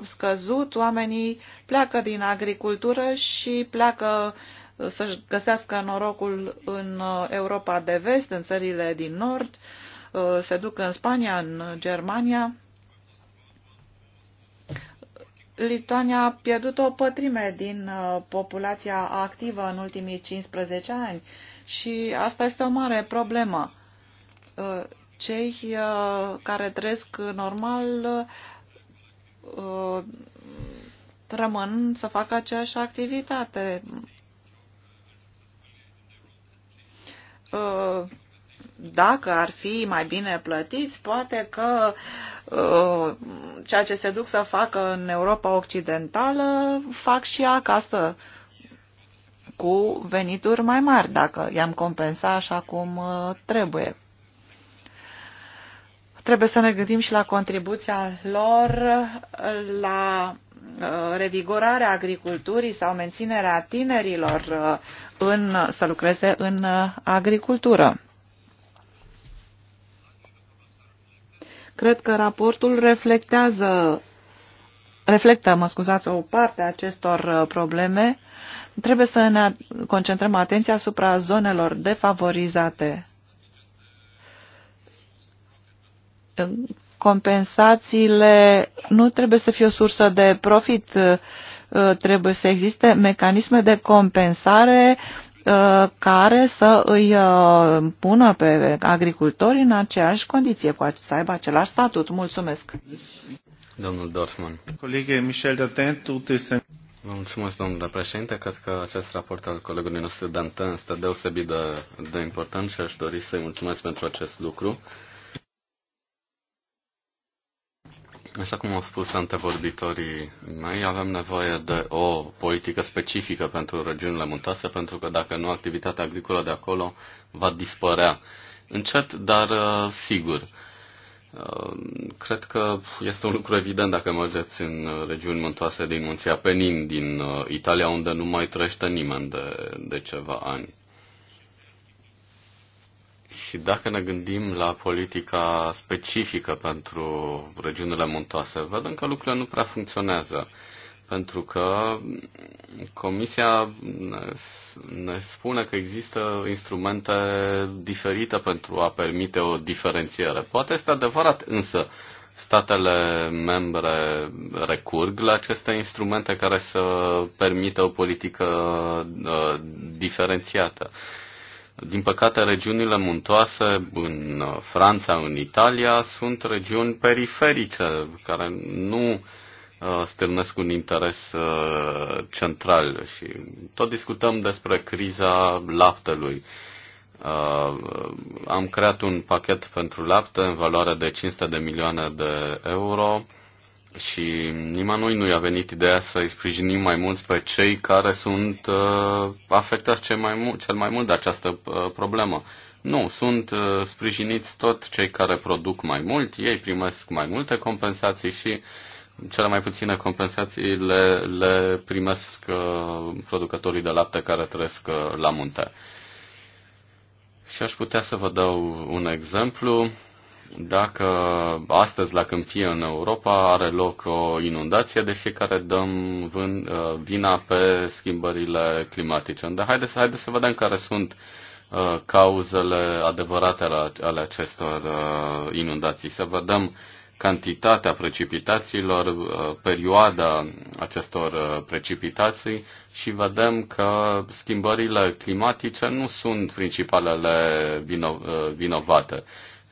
scăzut, oamenii pleacă din agricultură și pleacă să-și găsească norocul în uh, Europa de vest, în țările din nord, uh, se duc în Spania, în Germania. Lituania a pierdut o pătrime din uh, populația activă în ultimii 15 ani și asta este o mare problemă. Cei care trăiesc normal rămân să facă aceeași activitate. Uh, dacă ar fi mai bine plătiți, poate că uh, ceea ce se duc să facă în Europa Occidentală fac și acasă cu venituri mai mari, dacă i-am compensa așa cum uh, trebuie. Trebuie să ne gândim și la contribuția lor la revigorarea agriculturii sau menținerea tinerilor în, să lucreze în uh, agricultură. Cred că raportul reflectează reflectă, mă scuzați, o parte a acestor uh, probleme, trebuie să ne concentrăm atenția asupra zonelor defavorizate. Compensațiile nu trebuie să fie o sursă de profit, uh, Uh, trebuie să existe mecanisme de compensare uh, care să îi uh, pună pe agricultori în aceeași condiție, cu să aibă același statut. Mulțumesc. Domnul Dorfman. Colegii Michel d'Antin, tot este... Vă mulțumesc, domnule președinte. Cred că acest raport al colegului nostru Dantin este deosebit de, de important și aș dori să-i mulțumesc pentru acest lucru. Așa cum au spus antevorbitorii mei, avem nevoie de o politică specifică pentru regiunile muntoase, pentru că dacă nu, activitatea agricolă de acolo va dispărea. Încet, dar uh, sigur. Uh, cred că este un lucru evident dacă mergeți în regiuni muntoase din Munții Apenin, din uh, Italia, unde nu mai trăiește nimeni de, de ceva ani. Și dacă ne gândim la politica specifică pentru regiunile muntoase, vedem că lucrurile nu prea funcționează, pentru că Comisia ne spune că există instrumente diferite pentru a permite o diferențiere. Poate este adevărat, însă statele membre recurg la aceste instrumente care să permită o politică uh, diferențiată. Din păcate, regiunile muntoase în Franța, în Italia, sunt regiuni periferice care nu uh, stârnesc un interes uh, central și tot discutăm despre criza laptelui. Uh, am creat un pachet pentru lapte în valoare de 500 de milioane de euro și nimănui nu i-a venit ideea să îi sprijinim mai mulți pe cei care sunt uh, afectați cel mai, mult, cel mai mult de această uh, problemă. Nu, sunt uh, sprijiniți tot cei care produc mai mult, ei primesc mai multe compensații și cele mai puține compensații le, le primesc uh, producătorii de lapte care trăiesc uh, la munte. Și aș putea să vă dau un exemplu. Dacă astăzi la Câmpie în Europa are loc o inundație, de fiecare dăm vân, uh, vina pe schimbările climatice. Dar haideți, haideți să vedem care sunt uh, cauzele adevărate ale, acestor uh, inundații. Să vedem cantitatea precipitațiilor, perioada acestor precipitații și vedem că schimbările climatice nu sunt principalele vinovate.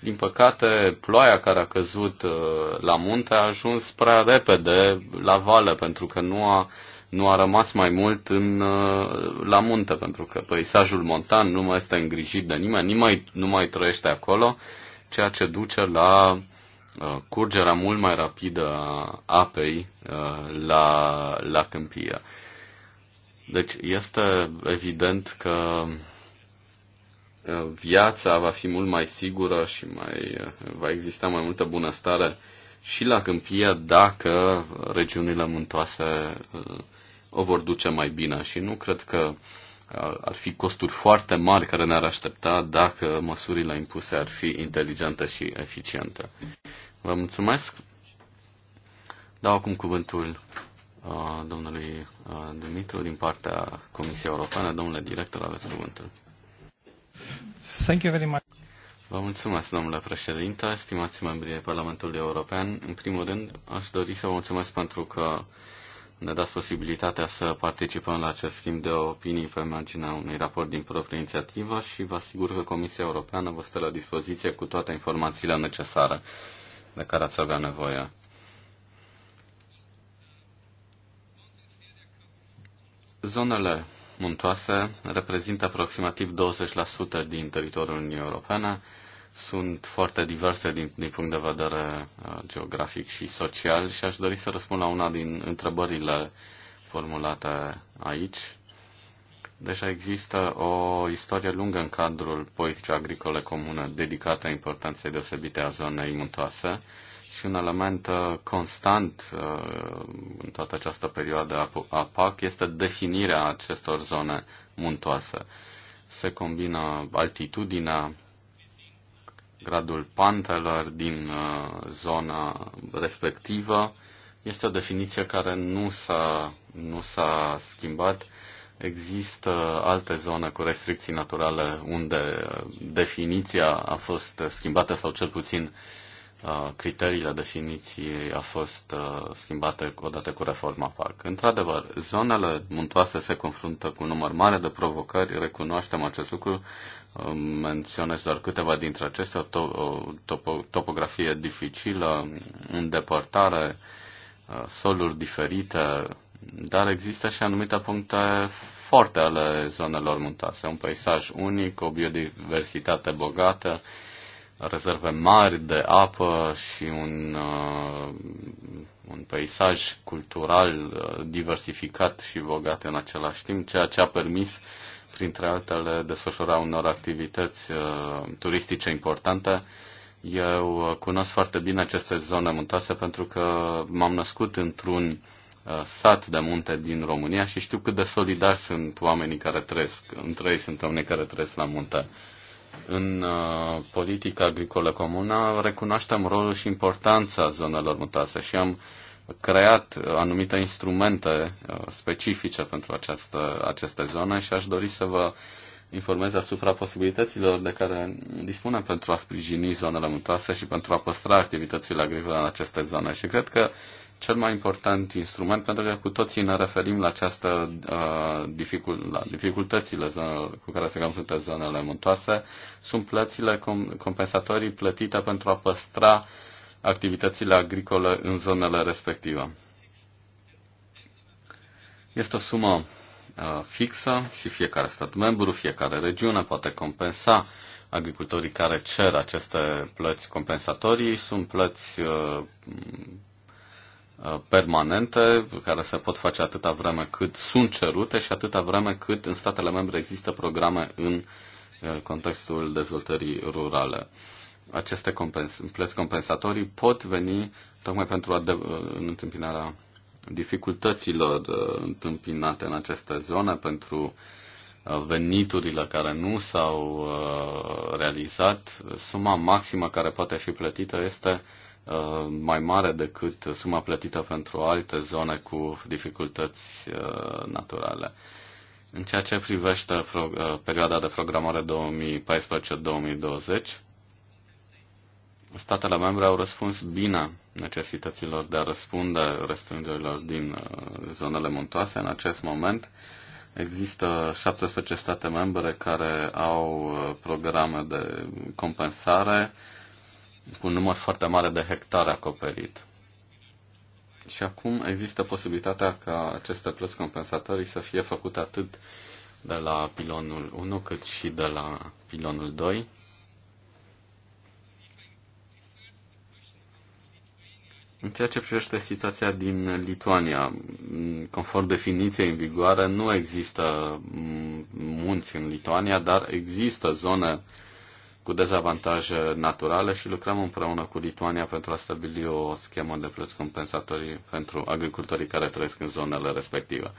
Din păcate, ploaia care a căzut uh, la munte a ajuns prea repede la vale, pentru că nu a, nu a rămas mai mult în, uh, la munte, pentru că peisajul montan nu mai este îngrijit de nimeni, nimeni nu mai trăiește acolo, ceea ce duce la uh, curgerea mult mai rapidă a apei la, la câmpie. Deci este evident că viața va fi mult mai sigură și mai, va exista mai multă bunăstare și la câmpie dacă regiunile muntoase uh, o vor duce mai bine și nu cred că uh, ar fi costuri foarte mari care ne-ar aștepta dacă măsurile impuse ar fi inteligente și eficiente. Vă mulțumesc. Dau acum cuvântul uh, domnului Dumitru din partea Comisiei Europene. Domnule director, aveți cuvântul. Thank you very much. Vă mulțumesc, domnule președinte, stimați membrii Parlamentului European. În primul rând, aș dori să vă mulțumesc pentru că ne dați posibilitatea să participăm la acest schimb de opinii pe marginea unui raport din proprie inițiativă și vă asigur că Comisia Europeană vă stă la dispoziție cu toate informațiile necesare de care ați avea nevoie. Zonele muntoasă, reprezintă aproximativ 20% din teritoriul Uniunii Europene, sunt foarte diverse din, din punct de vedere uh, geografic și social și aș dori să răspund la una din întrebările formulate aici. Deja există o istorie lungă în cadrul politicii agricole comune dedicată importanței deosebite a zonei muntoase și un element uh, constant uh, în toată această perioadă a PAC este definirea acestor zone muntoase. Se combină altitudinea, gradul pantelor din uh, zona respectivă. Este o definiție care nu s-a, nu s-a schimbat. Există alte zone cu restricții naturale unde definiția a fost schimbată sau cel puțin uh, criteriile definiției a fost schimbate odată cu reforma PAC. Într-adevăr, zonele muntoase se confruntă cu un număr mare de provocări, recunoaștem acest lucru, menționez doar câteva dintre acestea, topografie dificilă, îndepărtare, soluri diferite, dar există și anumite puncte forte ale zonelor muntoase, un peisaj unic, o biodiversitate bogată, rezerve mari de apă și un, uh, un peisaj cultural uh, diversificat și bogat în același timp, ceea ce a permis, printre altele, desfășura unor activități uh, turistice importante. Eu uh, cunosc foarte bine aceste zone muntoase pentru că m-am născut într-un uh, sat de munte din România și știu cât de solidari sunt oamenii care trăiesc. Între ei sunt oamenii care trăiesc la munte. Uh, în uh, politica agricolă comună recunoaștem rolul și importanța zonelor mutase și am creat anumite instrumente uh, specifice pentru această, aceste zone și aș dori să vă informez asupra posibilităților de care dispunem pentru a sprijini zonele mutase și pentru a păstra activitățile agricole în aceste zone. Și cred că cel mai important instrument, pentru că cu toții ne referim la această uh, dificult, la dificultățile cu care se confruntă zonele muntoase, sunt plățile com- compensatorii plătite pentru a păstra activitățile agricole în zonele respective. Este o sumă uh, fixă și fiecare stat membru, fiecare regiune poate compensa agricultorii care cer aceste plăți compensatorii. Sunt plăți uh, Uh, permanente, care se pot face atâta vreme cât sunt cerute și atâta vreme cât în statele membre există programe în uh, contextul dezvoltării rurale. Aceste compens- plăți compensatorii pot veni tocmai pentru a uh, în întâmpinarea dificultăților întâmpinate în aceste zone, pentru veniturile care nu s-au realizat. Suma maximă care poate fi plătită este Uh, mai mare decât suma plătită pentru alte zone cu dificultăți uh, naturale. În ceea ce privește uh, perioada de programare 2014-2020, statele membre au răspuns bine necesităților de a răspunde restrângerilor din zonele muntoase. În acest moment există 17 state membre care au programe de compensare cu un număr foarte mare de hectare acoperit. Și acum există posibilitatea ca aceste plăți compensatorii să fie făcute atât de la pilonul 1 cât și de la pilonul 2. În ceea ce privește situația din Lituania, conform definiției în vigoare, nu există munți în Lituania, dar există zone uh, cu dezavantaje naturale și lucrăm împreună cu Lituania pentru a stabili o schemă de plăți compensatorii pentru agricultorii care trăiesc în zonele respective.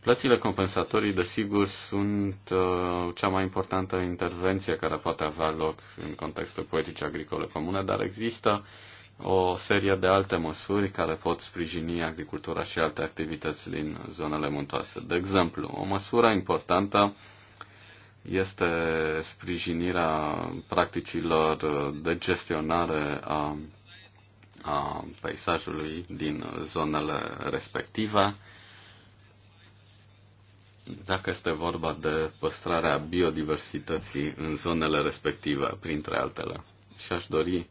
Plățile compensatorii, desigur, sunt uh, cea mai importantă intervenție care poate avea loc în contextul politicii agricole comune, dar există o serie de alte măsuri care pot sprijini agricultura și alte activități din zonele muntoase. De exemplu, o măsură importantă este sprijinirea practicilor de gestionare a, a peisajului din zonele respective. Dacă este vorba de păstrarea biodiversității în zonele respective, printre altele. Și aș dori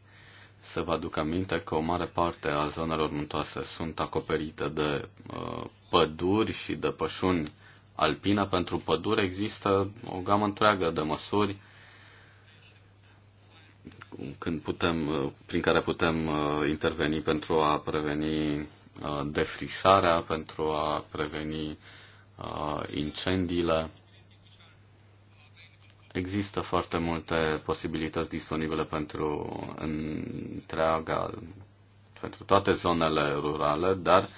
să vă aduc aminte că o mare parte a zonelor muntoase sunt acoperite de uh, păduri și de pășuni alpină, pentru pădure, există o gamă întreagă de măsuri când putem, prin care putem uh, interveni pentru a preveni uh, defrișarea, pentru a preveni uh, incendiile. Există foarte multe posibilități disponibile pentru întreaga, pentru toate zonele rurale, dar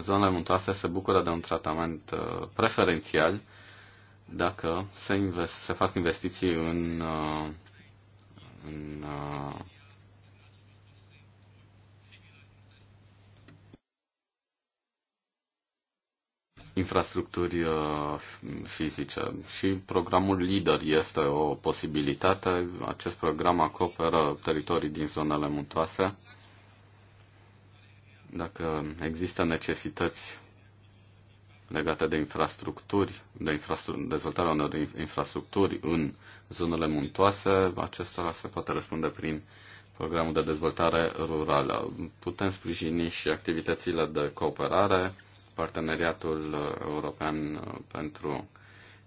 zonele muntoase se bucură de un tratament uh, preferențial dacă se, invest, se fac investiții în, uh, în uh, infrastructuri fizice. Și programul LIDER este o posibilitate. Acest program acoperă teritorii din zonele muntoase dacă există necesități legate de infrastructuri, de infrastru- dezvoltarea unor infrastructuri în zonele muntoase, acestora se poate răspunde prin programul de dezvoltare rurală. Putem sprijini și activitățile de cooperare, parteneriatul european pentru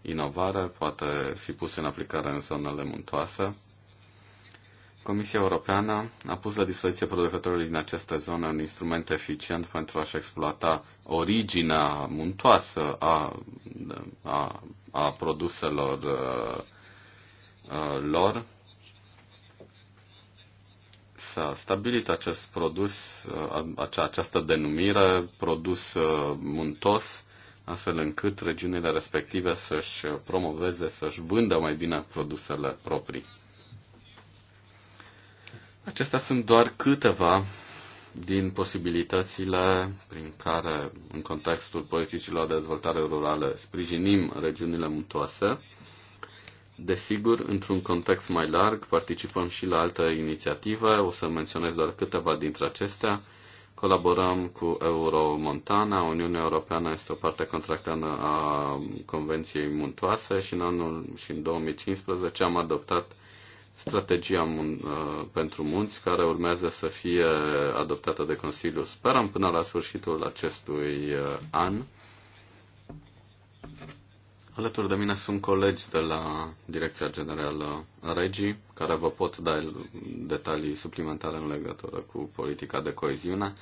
inovare poate fi pus în aplicare în zonele muntoase. Comisia Europeană a pus la dispoziție producătorilor din aceste zone un instrument eficient pentru a-și exploata originea muntoasă a, a, a produselor a, uh, uh, lor. S-a stabilit acest produs, uh, acea, această denumire, produs muntos, astfel încât regiunile respective să-și promoveze, să-și vândă mai bine produsele proprii. Acestea sunt doar câteva din posibilitățile prin care, în contextul politicilor de dezvoltare rurală, sprijinim regiunile muntoase. Desigur, într-un context mai larg, participăm și la alte inițiative, o să menționez doar câteva dintre acestea. Colaborăm cu Euromontana, Uniunea Europeană este o parte contractană a Convenției Muntoase și în anul și în 2015 am adoptat strategia mun- uh, pentru munți care urmează să fie adoptată de Consiliu. Sperăm până la sfârșitul acestui uh, an. Alături de mine sunt colegi de la Direcția Generală Regii, care vă pot da detalii suplimentare în legătură cu politica de coeziune.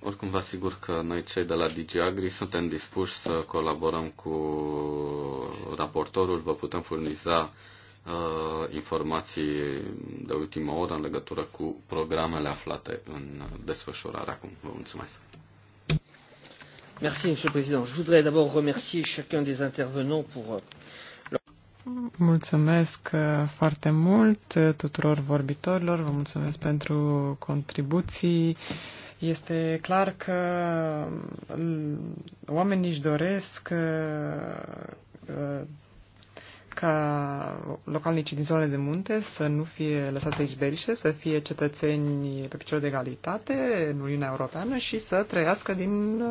Oricum vă asigur că noi cei de la DigiAgri suntem dispuși să colaborăm cu raportorul, vă putem furniza uh, Uh, informații de ultimă oră în legătură cu programele aflate în desfășurare acum. Vă mulțumesc. Merci, Monsieur le Président. Je voudrais d'abord remercier chacun des intervenants pour euh, Mulțumesc uh, foarte mult uh, tuturor vorbitorilor, vă mulțumesc pentru contribuții. Este clar că um, oamenii își doresc ca localnicii din zonele de munte să nu fie lăsate izberișe, să fie cetățeni pe picior de egalitate în Uniunea Europeană și să trăiască din...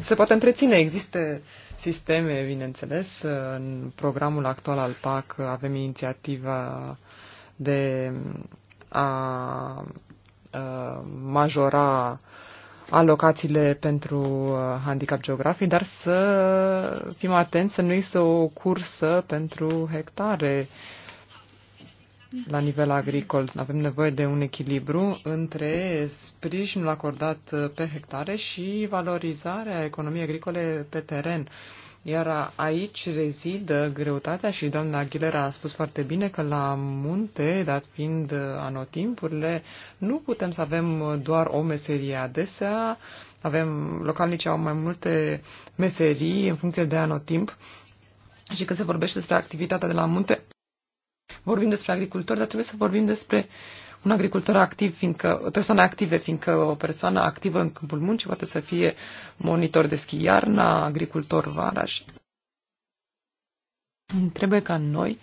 se poate întreține. Există sisteme, bineînțeles, în programul actual al PAC avem inițiativa de a majora uh, alocațiile pentru uh, handicap geografic, dar să fim atenți să nu există o cursă pentru hectare la nivel agricol. Avem nevoie de un echilibru între sprijinul acordat uh, pe hectare și valorizarea economiei agricole pe teren. Iar aici rezidă greutatea și doamna Aguilera a spus foarte bine că la munte, dat fiind anotimpurile, nu putem să avem doar o meserie. Adesea avem, localnici au mai multe meserii în funcție de anotimp și când se vorbește despre activitatea de la munte, vorbim despre agricultori, dar trebuie să vorbim despre uh, un agricultor activ, fiindcă, persoane active, fiindcă o persoană activă în câmpul muncii poate să fie monitor de schi iarna, agricultor vara și trebuie ca noi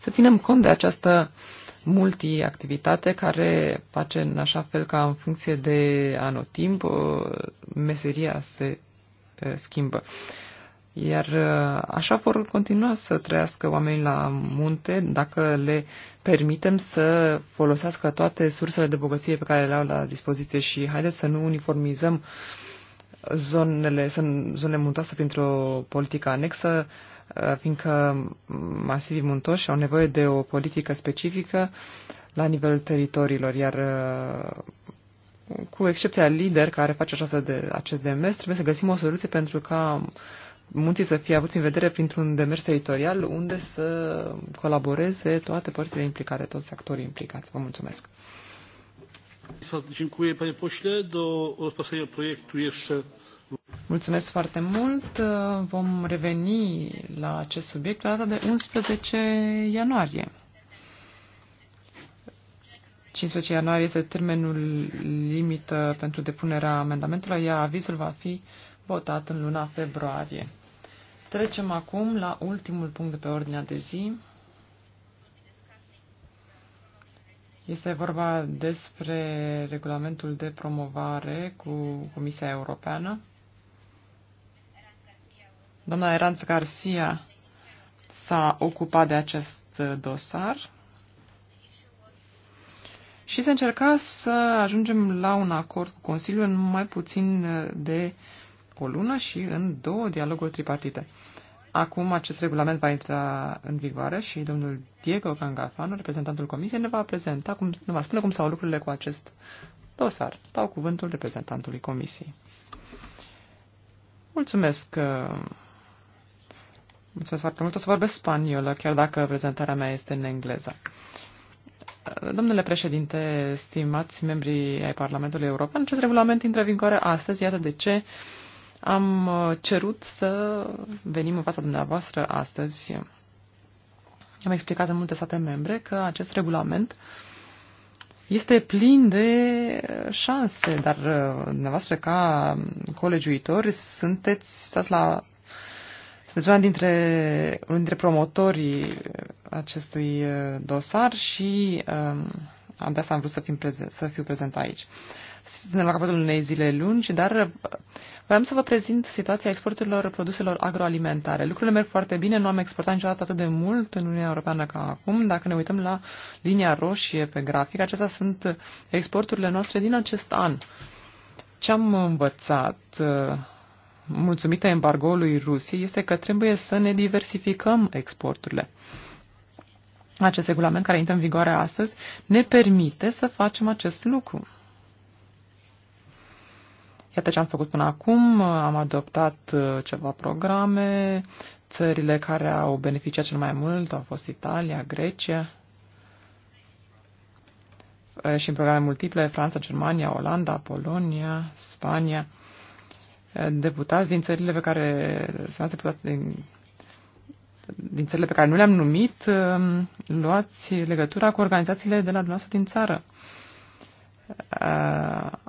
să ținem cont de această multiactivitate care face în așa fel ca în funcție de anotimp meseria se schimbă. Iar uh, așa vor continua să trăiască oamenii la munte dacă le permitem să folosească toate sursele de bogăție pe care le au la dispoziție și haideți să nu uniformizăm zonele, zonele muntoase printr-o politică anexă, uh, fiindcă masivii muntoși au nevoie de o politică specifică la nivelul teritoriilor, iar uh, cu excepția lider care face această de, acest demers, trebuie să găsim o soluție pentru ca munții să fie avuți în vedere printr-un demers teritorial unde să colaboreze toate părțile implicate, toți actorii implicați. Vă mulțumesc. Mulțumesc foarte mult. Vom reveni la acest subiect la data de 11 ianuarie. 15 ianuarie este termenul limită pentru depunerea amendamentelor, iar avizul va fi votat în luna februarie. Trecem acum la ultimul punct de pe ordinea de zi. Este vorba despre regulamentul de promovare cu Comisia Europeană. Doamna Eranț Garcia s-a ocupat de acest dosar și se încerca să ajungem la un acord cu Consiliul în mai puțin de uh, o lună și în două dialoguri tripartite. Acum acest regulament va intra în vigoare și domnul Diego Cangafano, reprezentantul Comisiei, ne va prezenta, cum, ne va spune cum stau lucrurile cu acest dosar. Dau cuvântul reprezentantului Comisiei. Mulțumesc. Uh, mulțumesc foarte mult. O să vorbesc spaniolă, chiar dacă prezentarea mea este în engleză. Uh, domnule președinte, stimați membrii ai Parlamentului European, acest regulament intră în vigoare astăzi, iată de ce uh, am uh, cerut să venim în fața dumneavoastră astăzi. Am explicat în multe state membre că acest regulament este plin de șanse, dar uh, dumneavoastră ca colegiuitori sunteți, stați la sunteți una dintre, unul dintre promotorii acestui uh, dosar și um, de s am vrut să, fim prezent, să fiu prezent aici. Suntem la capătul unei zile lungi, dar uh, voiam să vă prezint situația exporturilor produselor agroalimentare. Lucrurile merg foarte bine, nu am exportat niciodată atât de mult în Uniunea Europeană ca acum. Dacă ne uităm la linia roșie pe grafic, acestea sunt exporturile noastre din acest an. Ce am învățat uh, mulțumită embargoului Rusiei este că trebuie să ne diversificăm exporturile. Acest regulament care intră în vigoare astăzi ne permite să facem acest lucru. Iată ce am făcut până acum, am adoptat uh, ceva programe, țările care au beneficiat cel mai mult au fost Italia, Grecia uh, și în programe multiple, Franța, Germania, Olanda, Polonia, Spania, uh, deputați din țările pe care, stimați deputați din, din țările pe care nu le-am numit, luați legătura cu organizațiile de la dumneavoastră din țară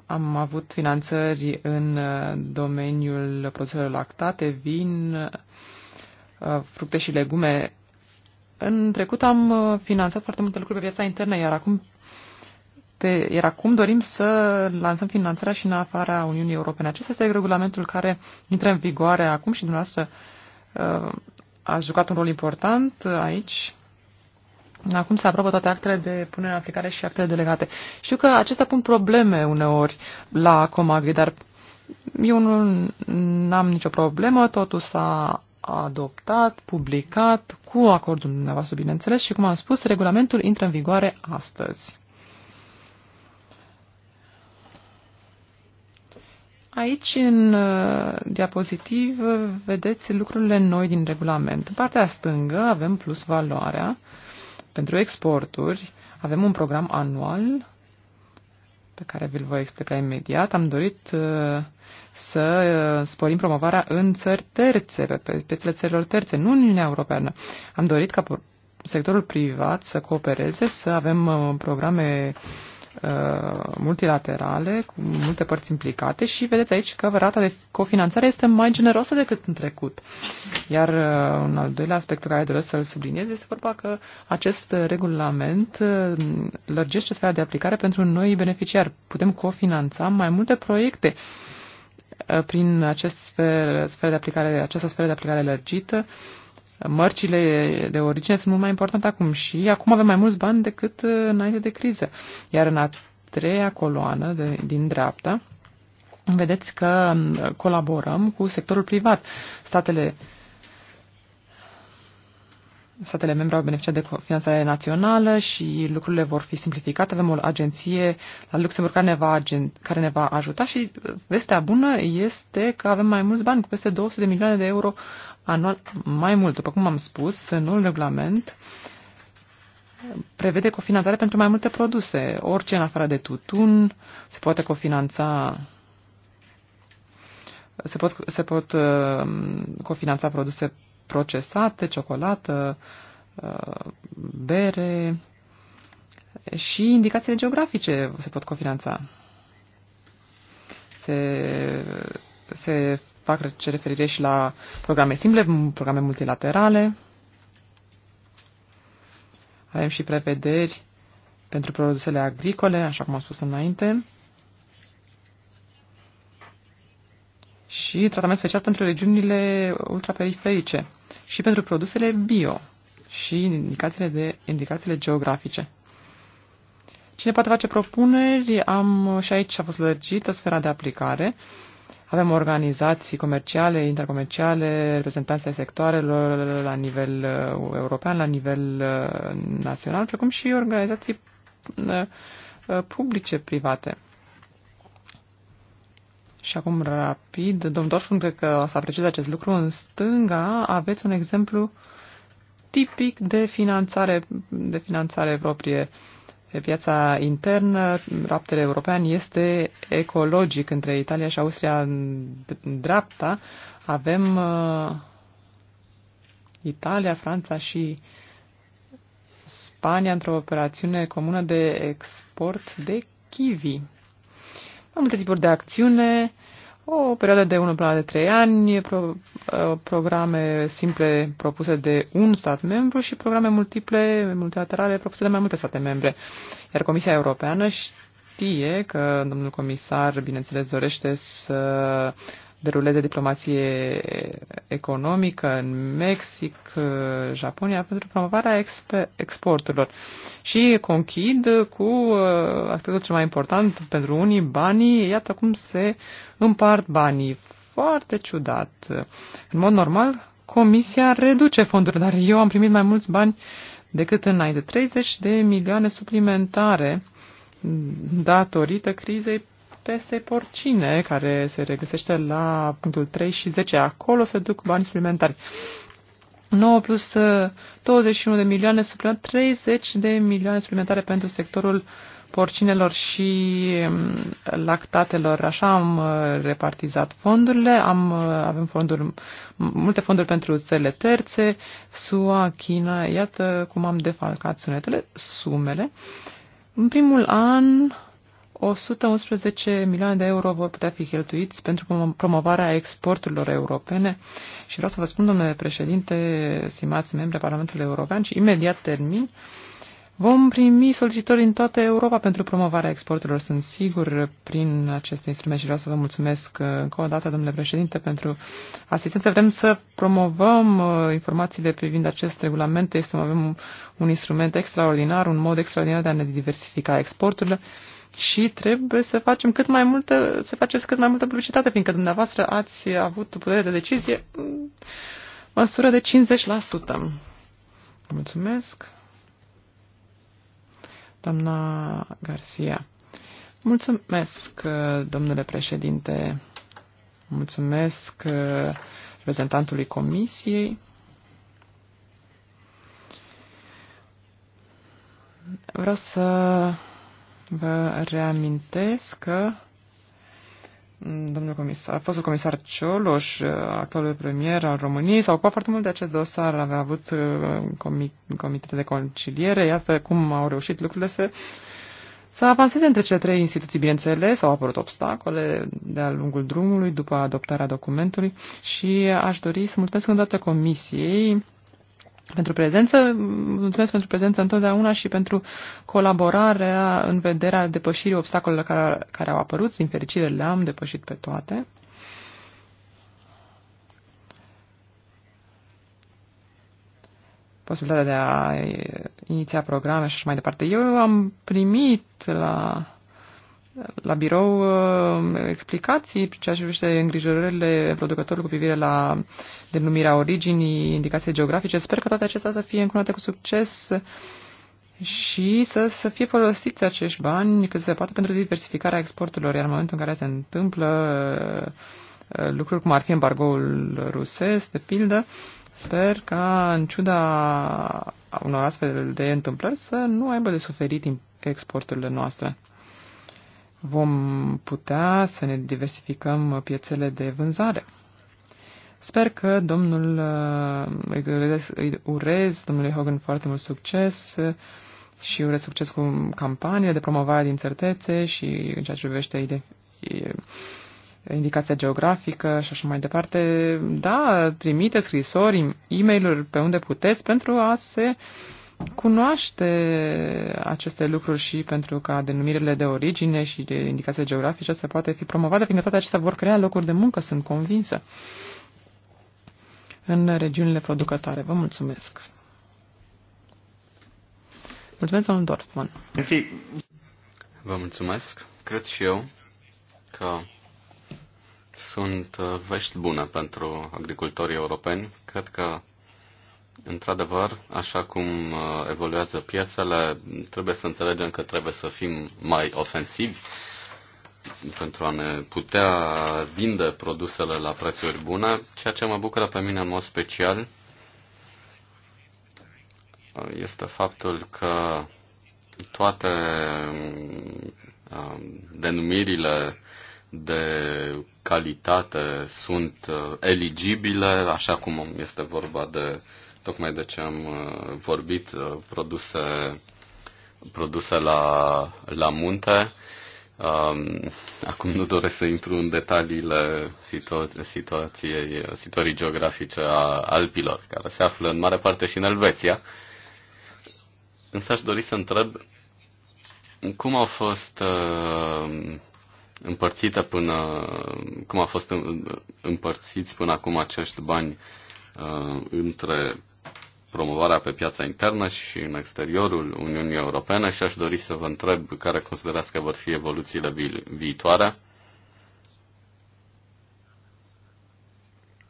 am avut finanțări în uh, domeniul produselor lactate, vin, uh, fructe și legume. În trecut am uh, finanțat foarte multe lucruri pe piața internă, iar acum, pe, iar acum dorim să lansăm finanțarea și în afara Uniunii Europene. Acesta este regulamentul care intră în vigoare acum și dumneavoastră a jucat un rol important aici Acum se aprobă toate actele de punere în aplicare și actele delegate. Știu că acestea pun probleme uneori la Comagri, dar eu nu am nicio problemă, totul s-a adoptat, publicat, cu acordul dumneavoastră, bineînțeles, și cum am spus, regulamentul intră în vigoare astăzi. Aici, în uh, diapozitiv, vedeți lucrurile noi din regulament. În partea stângă avem plus valoarea, pentru exporturi avem un program anual pe care vi-l voi explica imediat. Am dorit uh, să uh, sporim promovarea în țări terțe, pe piețele țărilor terțe, nu în Uniunea Europeană. Am dorit ca sectorul privat să coopereze, să avem uh, programe Uh, multilaterale, cu multe părți implicate și vedeți aici că rata de cofinanțare este mai generoasă decât în trecut. Iar uh, un al doilea aspect pe care doresc să-l subliniez este vorba că acest regulament uh, lărgește sfera de aplicare pentru noi beneficiari. Putem cofinanța mai multe proiecte prin această sferă de aplicare, această sferă de aplicare lărgită mărcile de origine sunt mult mai importante acum și acum avem mai mulți bani decât uh, înainte de criză. Iar în a treia coloană de, din dreapta, vedeți că uh, colaborăm cu sectorul privat. Statele uh, statele membre au beneficiat de finanțare națională și lucrurile vor fi simplificate. Avem o agenție la Luxemburg care ne va, agen, care ne va ajuta și uh, vestea bună este că avem mai mulți bani, cu peste 200 de milioane de euro anual, mai mult. După cum am spus, noul regulament prevede cofinanțare pentru mai multe produse. Orice în afară de tutun se poate cofinanța se pot, se pot uh, cofinanța produse procesate, ciocolată, uh, bere și indicațiile geografice se pot cofinanța. Se, se fac ce referire și la programe simple, programe multilaterale. Avem și prevederi pentru produsele agricole, așa cum am spus înainte. și tratament special pentru regiunile ultraperiferice și pentru produsele bio și indicațiile, de, indicațiile geografice. Cine poate face propuneri, am și aici a fost lărgită sfera de aplicare. Avem organizații comerciale, intercomerciale, reprezentanții ai sectoarelor la nivel uh, european, la nivel uh, național, precum și organizații uh, publice, private. Și acum rapid, domnul Dorfman, cred că o să apreciez acest lucru. În stânga aveți un exemplu tipic de finanțare, de finanțare proprie. Pe piața internă, raptele european este ecologic între Italia și Austria în dreapta. Avem uh, Italia, Franța și Spania într-o operațiune comună de export de kiwi mai multe tipuri de acțiune, o perioadă de 1 până de 3 ani, pro, uh, programe simple propuse de un stat membru și programe multiple, multilaterale propuse de mai multe state membre. Iar Comisia Europeană știe că domnul comisar, bineînțeles, dorește să deruleze diplomație economică în Mexic, uh, Japonia, pentru promovarea exp- exporturilor. Și conchid cu uh, aspectul cel mai important pentru unii, banii, iată cum se împart banii. Foarte ciudat. În mod normal, Comisia reduce fondurile, dar eu am primit mai mulți bani decât înainte. 30 de milioane suplimentare datorită crizei peste porcine, care se regăsește la punctul 3 și 10. Acolo se duc bani suplimentari. 9 plus 21 uh, de milioane suplimentare, 30 de milioane suplimentare pentru sectorul porcinelor și um, lactatelor. Așa am uh, repartizat fondurile, am, uh, avem fonduri, multe fonduri pentru țările terțe, SUA, China, iată cum am defalcat sunetele, sumele. În primul an 111 milioane de euro vor putea fi cheltuiți pentru promovarea exporturilor europene și vreau să vă spun, domnule președinte, stimați membri Parlamentului European și imediat termin, vom primi solicitări în toată Europa pentru promovarea exporturilor, sunt sigur, prin aceste instrumente și vreau să vă mulțumesc uh, încă o dată, domnule președinte, pentru asistență. Vrem să promovăm uh, informațiile privind acest regulament, este să avem un instrument extraordinar, un mod extraordinar de a ne diversifica exporturile și trebuie să facem cât mai multă, să faceți cât mai multă publicitate, fiindcă dumneavoastră ați avut putere de decizie în măsură de 50%. Mulțumesc. Doamna Garcia. Mulțumesc, domnule președinte. Mulțumesc reprezentantului comisiei. Vreau să Vă reamintesc că domnul comisar, fostul comisar Cioloș, actualul premier al României, s-a ocupat foarte mult de acest dosar, avea avut uh, comitete de conciliere, iată cum au reușit lucrurile să, să avanseze între cele trei instituții, bineînțeles, au apărut obstacole de-a lungul drumului după adoptarea documentului și aș dori să mulțumesc dată comisiei pentru prezență. Mulțumesc pentru prezență întotdeauna și pentru colaborarea în vederea depășirii obstacolelor care, care au apărut. Din fericire le-am depășit pe toate. posibilitatea de a iniția programe și așa mai departe. Eu am primit la la birou uh, explicații ceea ce privește îngrijorările producătorului cu privire la denumirea originii, indicații geografice. Sper că toate acestea să fie încunate cu succes și să, să fie folosiți acești bani cât se poate pentru diversificarea exporturilor, iar în momentul în care se întâmplă uh, lucruri cum ar fi embargoul rusesc, de pildă, sper ca, în ciuda unor astfel de întâmplări, să nu aibă de suferit exporturile noastre vom putea să ne diversificăm piețele de vânzare. Sper că domnul, uh, îi urez domnului Hogan foarte mult succes uh, și urez succes cu campaniile de promovare din certețe și în ceea ce privește uh, indicația geografică și așa mai departe. Da, trimite scrisori, e mail pe unde puteți pentru a se uh, cunoaște aceste lucruri și pentru ca denumirile de origine și de indicații geografice să poate fi promovate, fiindcă toate acestea vor crea locuri de muncă, sunt convinsă, în regiunile producătoare. Vă mulțumesc! Mulțumesc, domnul Dortmund! Vă mulțumesc! Cred și eu că sunt uh, vești bune pentru agricultorii europeni. Cred că Într-adevăr, așa cum uh, evoluează piețele, trebuie să înțelegem că trebuie să fim mai ofensivi pentru a ne putea vinde produsele la prețuri bune, ceea ce mă bucură pe mine în mod special uh, este faptul că toate uh, denumirile de calitate sunt eligibile, așa cum este vorba de Tocmai de ce am uh, vorbit uh, produse, produse la, la munte. Um, acum nu doresc să intru în detaliile situa- situației, situării geografice a Alpilor, care se află în mare parte și în Elveția. Însă aș dori să întreb cum au fost uh, împărțite până, cum au fost împărțiți până acum acești bani uh, între promovarea pe piața internă și în exteriorul Uniunii Europene și aș dori să vă întreb care considerați că vor fi evoluțiile vi- viitoare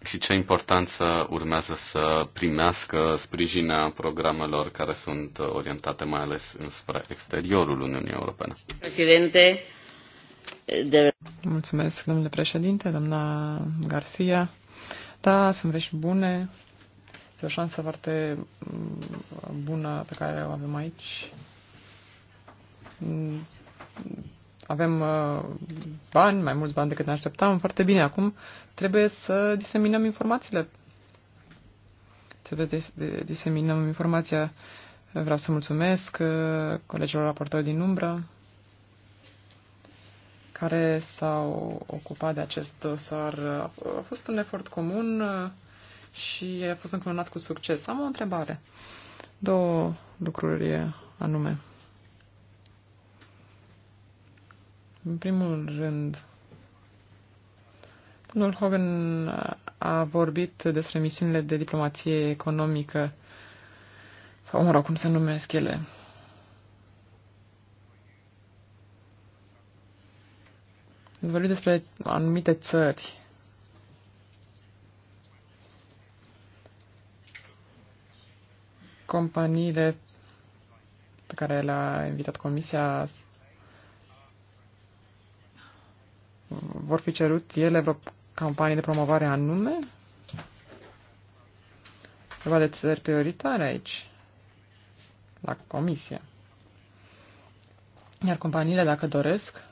și ce importanță urmează să primească sprijinea programelor care sunt orientate mai ales înspre exteriorul Uniunii Europene. Președinte, de... Mulțumesc, domnule președinte, doamna Garcia. Da, sunt vești bune. Este o șansă foarte mm, bună pe care o avem aici. Mm, avem uh, bani, mai mulți bani decât ne așteptam, foarte bine. Acum trebuie să diseminăm informațiile. Trebuie să diseminăm informația. Vreau să mulțumesc uh, colegilor raportori din umbră care s-au ocupat de acest dosar. A fost un efort comun. Uh, și a fost încununat cu succes. Am o întrebare. Două lucruri anume. În primul rând, domnul Hogan a vorbit despre misiunile de diplomație economică, sau mă rog, cum se numesc ele. Ați vorbit despre anumite țări companiile pe care le-a invitat comisia vor fi cerut ele vreo campanie de promovare anume? va de țări prioritare aici, la comisie. Iar companiile, dacă doresc,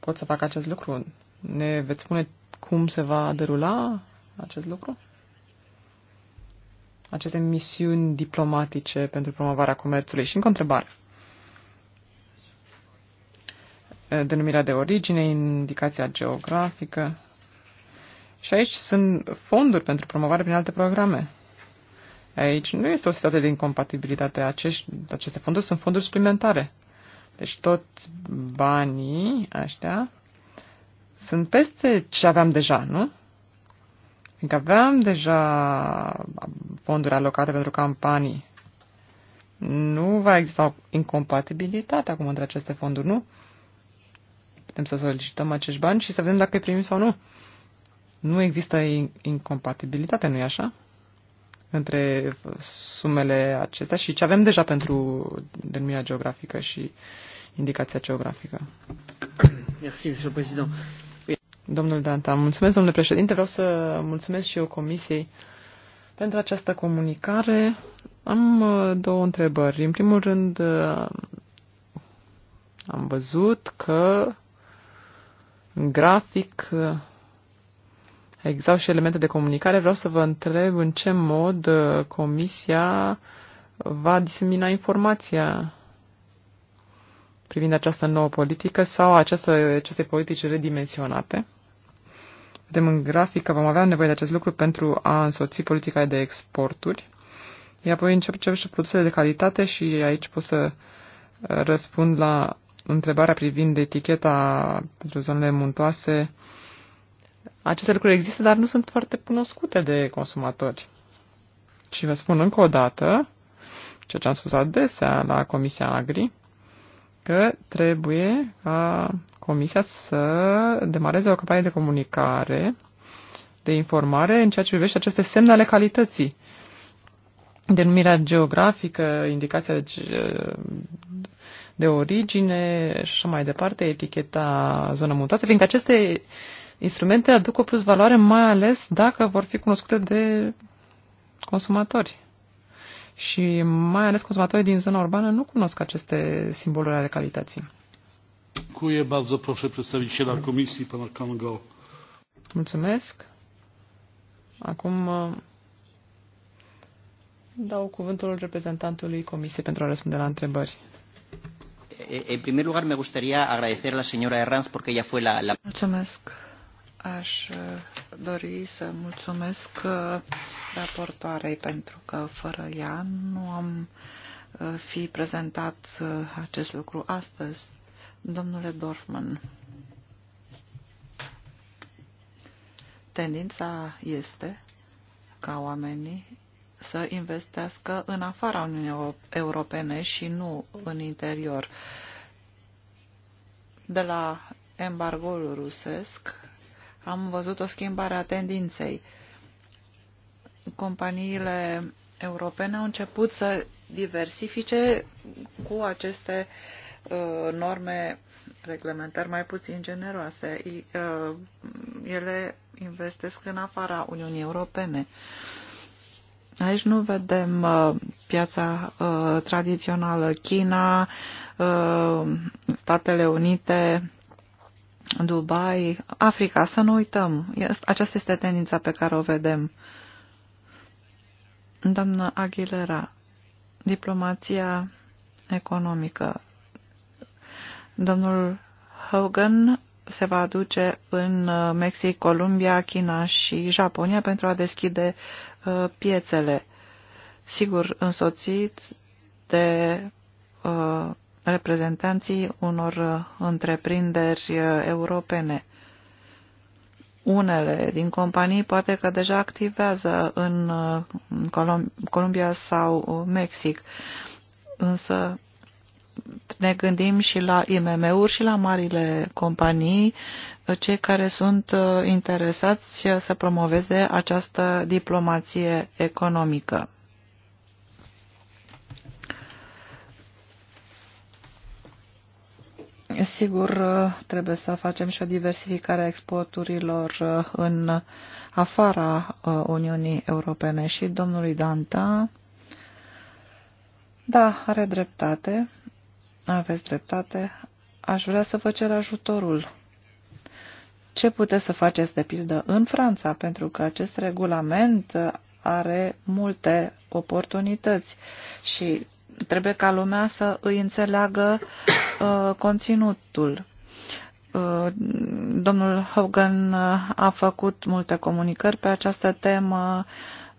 pot să facă acest lucru. Ne veți spune cum se va derula acest lucru? aceste misiuni diplomatice pentru promovarea comerțului. Și încă o întrebare. Denumirea de origine, indicația geografică. Și aici sunt fonduri pentru promovare prin alte programe. Aici nu este o situație de incompatibilitate. Acești, aceste fonduri sunt fonduri suplimentare. Deci toți banii ăștia sunt peste ce aveam deja, nu? Fiindcă aveam deja fonduri alocate pentru campanii. Nu va exista o incompatibilitate acum între aceste fonduri, nu? Putem să solicităm acești bani și să vedem dacă îi primim sau nu. Nu există incompatibilitate, nu-i așa? Între sumele acestea și ce avem deja pentru denumirea geografică și indicația geografică. Mersi, Monsieur președinte. Président. Domnul Danta, mulțumesc, domnule președinte. Vreau să mulțumesc și eu comisiei pentru această comunicare. Am uh, două întrebări. În primul rând, uh, am văzut că în grafic uh, existau și elemente de comunicare. Vreau să vă întreb în ce mod comisia va disemina informația privind această nouă politică sau această, aceste politici redimensionate vedem în grafic că vom avea nevoie de acest lucru pentru a însoți politica de exporturi. Iar apoi încep ce și produsele de calitate și aici pot să uh, răspund la întrebarea privind eticheta pentru zonele muntoase. Aceste lucruri există, dar nu sunt foarte cunoscute de consumatori. Și vă spun încă o dată, ceea ce am spus adesea la Comisia Agri, că trebuie ca Comisia să demareze o campanie de comunicare, de informare în ceea ce privește aceste semne ale calității. Denumirea geografică, indicația de origine și așa mai departe, eticheta zonă mutată, fiindcă aceste instrumente aduc o plus valoare, mai ales dacă vor fi cunoscute de consumatori și mai ales consumatorii din zona urbană nu cunosc aceste simboluri ale calității. Dziękuję bardzo. Proszę przedstawiciela komisji, pana Kongo. Mulțumesc. Acum uh, dau cuvântul reprezentantului Comisiei pentru a răspunde la întrebări. Eh, en primer lugar, me gustaría agradecer a la señora Herranz porque ella fue la... la... Mulțumesc. Aș uh, dori să mulțumesc uh, raportoarei pentru că fără ea nu am uh, fi prezentat acest lucru astăzi. Domnule Dorfman, tendința este ca oamenii să investească în afara Uniunii Europene și nu în interior. De la embargoul rusesc am văzut o schimbare a tendinței. Companiile europene au început să diversifice cu aceste uh, norme reglementări mai puțin generoase. I, uh, ele investesc în afara Uniunii Europene. Aici nu vedem uh, piața uh, tradițională China, uh, Statele Unite, Dubai, Africa, să nu uităm. Aceasta este tendința pe care o vedem. Doamnă Aguilera, diplomația economică. Domnul Hogan se va aduce în uh, Mexic, Columbia, China și Japonia pentru a deschide uh, piețele. Sigur, însoțit de uh, reprezentanții unor uh, întreprinderi uh, europene. Unele din companii poate că deja activează în uh, Columbia sau Mexic, însă ne gândim și la IMM-uri și la marile companii, cei care sunt interesați să promoveze această diplomație economică. Sigur, uh, trebuie să facem și o diversificare a exporturilor uh, în afara uh, Uniunii Europene și domnului Danta. Da, are dreptate. Aveți dreptate. Aș vrea să vă cer ajutorul. Ce puteți să faceți, de pildă, în Franța? Pentru că acest regulament are multe oportunități și Trebuie ca lumea să îi înțeleagă uh, conținutul. Uh, domnul Hogan uh, a făcut multe comunicări pe această temă,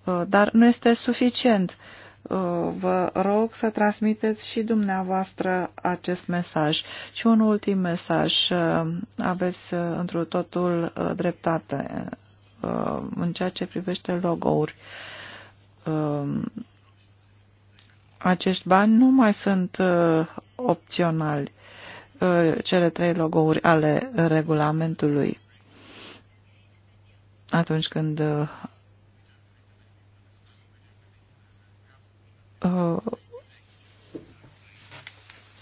uh, dar nu este suficient. Uh, vă rog să transmiteți și dumneavoastră acest mesaj. Și un ultim mesaj. Uh, aveți uh, într totul dreptate în ceea ce privește logo-uri acești bani nu mai sunt uh, opționali, uh, cele trei logouri ale regulamentului. Atunci când uh, uh,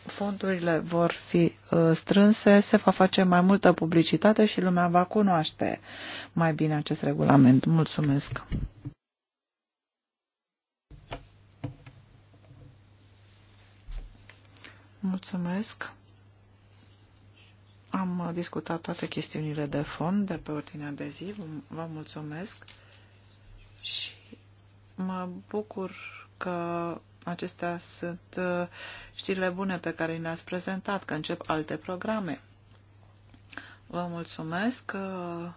fondurile vor fi uh, strânse, se va face mai multă publicitate și lumea va cunoaște mai bine acest regulament. Mulțumesc! Mulțumesc. Am discutat toate chestiunile de fond de pe ordinea de zi. Vă mulțumesc și mă bucur că acestea sunt uh, știrile bune pe care le-ați prezentat, că încep alte programe. Vă mulțumesc. Uh,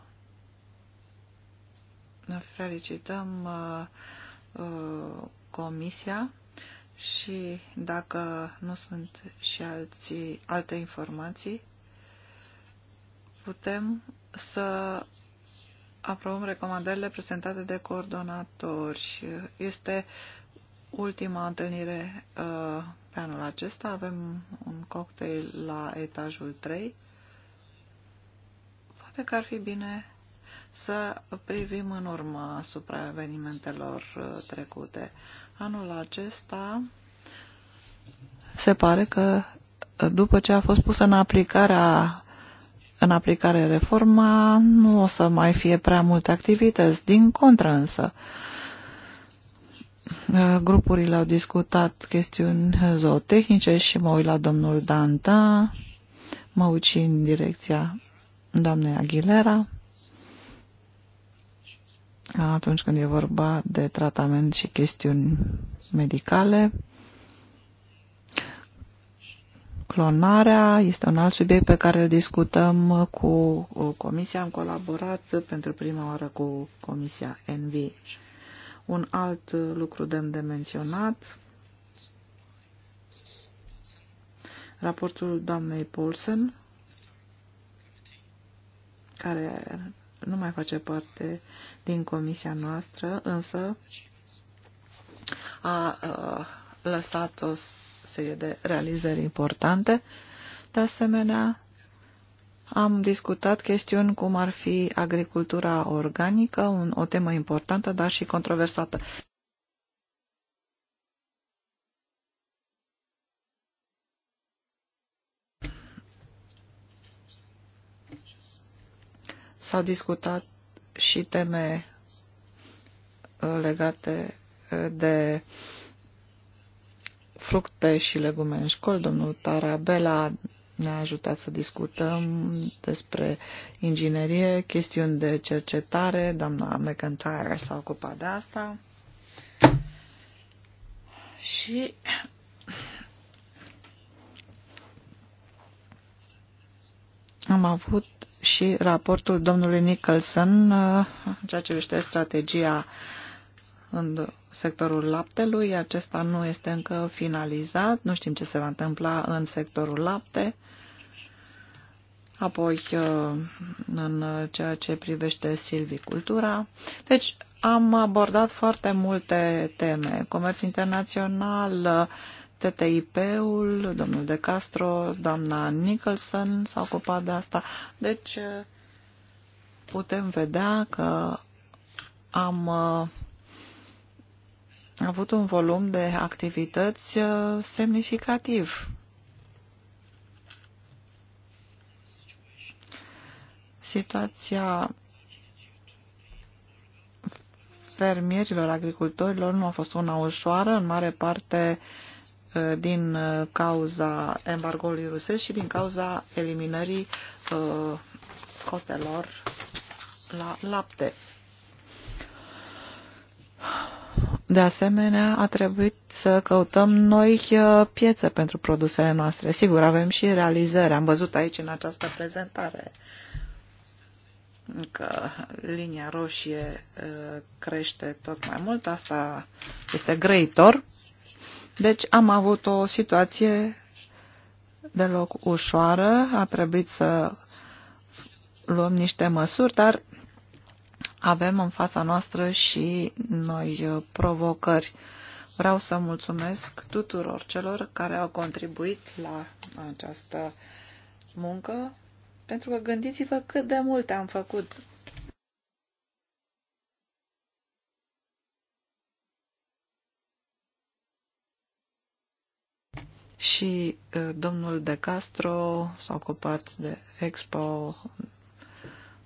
ne felicităm uh, Comisia și dacă nu sunt și alții, alte informații, putem să aprobăm recomandările prezentate de coordonatori. Este ultima întâlnire uh, pe anul acesta. Avem un cocktail la etajul 3. Poate că ar fi bine să privim în urmă asupra evenimentelor uh, trecute. Anul acesta se pare că uh, după ce a fost pusă în aplicarea în aplicare reforma, nu o să mai fie prea multe activități. Din contră însă, uh, grupurile au discutat chestiuni zootehnice și mă uit la domnul Danta, mă uit și în direcția doamnei Aguilera atunci când e vorba de tratament și chestiuni medicale. Clonarea este un alt subiect pe care îl discutăm cu Comisia. Am colaborat pentru prima oară cu Comisia NV. Un alt lucru demn de menționat, raportul doamnei Paulsen, care nu mai face parte din comisia noastră, însă a, a lăsat o serie de realizări importante. De asemenea, am discutat chestiuni cum ar fi agricultura organică, un, o temă importantă, dar și controversată. S-au discutat și teme uh, legate uh, de fructe și legume în școli. Domnul Tarabela ne-a ajutat să discutăm despre inginerie, chestiuni de cercetare. Doamna McIntyre s-a ocupat de asta. Și am avut și raportul domnului Nicholson uh, în ceea ce privește strategia în sectorul laptelui. Acesta nu este încă finalizat. Nu știm ce se va întâmpla în sectorul lapte. Apoi, uh, în ceea ce privește silvicultura. Deci, am abordat foarte multe teme. Comerț internațional, TTIP-ul, domnul De Castro, doamna Nicholson s-a ocupat de asta. Deci putem vedea că am uh, avut un volum de activități uh, semnificativ. Situația fermierilor, agricultorilor nu a fost una ușoară, în mare parte uh, Uh, din uh, cauza embargoului rusesc și din cauza eliminării uh, cotelor la lapte. De asemenea, a trebuit să căutăm noi piețe pentru produsele noastre. Sigur, avem și realizări. Am văzut aici în această prezentare că linia roșie crește tot mai mult. Asta este greitor deci am avut o situație deloc ușoară, a trebuit să luăm niște măsuri, dar avem în fața noastră și noi uh, provocări. Vreau să mulțumesc tuturor celor care au contribuit la această muncă, pentru că gândiți-vă cât de multe am făcut și uh, domnul De Castro s-a ocupat de Expo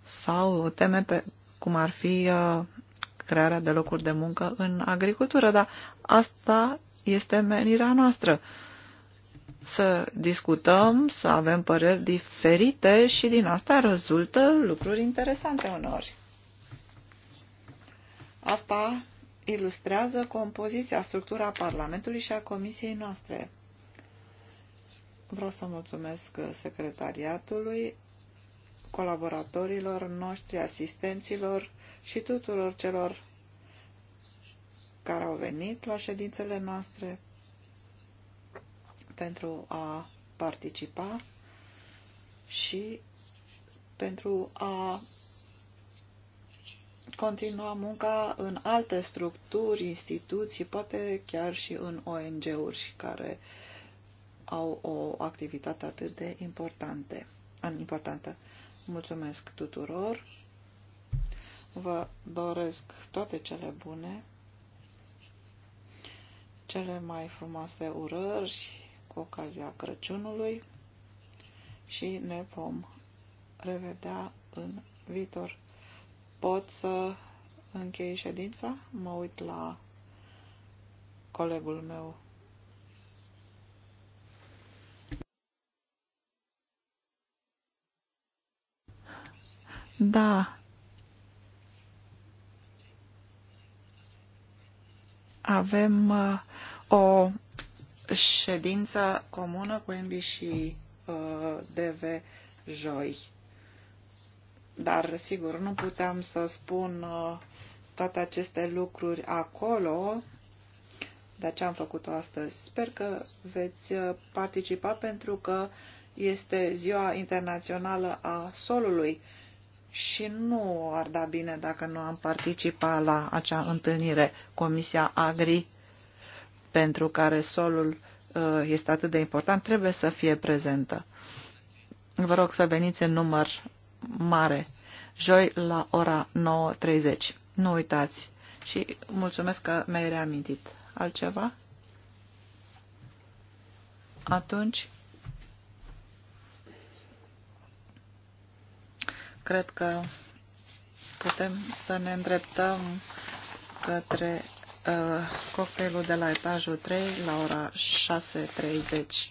sau o teme pe, cum ar fi uh, crearea de locuri de muncă în agricultură, dar asta este menirea noastră. Să discutăm, să avem păreri diferite și din asta rezultă lucruri interesante uneori. Asta ilustrează compoziția, structura Parlamentului și a Comisiei noastre. Vreau să mulțumesc secretariatului, colaboratorilor noștri, asistenților și tuturor celor care au venit la ședințele noastre pentru a participa și pentru a continua munca în alte structuri, instituții, poate chiar și în ONG-uri care uh, au o activitate atât de importante, importantă. Mulțumesc tuturor! Vă doresc toate cele bune, cele mai frumoase urări cu ocazia Crăciunului și ne vom revedea în viitor. Pot să închei ședința? Mă uit la colegul meu Da. Avem uh, o ședință comună cu Envi și uh, DV joi. Dar, sigur, nu puteam să spun uh, toate aceste lucruri acolo, de ce am făcut-o astăzi. Sper că veți uh, participa pentru că este Ziua Internațională a Solului și nu ar da bine dacă nu am participat la acea întâlnire Comisia Agri, pentru care solul uh, este atât de important, trebuie să fie prezentă. Vă rog să veniți în număr mare, joi la ora 9.30. Nu uitați și mulțumesc că mi-ai reamintit. Altceva? Atunci... Cred că putem să ne îndreptăm către uh, cocktailul de la etajul 3 la ora 6.30.